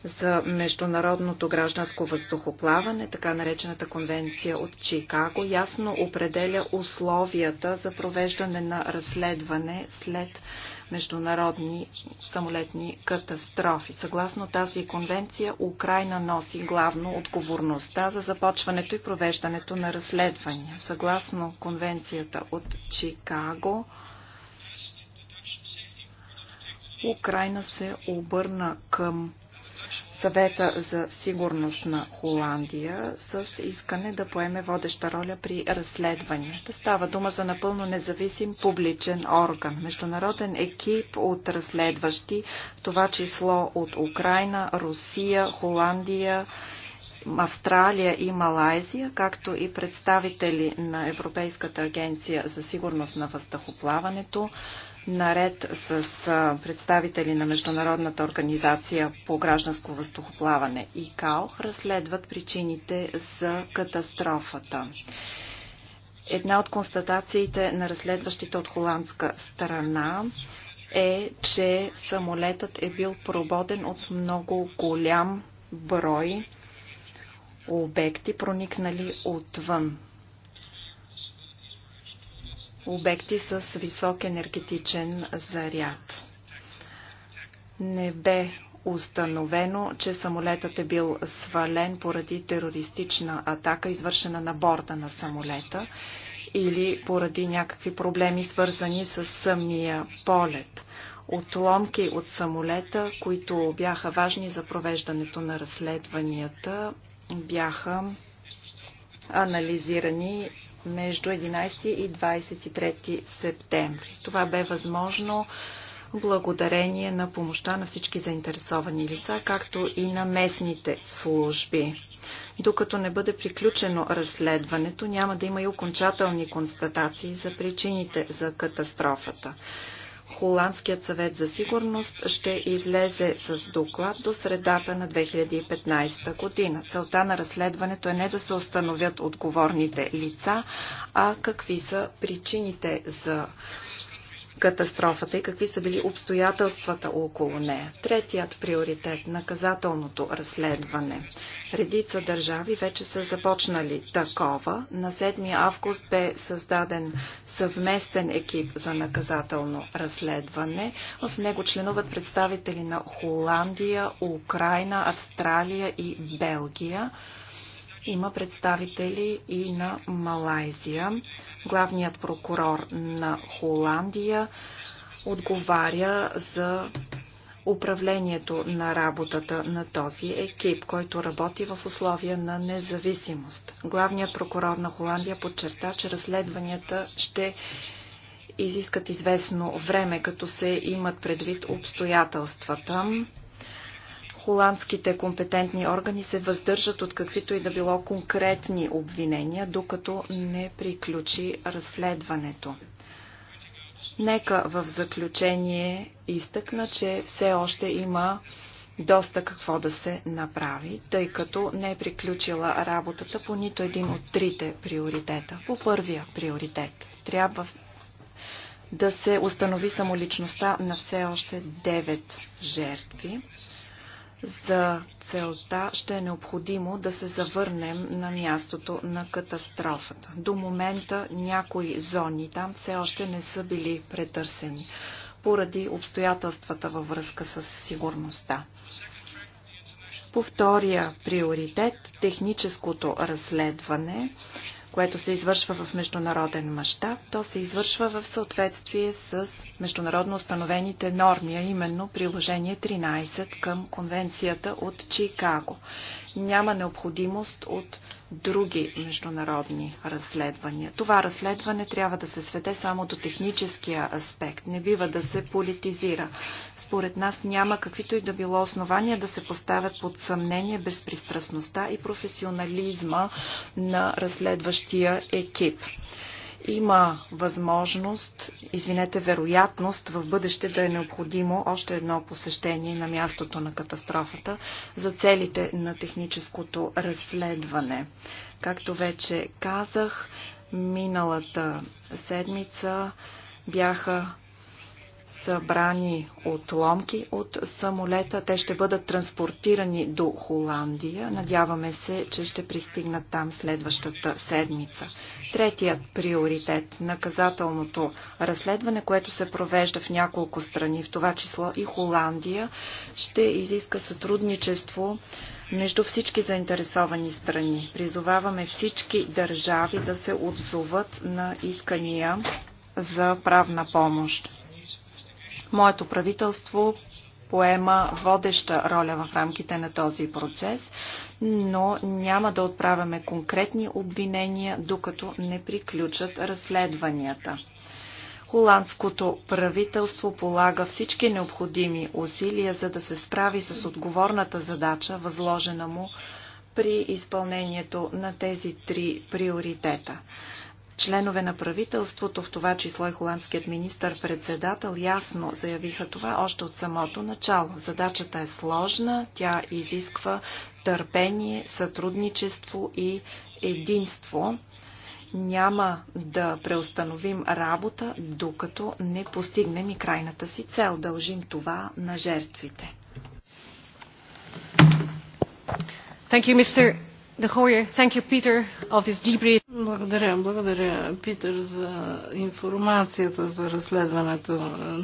Speaker 1: за международното гражданско въздухоплаване, така наречената конвенция от Чикаго, ясно определя условията за провеждане на разследване след международни самолетни катастрофи. Съгласно тази конвенция, Украина носи главно отговорността за започването и провеждането на разследвания. Съгласно конвенцията от Чикаго, Украина се обърна към съвета за сигурност на Холандия с искане да поеме водеща роля при разследванията. Става дума за напълно независим публичен орган, международен екип от разследващи, в това число от Украина, Русия, Холандия, Австралия и Малайзия, както и представители на Европейската агенция за сигурност на въздухоплаването, наред с представители на Международната организация по гражданско въздухоплаване и КАО, разследват причините за катастрофата. Една от констатациите на разследващите от холандска страна е, че самолетът е бил прободен от много голям брой обекти, проникнали отвън. Обекти с висок енергетичен заряд. Не бе установено, че самолетът е бил свален поради терористична атака, извършена на борда на самолета или поради някакви проблеми, свързани с самия полет. Отломки от самолета, които бяха важни за провеждането на разследванията, бяха анализирани между 11 и 23 септември. Това бе възможно благодарение на помощта на всички заинтересовани лица, както и на местните служби. Докато не бъде приключено разследването, няма да има и окончателни констатации за причините за катастрофата. Холандският съвет за сигурност ще излезе с доклад до средата на 2015 година. Целта на разследването е не да се установят отговорните лица, а какви са причините за катастрофата и какви са били обстоятелствата около нея. Третият приоритет – наказателното разследване. Редица държави вече са започнали такова. На 7 август бе създаден съвместен екип за наказателно разследване. В него членуват представители на Холандия, Украина, Австралия и Белгия. Има представители и на Малайзия. Главният прокурор на Холандия отговаря за управлението на работата на този екип, който работи в условия на независимост. Главният прокурор на Холандия подчерта, че разследванията ще изискат известно време, като се имат предвид обстоятелствата. Холандските компетентни органи се въздържат от каквито и да било конкретни обвинения, докато не приключи разследването. Нека в заключение изтъкна, че все още има доста какво да се направи, тъй като не е приключила работата по нито един от трите приоритета. По първия приоритет трябва да се установи самоличността на все още 9 жертви. За целта ще е необходимо да се завърнем на мястото на катастрофата. До момента някои зони там все още не са били претърсени поради обстоятелствата във връзка с сигурността. По втория приоритет, техническото разследване, което се извършва в международен мащаб, то се извършва в съответствие с международно установените норми, а именно приложение 13 към конвенцията от Чикаго няма необходимост от други международни разследвания. Това разследване трябва да се сведе само до техническия аспект. Не бива да се политизира. Според нас няма каквито и да било основания да се поставят под съмнение безпристрастността и професионализма на разследващия екип има възможност, извинете, вероятност в бъдеще да е необходимо още едно посещение на мястото на катастрофата за целите на техническото разследване. Както вече казах, миналата седмица бяха събрани отломки от самолета. Те ще бъдат транспортирани до Холандия. Надяваме се, че ще пристигнат там следващата седмица. Третият приоритет – наказателното разследване, което се провежда в няколко страни, в това число и Холандия, ще изиска сътрудничество между всички заинтересовани страни. Призоваваме всички държави да се отзоват на искания за правна помощ. Моето правителство поема водеща роля в рамките на този процес, но няма да отправяме конкретни обвинения, докато не приключат разследванията. Холандското правителство полага всички необходими усилия, за да се справи с отговорната задача, възложена му при изпълнението на тези три приоритета. Членове на правителството, в това число и холандският министр-председател, ясно заявиха това още от самото начало. Задачата е сложна, тя изисква търпение, сътрудничество и единство. Няма да преустановим работа, докато не постигнем и крайната си цел. Дължим това на жертвите. Thank you, Mr.
Speaker 3: Благодаря, благодаря, Питер за информацията за разследването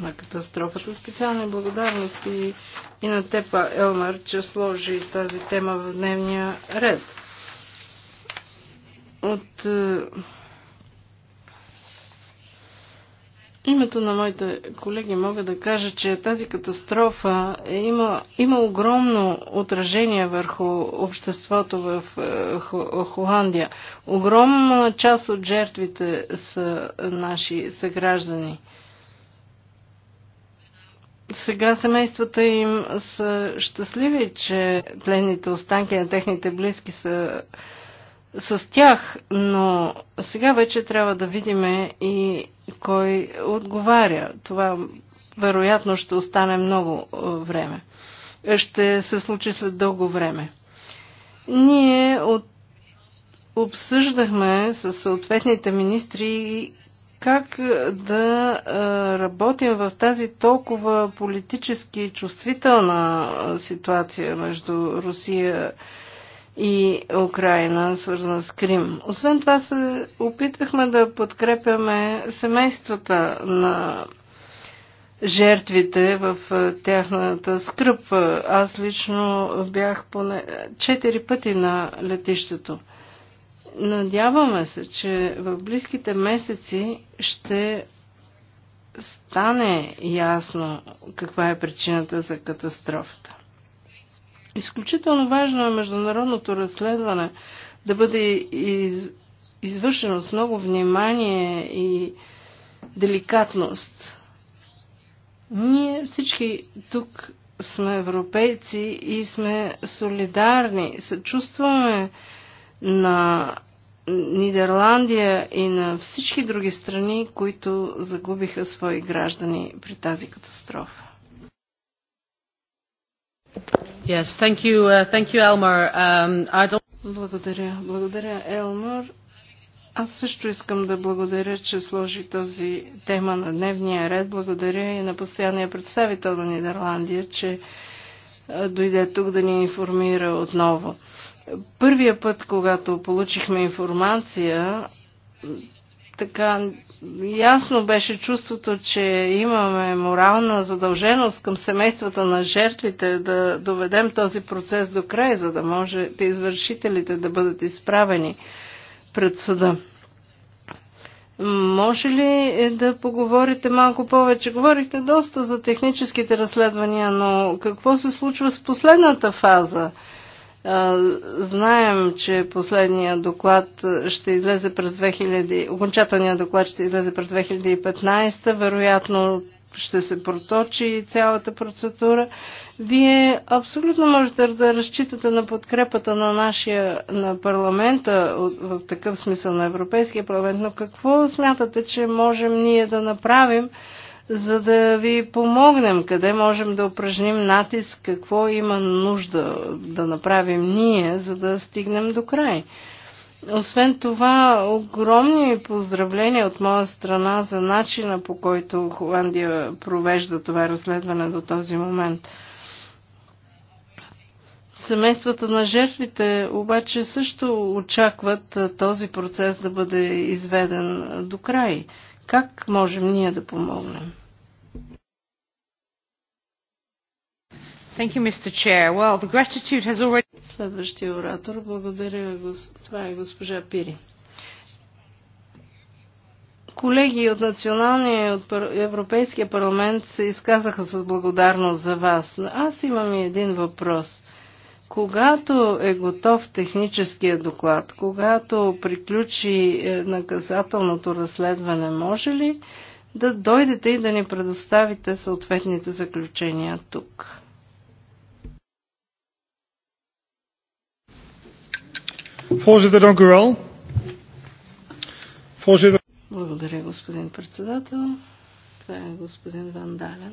Speaker 3: на катастрофата. Специални благодарности и на Тепа Елмар, че сложи тази тема в дневния ред. От името на моите колеги мога да кажа, че тази катастрофа е има, има огромно отражение върху обществото в е, Холандия. Огромна част от жертвите са наши съграждани. Сега семействата им са щастливи, че пленните останки на техните близки са с тях, но сега вече трябва да видим и кой отговаря. Това вероятно ще остане много е, време. Ще се случи след дълго време. Ние от... обсъждахме с съответните министри как е, да е, работим в тази толкова политически чувствителна ситуация между Русия и и Украина, свързана с Крим. Освен това се опитвахме да подкрепяме семействата на жертвите в тяхната скръп. Аз лично бях поне четири пъти на летището. Надяваме се, че в близките месеци ще стане ясно каква е причината за катастрофата. Изключително важно е международното разследване да бъде из, извършено с много внимание и деликатност. Ние всички тук сме европейци и сме солидарни. Съчувстваме на Нидерландия и на всички други страни, които загубиха свои граждани при тази катастрофа. Uh, um, благодаря. Елмор. Аз също искам да благодаря, че сложи този тема на дневния ред. Благодаря и на постоянния представител на Нидерландия, че дойде тук да ни информира отново. Първия път, когато получихме информация, така ясно беше чувството, че имаме морална задълженост към семействата на жертвите да доведем този процес до край, за да може да извършителите да бъдат изправени пред съда. Може ли да поговорите малко повече? Говорихте доста за техническите разследвания, но какво се случва с последната фаза? Знаем, че последния доклад ще излезе през 2000, окончателният доклад ще излезе през 2015, вероятно ще се проточи цялата процедура. Вие абсолютно можете да разчитате на подкрепата на нашия на парламента, в такъв смисъл на Европейския парламент, но какво смятате, че можем ние да направим, за да ви помогнем, къде можем да упражним натиск, какво има нужда да направим ние, за да стигнем до край. Освен това, огромни поздравления от моя страна за начина по който Холандия провежда това разследване до този момент. Семействата на жертвите обаче също очакват този процес да бъде изведен до край как можем ние да помогнем? Thank you, Mr. Chair. Well, the gratitude has already... Следващия оратор. Благодаря. Това е госпожа Пири. Колеги от Националния и от Европейския парламент се изказаха с благодарност за вас. Аз имам и един въпрос. Когато е готов техническия доклад, когато приключи е, наказателното разследване, може ли да дойдете и да ни предоставите съответните заключения тук?
Speaker 4: Voorzitter, dank u wel.
Speaker 3: Voorzitter. Благодаря, господин председател. Това е господин Ван Дален.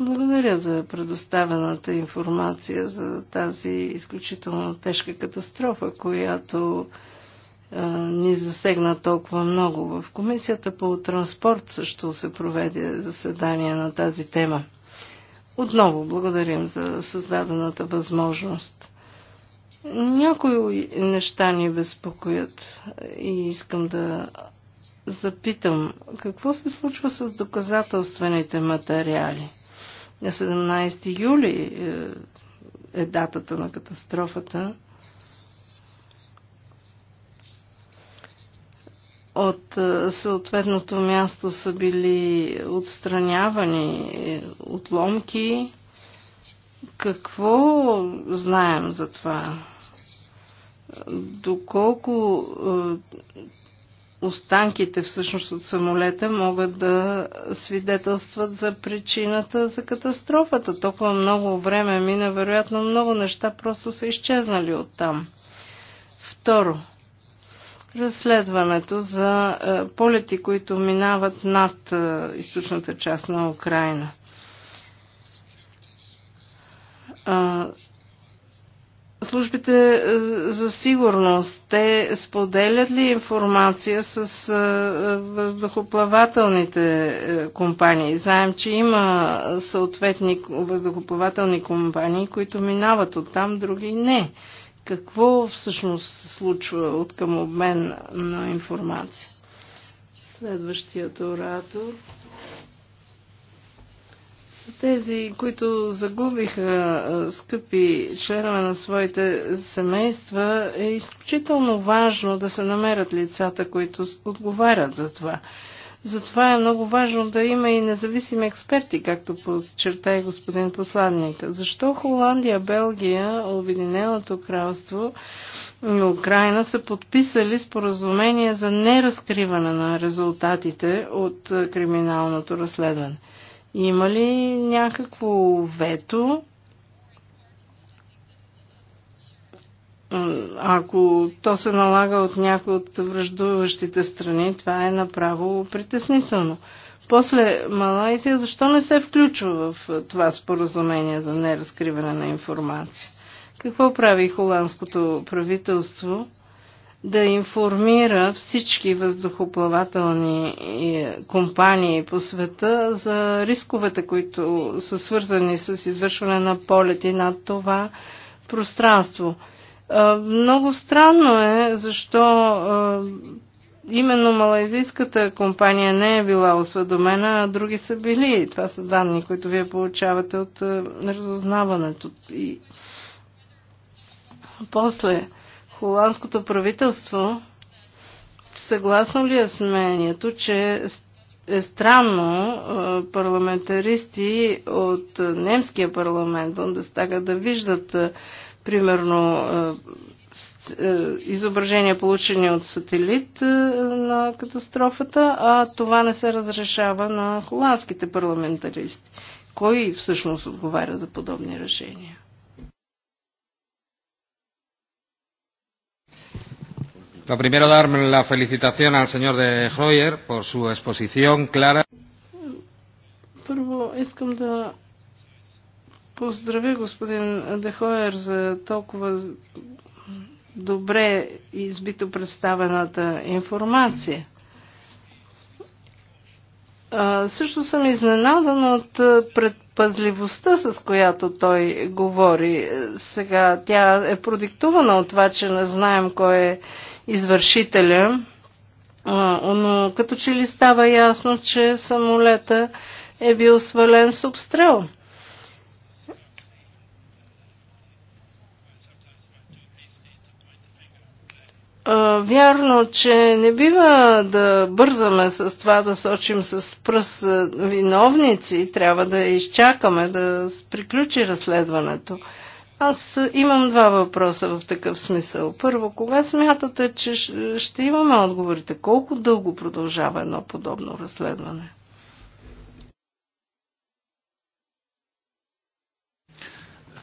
Speaker 3: Благодаря за предоставената информация за тази изключително тежка катастрофа, която а, ни засегна толкова много. В Комисията по транспорт също се проведе заседание на тази тема. Отново благодарим за създадената възможност. Някои неща ни безпокоят и искам да запитам какво се случва с доказателствените материали. 17 юли е, е датата на катастрофата. От е, съответното място са били отстранявани е, отломки. Какво знаем за това? Доколко останките всъщност от самолета могат да свидетелстват за причината за катастрофата. Толкова много време мина, вероятно много неща просто са изчезнали от там. Второ, разследването за е, полети, които минават над е, източната част на Украина службите е, за сигурност, те споделят ли информация с е, въздухоплавателните е, компании? Знаем, че има съответни въздухоплавателни компании, които минават от там, други не. Какво всъщност се случва от към обмен на информация? Следващият оратор. Тези, които загубиха скъпи членове на своите семейства, е изключително важно да се намерят лицата, които отговарят за това. Затова е много важно да има и независими експерти, както подчерта и господин посланник. Защо Холандия, Белгия, Обединеното кралство и Украина са подписали споразумение за неразкриване на резултатите от криминалното разследване? Има ли някакво вето? Ако то се налага от някои от връждуващите страни, това е направо притеснително. После Малайзия защо не се включва в това споразумение за неразкриване на информация? Какво прави холандското правителство? да информира всички въздухоплавателни е, компании по света за рисковете, които са свързани с извършване на полети над това пространство. Е, много странно е защо е, именно малайзийската компания не е била осведомена, а други са били. Това са данни, които вие получавате от разузнаването. И... После, холандското правителство, съгласно ли е с мнението, че е странно парламентаристи от немския парламент, Бундестага, да виждат примерно изображения получени от сателит на катастрофата, а това не се разрешава на холандските парламентаристи. Кой всъщност отговаря за подобни решения?
Speaker 4: Lo primero, dar la felicitación al señor de Hoyer por su exposición clara.
Speaker 3: Първо искам да поздравя господин Дехоер за толкова добре избито представената информация. А, също съм изненадан от предпазливостта, с която той говори. Сега тя е продиктувана от това, че не знаем кой е извършителя, но като че ли става ясно, че самолета е бил свален с обстрел. вярно, че не бива да бързаме с това да сочим с пръст виновници. Трябва да изчакаме да приключи разследването. Аз имам два въпроса в такъв смисъл. Първо, кога смятате, че ще имаме отговорите? Колко дълго продължава едно подобно разследване?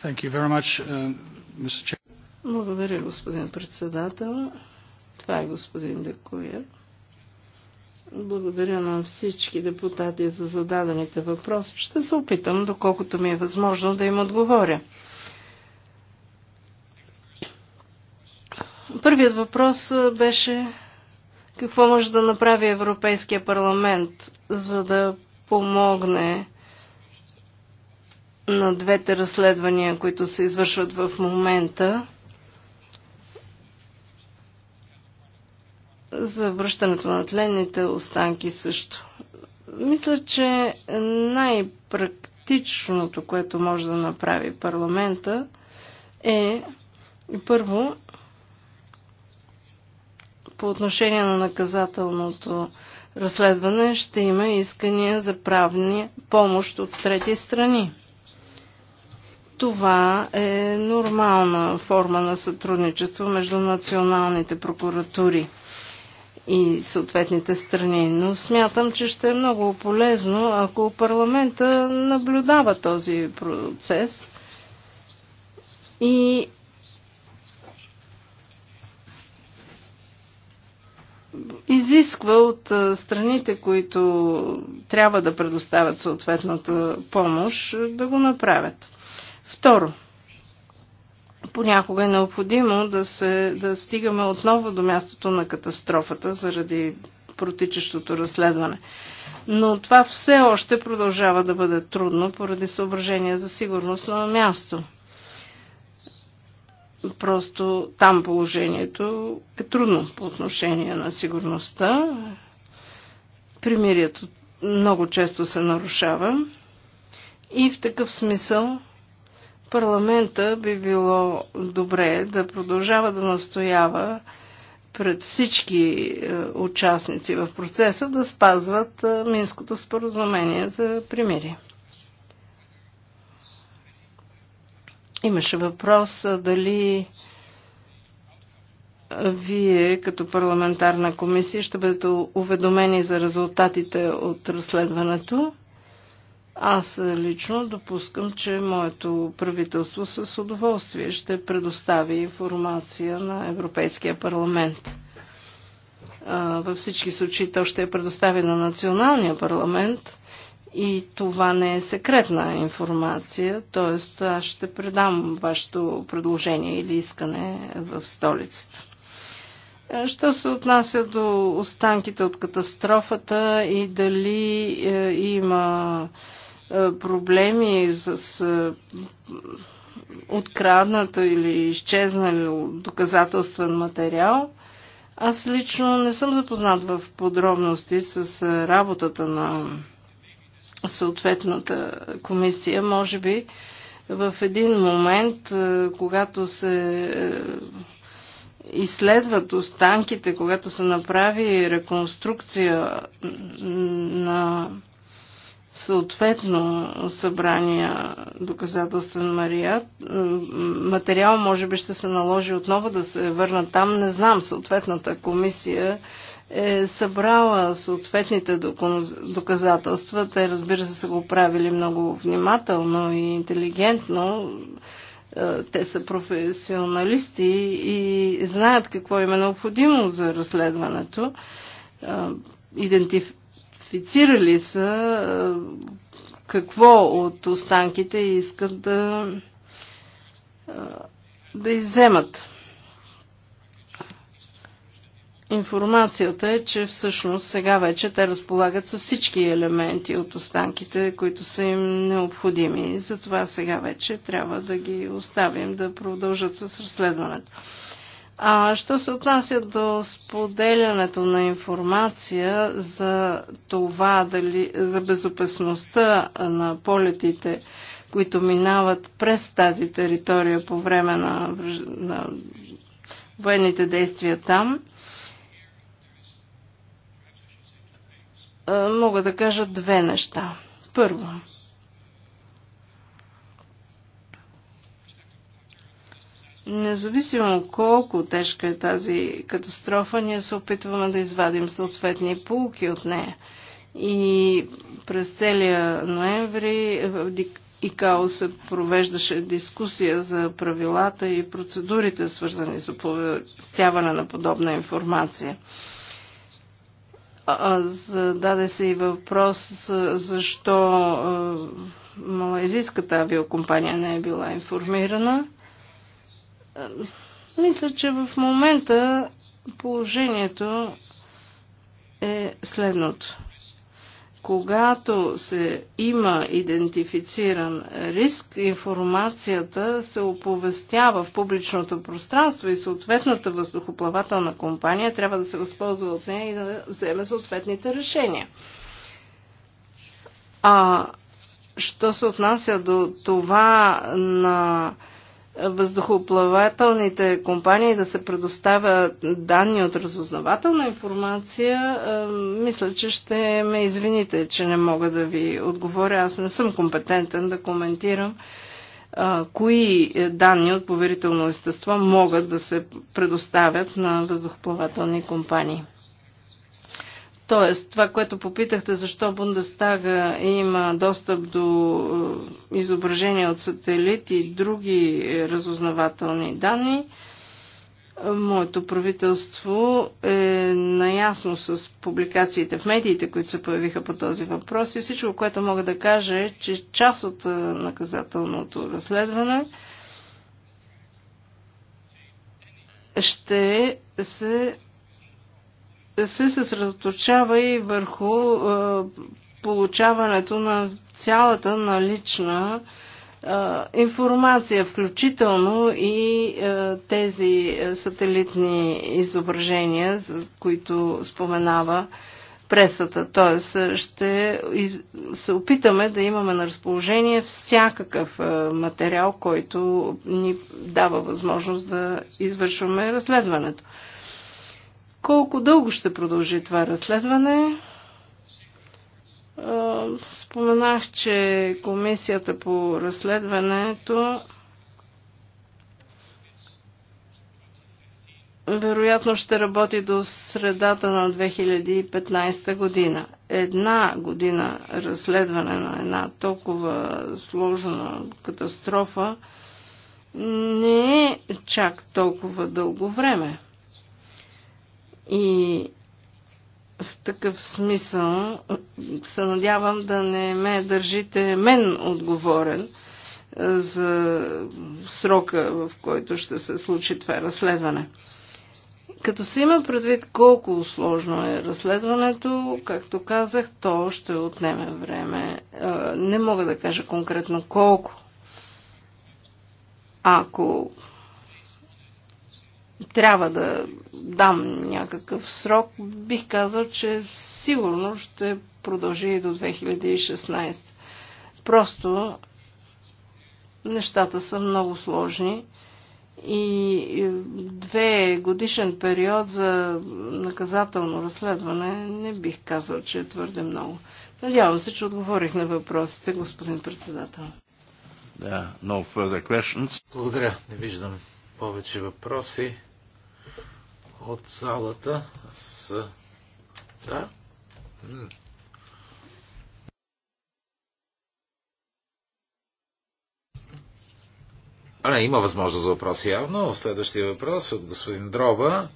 Speaker 4: Thank you very much, uh, Mr. Благодаря,
Speaker 3: господин председател. Това е господин Декуя. Благодаря на всички депутати за зададените въпроси. Ще се опитам, доколкото ми е възможно, да им отговоря. Първият въпрос беше какво може да направи Европейския парламент, за да помогне на двете разследвания, които се извършват в момента за връщането на тленните останки също. Мисля, че най-практичното, което може да направи парламента е първо по отношение на наказателното разследване ще има искания за правни помощ от трети страни. Това е нормална форма на сътрудничество между националните прокуратури и съответните страни. Но смятам, че ще е много полезно, ако парламента наблюдава този процес и изисква от страните, които трябва да предоставят съответната помощ, да го направят. Второ, понякога е необходимо да, се, да стигаме отново до мястото на катастрофата заради протичащото разследване. Но това все още продължава да бъде трудно поради съображения за сигурност на място. Просто там положението е трудно по отношение на сигурността. Примирието много често се нарушава. И в такъв смисъл парламента би било добре да продължава да настоява пред всички е, участници в процеса да спазват е, Минското споразумение за примирие. Имаше въпрос дали вие като парламентарна комисия ще бъдете уведомени за резултатите от разследването. Аз лично допускам, че моето правителство с удоволствие ще предостави информация на Европейския парламент. Във всички случаи то ще я е предостави на Националния парламент, и това не е секретна информация, т.е. аз ще предам вашето предложение или искане в столицата. Е, що се отнася до останките от катастрофата и дали е, има е, проблеми с откраднато или изчезнал доказателствен материал, аз лично не съм запознат в подробности с работата на съответната комисия. Може би в един момент, е, когато се е, изследват останките, когато се направи реконструкция на съответно събрания доказателствен Мария, е, материал, може би ще се наложи отново да се върна там, не знам, съответната комисия е събрала съответните доказателства. Те, разбира се, са го правили много внимателно и интелигентно. Е, те са професионалисти и знаят какво им е необходимо за разследването. Е, идентифицирали са е, какво от останките искат да, да изземат. Информацията е, че всъщност сега вече те разполагат с всички елементи от останките, които са им необходими. Затова сега вече трябва да ги оставим да продължат с разследването. А що се отнася до споделянето на информация за това, дали, за безопасността на полетите, които минават през тази територия по време на, на военните действия там, Е, мога да кажа две неща. Първо, Независимо колко тежка е тази катастрофа, ние се опитваме да извадим съответни полуки от нея. И през целия ноември в ИКАО се провеждаше дискусия за правилата и процедурите, свързани с оповестяване на подобна информация. Зададе се и въпрос защо малайзийската авиокомпания не е била информирана. Мисля, че в момента положението е следното когато се има идентифициран риск, информацията се оповестява в публичното пространство и съответната въздухоплавателна компания трябва да се възползва от нея и да вземе съответните решения. А що се отнася до това на въздухоплавателните компании да се предоставя данни от разузнавателна информация, е, мисля, че ще ме извините, че не мога да ви отговоря. Аз не съм компетентен да коментирам е, кои данни от поверително естество могат да се предоставят на въздухоплавателни компании. Тоест, това, което попитахте, защо Бундестага има достъп до е, изображения от сателит и други е, разузнавателни данни, е, моето правителство е наясно с публикациите в медиите, които се появиха по този въпрос и всичко, което мога да кажа е, че част от наказателното разследване ще се се съсредоточава и върху е, получаването на цялата налична е, информация, включително и е, тези сателитни изображения, за които споменава пресата. Т.е. ще се опитаме да имаме на разположение всякакъв материал, който ни дава възможност да извършваме разследването. Колко дълго ще продължи това разследване? Споменах, че комисията по разследването вероятно ще работи до средата на 2015 година. Една година разследване на една толкова сложна катастрофа не е чак толкова дълго време. И в такъв смисъл се надявам да не ме държите мен отговорен за срока, в който ще се случи това разследване. Като се има предвид колко сложно е разследването, както казах, то ще отнеме време. Не мога да кажа конкретно колко. Ако трябва да дам някакъв срок, бих казал, че сигурно ще продължи и до 2016. Просто нещата са много сложни и две годишен период за наказателно разследване не бих казал, че е твърде много. Надявам се, че отговорих на въпросите, господин председател.
Speaker 4: Yeah, no Благодаря, не виждам
Speaker 2: повече въпроси от залата с... Да? А, не, има възможност за въпроси явно. Следващия въпрос е от господин Дроба.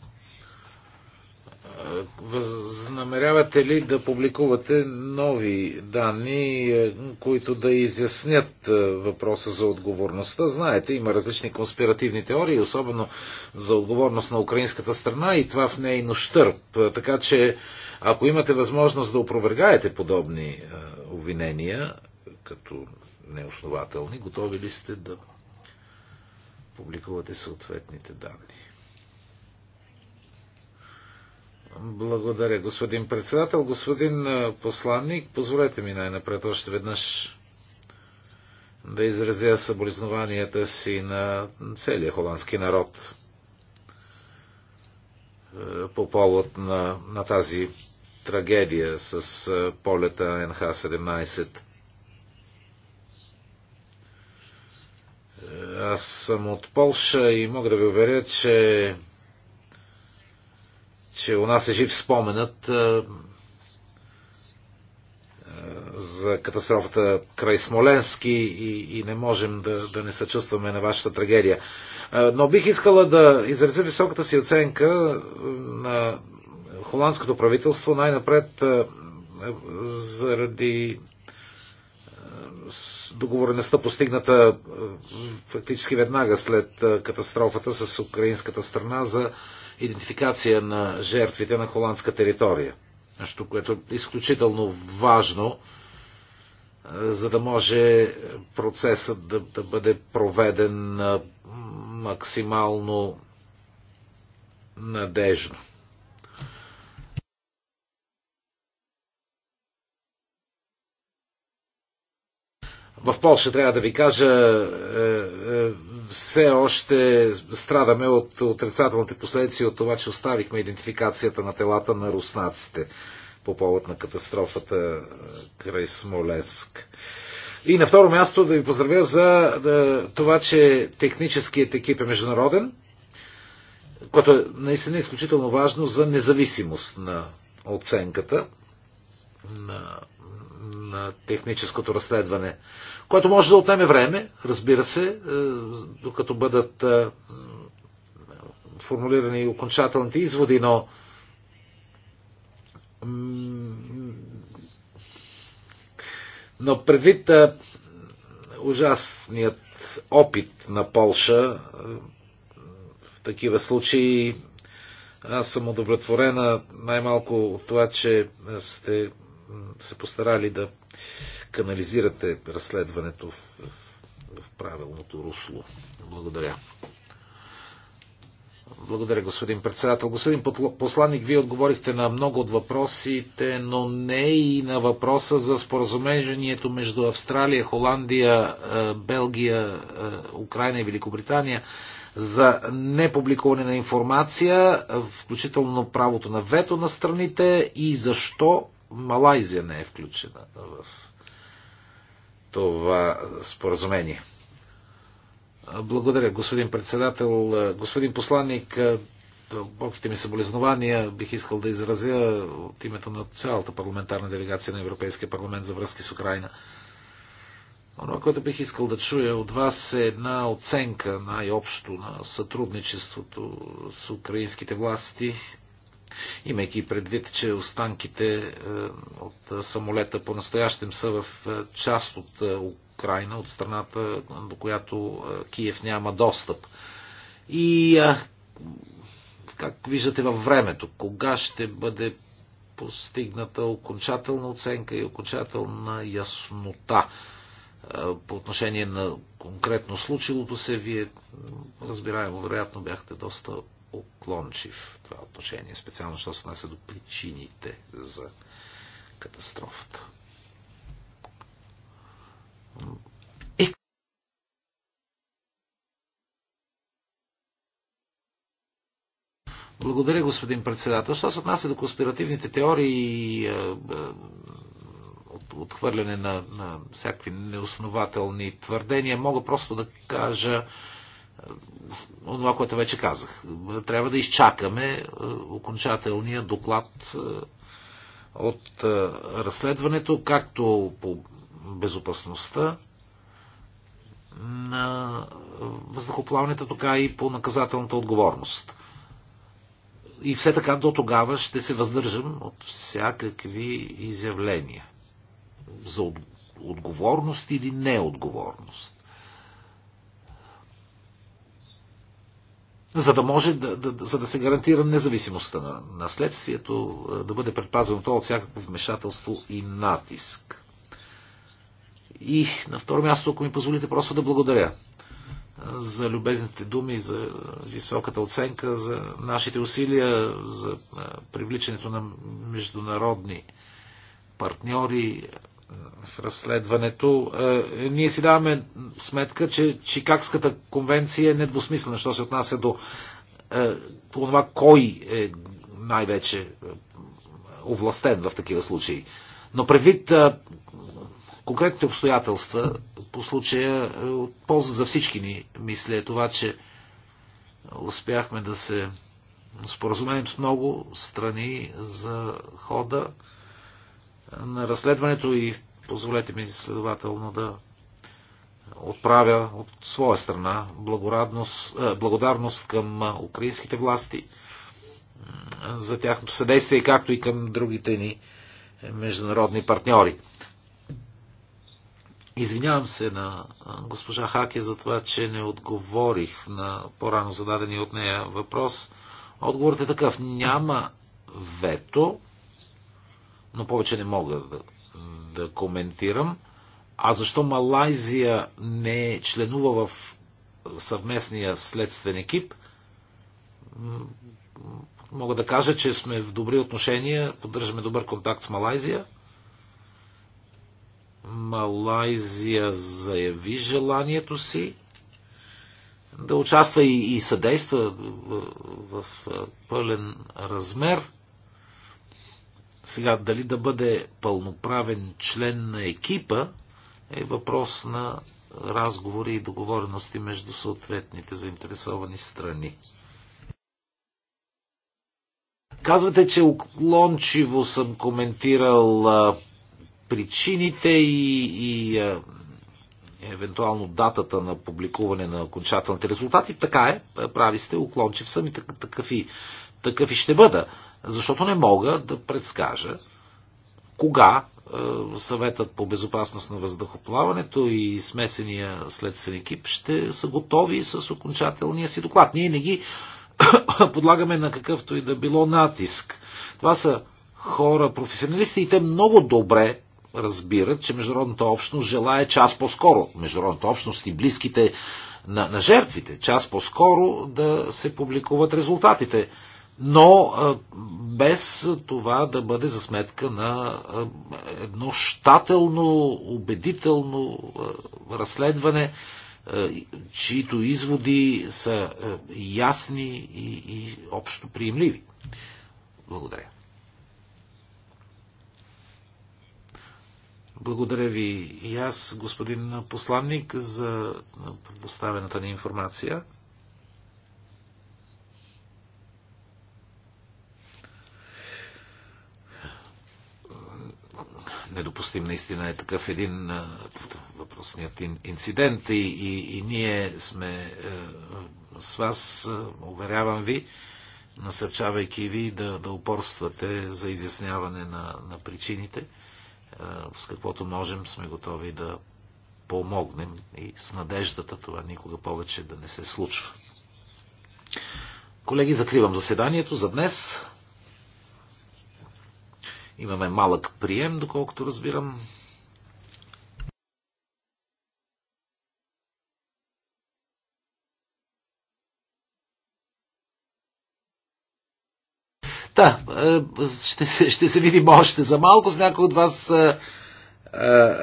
Speaker 2: Възнамерявате ли да публикувате нови данни, е, които да изяснят е, въпроса за отговорността? Знаете, има различни конспиративни теории, особено за отговорност на украинската страна и това в нейно щърп. Е, така че, ако имате възможност да опровергаете подобни обвинения, като неоснователни, готови ли сте да публикувате съответните данни? Благодаря, господин председател. Господин посланник, позволете ми най-напред още веднъж да изразя съболезнованията си на целия холандски народ по повод на, на тази трагедия с полета НХ-17. Аз съм от Полша и мога да ви уверя, че че у нас е жив споменът за катастрофата край Смоленски и, и не можем да, да не съчувстваме на вашата трагедия. Но бих искала да изразя високата си оценка на холандското правителство най-напред заради договореността постигната фактически веднага след катастрофата с украинската страна за идентификация на жертвите на холандска територия. Нещо, което е изключително важно, е, за да може процесът да, да бъде проведен е, максимално надежно. В Польша трябва да ви кажа, е, все още страдаме от отрицателните последици от това, че оставихме идентификацията на телата на руснаците по повод на катастрофата е, край Смоленск. И на второ място да ви поздравя за да, е, това, че техническият екип е международен, което е наистина изключително важно за независимост на оценката на на техническото разследване, което може да отнеме време, разбира се, е, докато бъдат е, формулирани окончателните изводи, но но предвид е, ужасният опит на Полша в такива случаи аз съм удовлетворена най-малко от това, че сте се постарали да канализирате разследването в, в правилното русло. Благодаря. Благодаря, господин председател. Господин посланник, вие отговорихте на много от въпросите, но не и на въпроса за споразумението между Австралия, Холандия, е, Белгия, е, Украина и Великобритания за непубликуване на информация, включително правото на вето на страните и защо Малайзия не е включена в това споразумение. Благодаря, господин председател. Господин посланник, дълбоките ми съболезнования бих искал да изразя от името на цялата парламентарна делегация на Европейския парламент за връзки с Украина. Но, което бих искал да чуя от вас е една оценка най-общо на сътрудничеството с украинските власти имайки предвид, че останките е, от самолета по-настоящем са в е, част от е, Украина, от страната, до която Киев няма достъп. И как виждате във времето, кога ще бъде постигната окончателна оценка и окончателна яснота по отношение на конкретно случилото се, вие разбираемо, вероятно бяхте доста уклончив в това отношение, специално, що се отнася до причините за
Speaker 4: катастрофата. Е!
Speaker 2: Благодаря, господин председател. Що се отнася до конспиративните теории и е, е, от, отхвърляне на, на всякакви неоснователни твърдения, мога просто да кажа, това, е, което вече казах. Трябва да изчакаме е, окончателния доклад е, от разследването, както по безопасността на въздухоплаването, така и по наказателната отговорност. И все така до тогава ще се въздържам от всякакви изявления за отговорност или неотговорност. за да може да, да, за да се гарантира независимостта на наследствието, е, да бъде предпазено то от всякакво вмешателство и натиск. И на второ място, ако ми позволите, просто да благодаря е, за любезните думи, за високата оценка, за нашите усилия, за е, привличането на международни партньори, в разследването. Е, ние си даваме сметка, че Чикагската конвенция е недвусмислена, що се отнася до е, по това кой е най-вече е, овластен в такива случаи. Но предвид конкретните обстоятелства по случая от полза за всички ни, мисля, е това, че успяхме да се споразумеем с много страни за хода на разследването и позволете ми следователно да отправя от своя страна е, благодарност към е, украинските власти за тяхното съдействие, както и към другите ни е, международни партньори. Извинявам се на госпожа Хаке за това, че не отговорих на по-рано зададени от нея въпрос. Отговорът е такъв. Няма вето, но повече не мога да, да коментирам. А защо Малайзия не членува в съвместния следствен екип? Мога да кажа, че сме в добри отношения, поддържаме добър контакт с Малайзия. Малайзия заяви желанието си да участва и, и съдейства в, в, в пълен размер. Сега, дали да бъде пълноправен член на екипа, е въпрос на разговори и договорености между съответните заинтересовани страни. Казвате, че уклончиво съм коментирал а, причините и, и а, евентуално датата на публикуване на окончателните резултати. Така е, прави сте, уклончив съм и такъв и такъв и ще бъда, защото не мога да предскажа кога е, съветът по безопасност на въздухоплаването и смесения следствен екип ще са готови с окончателния си доклад. Ние не ги подлагаме на какъвто и да било натиск. Това са хора, професионалисти и те много добре разбират, че международната общност желая час по-скоро, международната общност и близките на, на жертвите, час по-скоро да се публикуват резултатите но без това да бъде за сметка на едно щателно, убедително разследване, чието изводи са ясни и, и общо приемливи. Благодаря. Благодаря ви и аз, господин посланник, за предоставената ни информация. недопустим наистина е такъв един въпросният инцидент и, и, и ние сме е, с вас, е, уверявам ви, насърчавайки ви да, да упорствате за изясняване на, на причините. Е, с каквото можем сме готови да помогнем и с надеждата това никога повече да не се случва. Колеги, закривам заседанието за днес. Имаме малък прием, доколкото разбирам. Да, е, ще се, ще се видим още за малко с някой от вас. Е, е,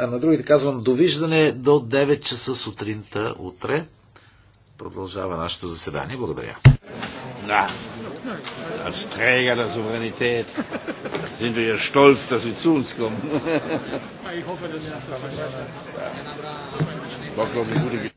Speaker 2: а на другите казвам довиждане до 9 часа сутринта утре. Продължава нашето заседание. Благодаря. Да. Als Träger der Souveränität sind wir ja stolz, dass Sie zu uns kommen.
Speaker 4: Ich hoffe, dass